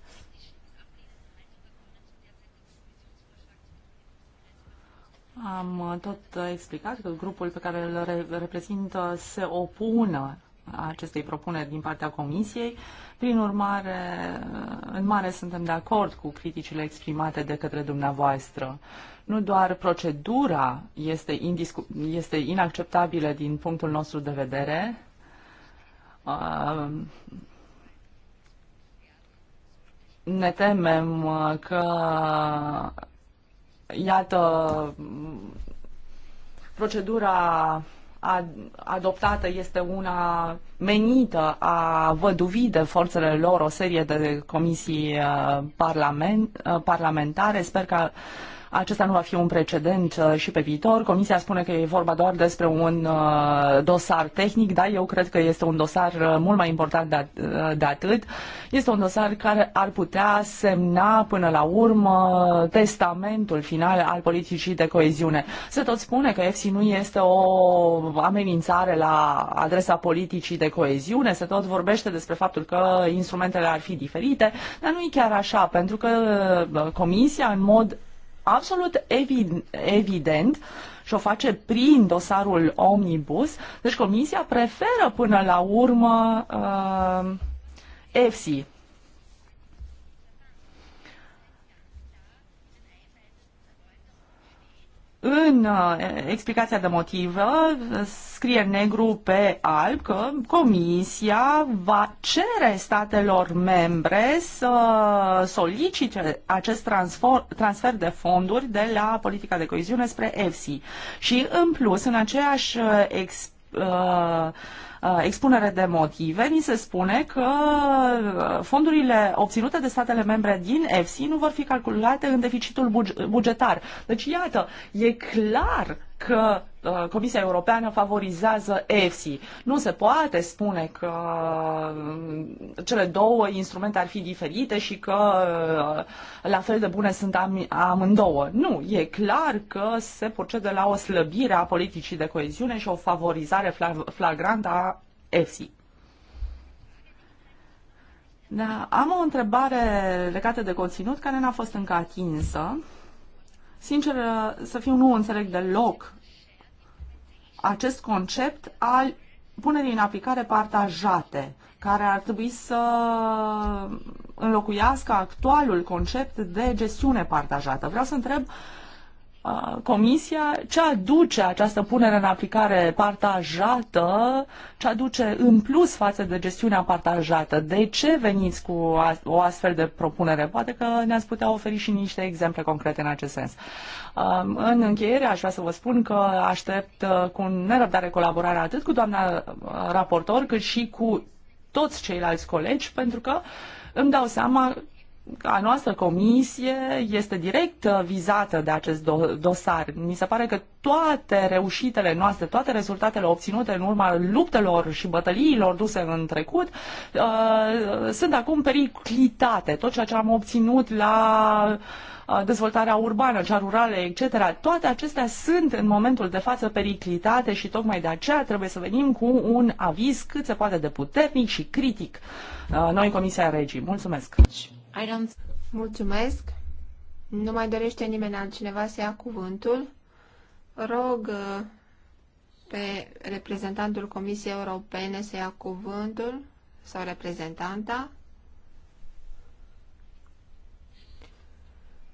S2: Am tot explicat că grupul pe care îl reprezintă se opună acestei propuneri din partea Comisiei. Prin urmare, în mare suntem de acord cu criticile exprimate de către dumneavoastră. Nu doar procedura este, este inacceptabilă din punctul nostru de vedere, uh, ne temem că, iată, procedura adoptată este una menită a văduvi de forțele lor o serie de comisii uh, parlament, uh, parlamentare. Sper că acesta nu va fi un precedent uh, și pe viitor. Comisia spune că e vorba doar despre un uh, dosar tehnic, dar eu cred că este un dosar uh, mult mai important de atât. Este un dosar care ar putea semna până la urmă testamentul final al politicii de coeziune. Se tot spune că EFSI nu este o amenințare la adresa politicii de coeziune, se tot vorbește despre faptul că instrumentele ar fi diferite, dar nu e chiar așa, pentru că Comisia în mod absolut evident și o face prin dosarul Omnibus. Deci Comisia preferă până la urmă uh, EFSI În uh, explicația de motivă scrie negru pe alb că Comisia va cere statelor membre să solicite acest transfer, transfer de fonduri de la politica de coeziune spre EFSI. Și în plus, în aceeași uh, uh Uh, expunere de motive, ni se spune că uh, fondurile obținute de statele membre din EFSI nu vor fi calculate în deficitul bugetar. Deci, iată, e clar că Uh, Comisia Europeană favorizează EFSI. Nu se poate spune că uh, cele două instrumente ar fi diferite și că uh, la fel de bune sunt amândouă. Nu, e clar că se procede la o slăbire a politicii de coeziune și o favorizare flagrantă a EFSI. Da, am o întrebare legată de conținut care n-a fost încă atinsă. Sincer, să fiu, nu înțeleg deloc acest concept al punerii în aplicare partajate, care ar trebui să înlocuiască actualul concept de gestiune partajată. Vreau să întreb uh, Comisia, ce aduce această punere în aplicare partajată, ce aduce în plus față de gestiunea partajată? De ce veniți cu o astfel de propunere? Poate că ne-ați putea oferi și niște exemple concrete în acest sens. În încheiere aș vrea să vă spun că aștept uh, cu nerăbdare colaborarea atât cu doamna uh, raportor cât și cu toți ceilalți colegi, pentru că îmi dau seama a noastră comisie este direct uh, vizată de acest dosar. Mi se pare că toate reușitele noastre, toate rezultatele obținute în urma luptelor și bătăliilor duse în trecut uh, sunt acum periclitate. Tot ceea ce am obținut la uh, dezvoltarea urbană, cea rurală, etc. Toate acestea sunt în momentul de față periclitate și tocmai de aceea trebuie să venim cu un aviz cât se poate de puternic și critic. Uh, noi, Comisia Regii. Mulțumesc!
S3: I don't... Mulțumesc. Nu mai dorește nimeni altcineva să ia cuvântul. Rog uh, pe reprezentantul Comisiei Europene să ia cuvântul sau reprezentanta.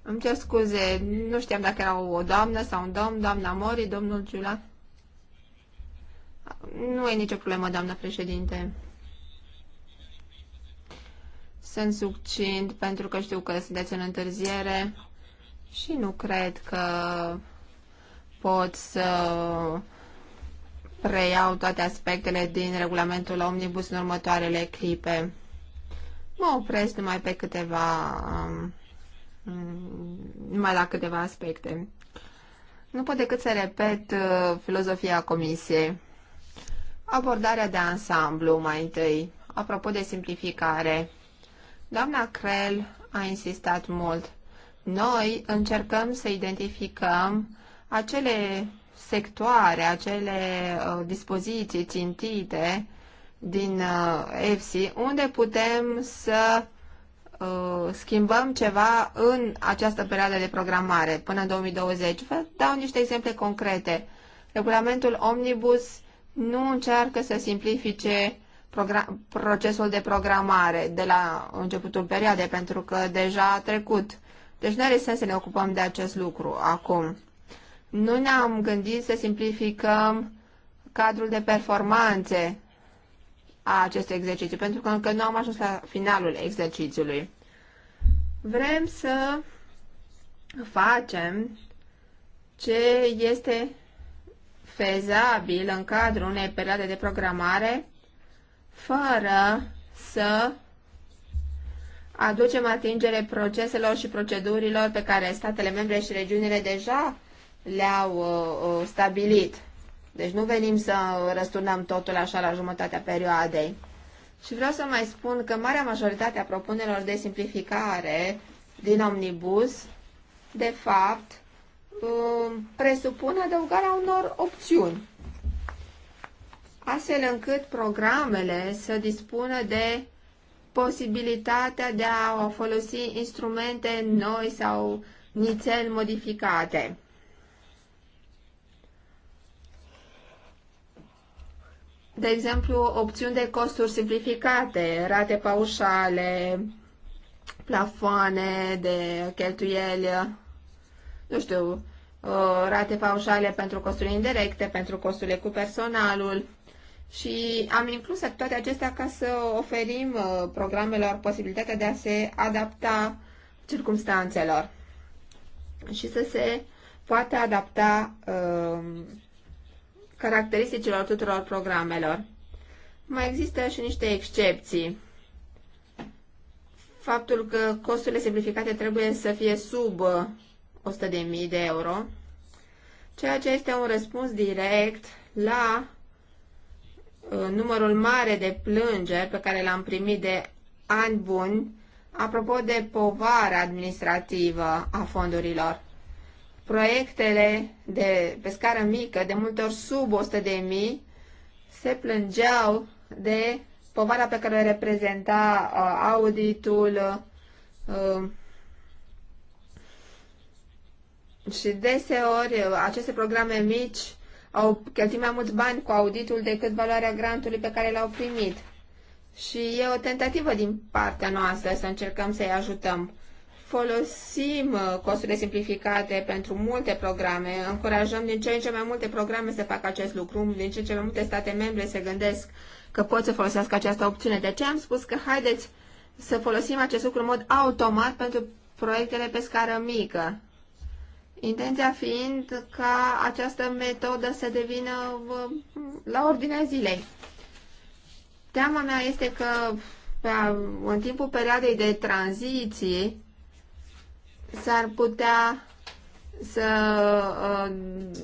S3: Îmi cer scuze, nu știam dacă era o doamnă sau un domn, doamna Mori, domnul Giula. Nu e nicio problemă, doamnă președinte. Sunt succint pentru că știu că sunteți în întârziere și nu cred că pot să preiau toate aspectele din regulamentul Omnibus în următoarele clipe. Mă opresc numai pe câteva um, numai la câteva aspecte. Nu pot decât să repet uh, filozofia comisiei. Abordarea de ansamblu mai întâi, apropo de simplificare. Doamna Crel a insistat mult. Noi încercăm să identificăm acele sectoare, acele uh, dispoziții țintite din uh, EFSI, unde putem să uh, schimbăm ceva în această perioadă de programare până în 2020. Vă dau niște exemple concrete. Regulamentul Omnibus nu încearcă să simplifice procesul de programare de la începutul perioadei, pentru că deja a trecut. Deci nu are sens să ne ocupăm de acest lucru acum. Nu ne-am gândit să simplificăm cadrul de performanțe a acestui exercițiu, pentru că încă nu am ajuns la finalul exercițiului. Vrem să facem ce este fezabil în cadrul unei perioade de programare fără să aducem atingere proceselor și procedurilor pe care statele membre și regiunile deja le-au uh, uh, stabilit. Deci nu venim să răsturnăm totul așa la jumătatea perioadei. Și vreau să mai spun că marea majoritate a propunerilor de simplificare din omnibus, de fapt, uh, presupune adăugarea unor opțiuni astfel încât programele să dispună de posibilitatea de a folosi instrumente noi sau nițel modificate. De exemplu, opțiuni de costuri simplificate, rate paușale, plafoane de cheltuieli, nu știu, uh, rate paușale pentru costurile indirecte, pentru costurile cu personalul, și am inclus toate acestea ca să oferim uh, programelor posibilitatea de a se adapta circumstanțelor și să se poată adapta um, caracteristicilor tuturor programelor. Mai există și niște excepții. Faptul că costurile simplificate trebuie să fie sub 100.000 uh, de euro, ceea ce este un răspuns direct la Uh, numărul mare de plângeri pe care l-am primit de ani buni apropo de povara administrativă a fondurilor. Proiectele de, pe scară mică, de multe ori sub 100 de mii, se plângeau de povara pe care o reprezenta uh, auditul uh, și deseori uh, aceste programe mici au cheltuit mai mulți bani cu auditul decât valoarea grantului pe care l-au primit. Și e o tentativă din partea noastră să încercăm să-i ajutăm. Folosim uh, costurile simplificate pentru multe programe, încurajăm din ce în ce mai multe programe să facă acest lucru, din ce în ce mai multe state membre se gândesc că pot să folosească această opțiune. De ce am spus că haideți să folosim acest lucru în mod automat pentru proiectele pe scară mică. Intenția fiind ca această metodă să devină la ordinea zilei. Teama mea este că în timpul perioadei de tranziție s-ar putea să, uh,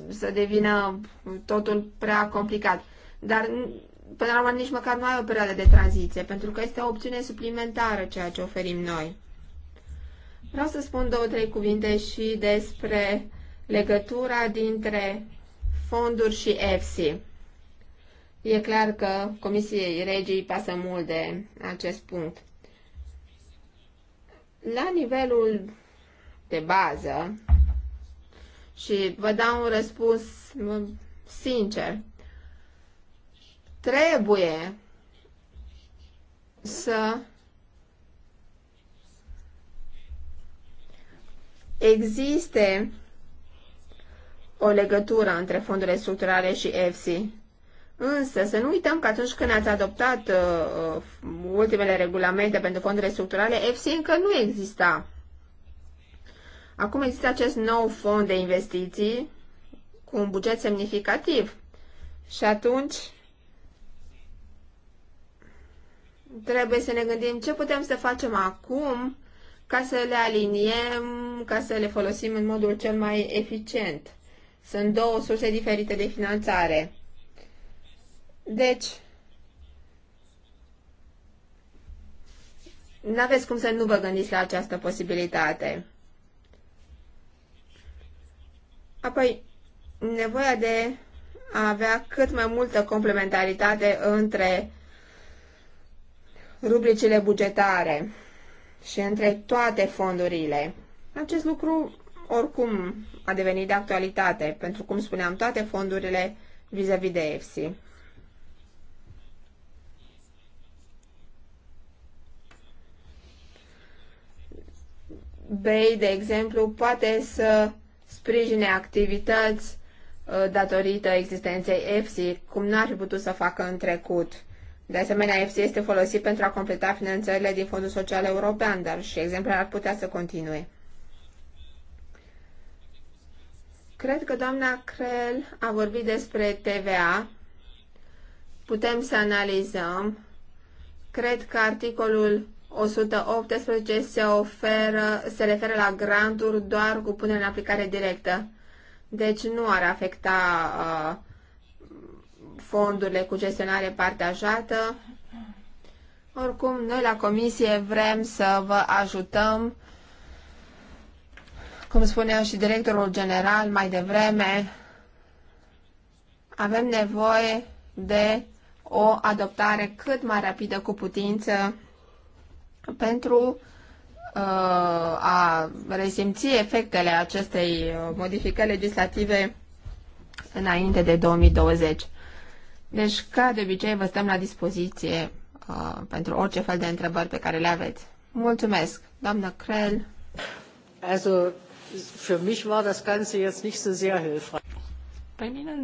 S3: să devină totul prea complicat. Dar până la urmă nici măcar nu ai o perioadă de tranziție, pentru că este o opțiune suplimentară ceea ce oferim noi. Vreau să spun două, trei cuvinte și despre legătura dintre fonduri și EFSI. E clar că Comisiei Regii pasă mult de acest punct. La nivelul de bază, și vă dau un răspuns sincer, trebuie să existe o legătură între fondurile structurale și EFSI. Însă să nu uităm că atunci când ați adoptat uh, uh ultimele regulamente pentru fondurile structurale, EFSI încă nu exista. Acum există acest nou fond de investiții cu un buget semnificativ. Și atunci trebuie să ne gândim ce putem să facem acum ca să le aliniem, ca să le folosim în modul cel mai eficient. Sunt două surse diferite de finanțare. Deci, nu aveți cum să nu vă gândiți la această posibilitate. Apoi, nevoia de a avea cât mai multă complementaritate între rubricile bugetare și între toate fondurile. Acest lucru oricum a devenit de actualitate, pentru cum spuneam, toate fondurile vis-a-vis -vis de EFSI. BEI, de exemplu, poate să sprijine activități uh, datorită existenței EFSI, cum n-ar fi putut să facă în trecut. De asemenea, EFSI este folosit pentru a completa finanțările din Fondul Social European, dar și exemplele ar putea să continue. Cred că doamna Crel a vorbit despre TVA. Putem să analizăm. Cred că articolul 118 se, oferă, se referă la granturi doar cu punere în aplicare directă. Deci nu ar afecta uh, fondurile cu gestionare partajată. Oricum, noi la comisie vrem să vă ajutăm. Cum spunea și directorul general mai devreme, avem nevoie de o adoptare cât mai rapidă cu putință pentru uh, a resimți efectele acestei modificări legislative înainte de 2020. Deci, ca de obicei, vă stăm la dispoziție uh, pentru orice fel de întrebări pe care le aveți. Mulțumesc, doamnă Krell. Also, für mich war das Ganze jetzt nicht
S1: so sehr hilfreich.
S2: Pe mine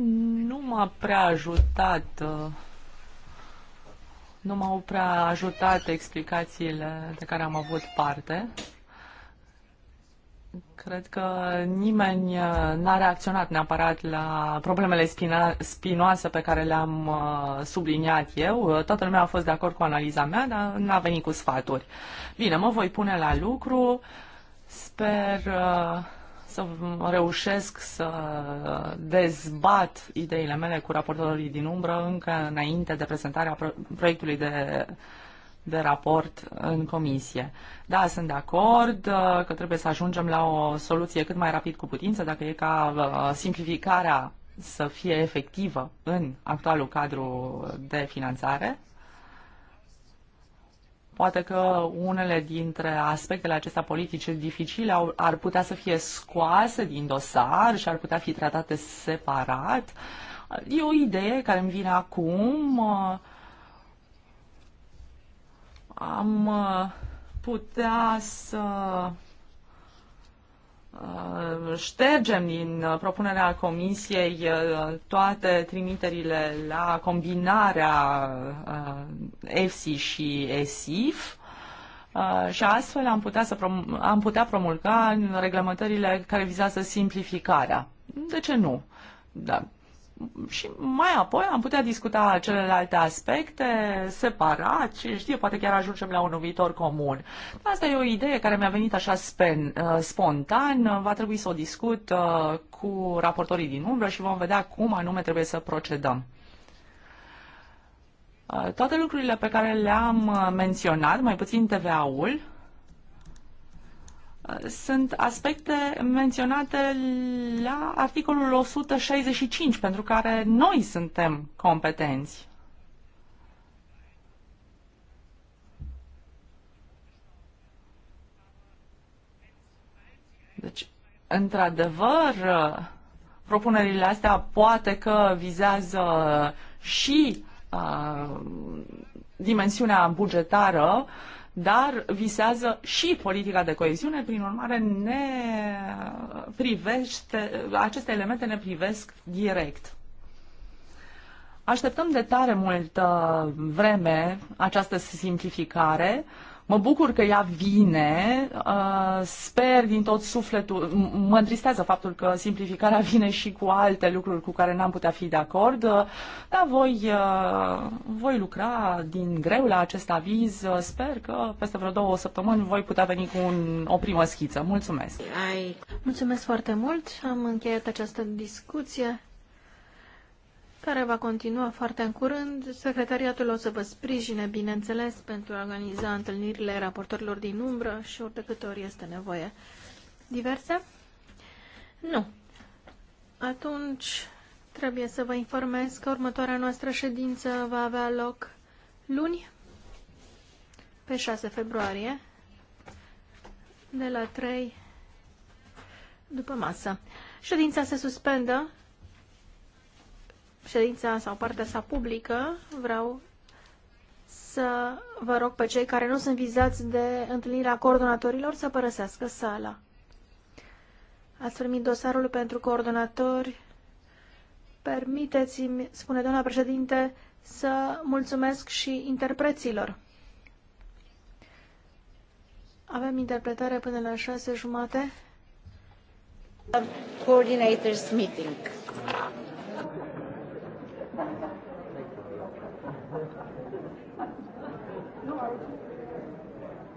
S2: nu m-a prea ajutat uh, nu m-au prea ajutat explicațiile de care am avut parte. Cred că nimeni uh, n-a reacționat neapărat la problemele spina- spinoase pe care le-am uh, subliniat eu. Uh, toată lumea a fost de acord cu analiza mea, dar n-a venit cu sfaturi. Bine, mă voi pune la lucru. Sper să reușesc să dezbat ideile mele cu raportorii din umbră încă înainte de prezentarea proiectului de de raport în comisie. Da, sunt de acord uh, că trebuie să ajungem la o soluție cât mai rapid cu putință, dacă e ca uh, simplificarea să fie efectivă în actualul cadru de finanțare. Poate că unele dintre aspectele acestea politice dificile ar putea să fie scoase din dosar și ar putea fi tratate separat. E o idee care îmi vine acum. Uh, am uh, putea să uh, ștergem din propunerea Comisiei uh, toate trimiterile la combinarea EFSI și ESIF și astfel am putea, să prom- am putea promulga reglementările care vizează simplificarea. De ce nu? Da, și mai apoi am putea discuta celelalte aspecte separat, și știu poate chiar ajungem la un viitor comun. Asta e o idee care mi-a venit așa spen, uh, spontan, va trebui să o discut uh, cu raportorii din umbră și vom vedea cum anume trebuie să procedăm. Uh, toate lucrurile pe care le-am menționat, mai puțin TVA-ul, sunt aspecte menționate la articolul 165, pentru care noi suntem competenți. Deci, într-adevăr, propunerile astea poate că vizează și uh, dimensiunea bugetară, uh, dar visează și politica de coeziune, prin urmare ne privește, aceste elemente ne privesc direct. Așteptăm de tare multă vreme această simplificare. Uh, Mă bucur că ea vine, uh, sper din tot sufletul, mă întristează faptul că simplificarea vine și cu alte lucruri cu care n-am putea fi de acord, uh, dar voi, uh, voi lucra din greu la acest aviz, sper că peste vreo două săptămâni voi putea veni cu un, o primă schiță. Mulțumesc!
S1: Ai... Mulțumesc foarte mult, am încheiat această discuție care va continua foarte în curând. Secretariatul o să vă sprijine, bineînțeles, pentru a organiza întâlnirile raportorilor din umbră și ori de câte ori este nevoie. Diverse? Nu. Atunci trebuie să vă informez că următoarea noastră ședință va avea loc luni, pe 6 februarie, de la 3 după masă. Ședința se suspendă ședința sau partea sa publică, vreau să vă rog pe cei care nu sunt vizați de întâlnirea coordonatorilor să părăsească sala. Ați primit dosarul pentru coordonatori. Permiteți-mi, spune doamna președinte, să mulțumesc și interpreților. Avem interpretare până la șase jumate.
S3: Coordinators meeting.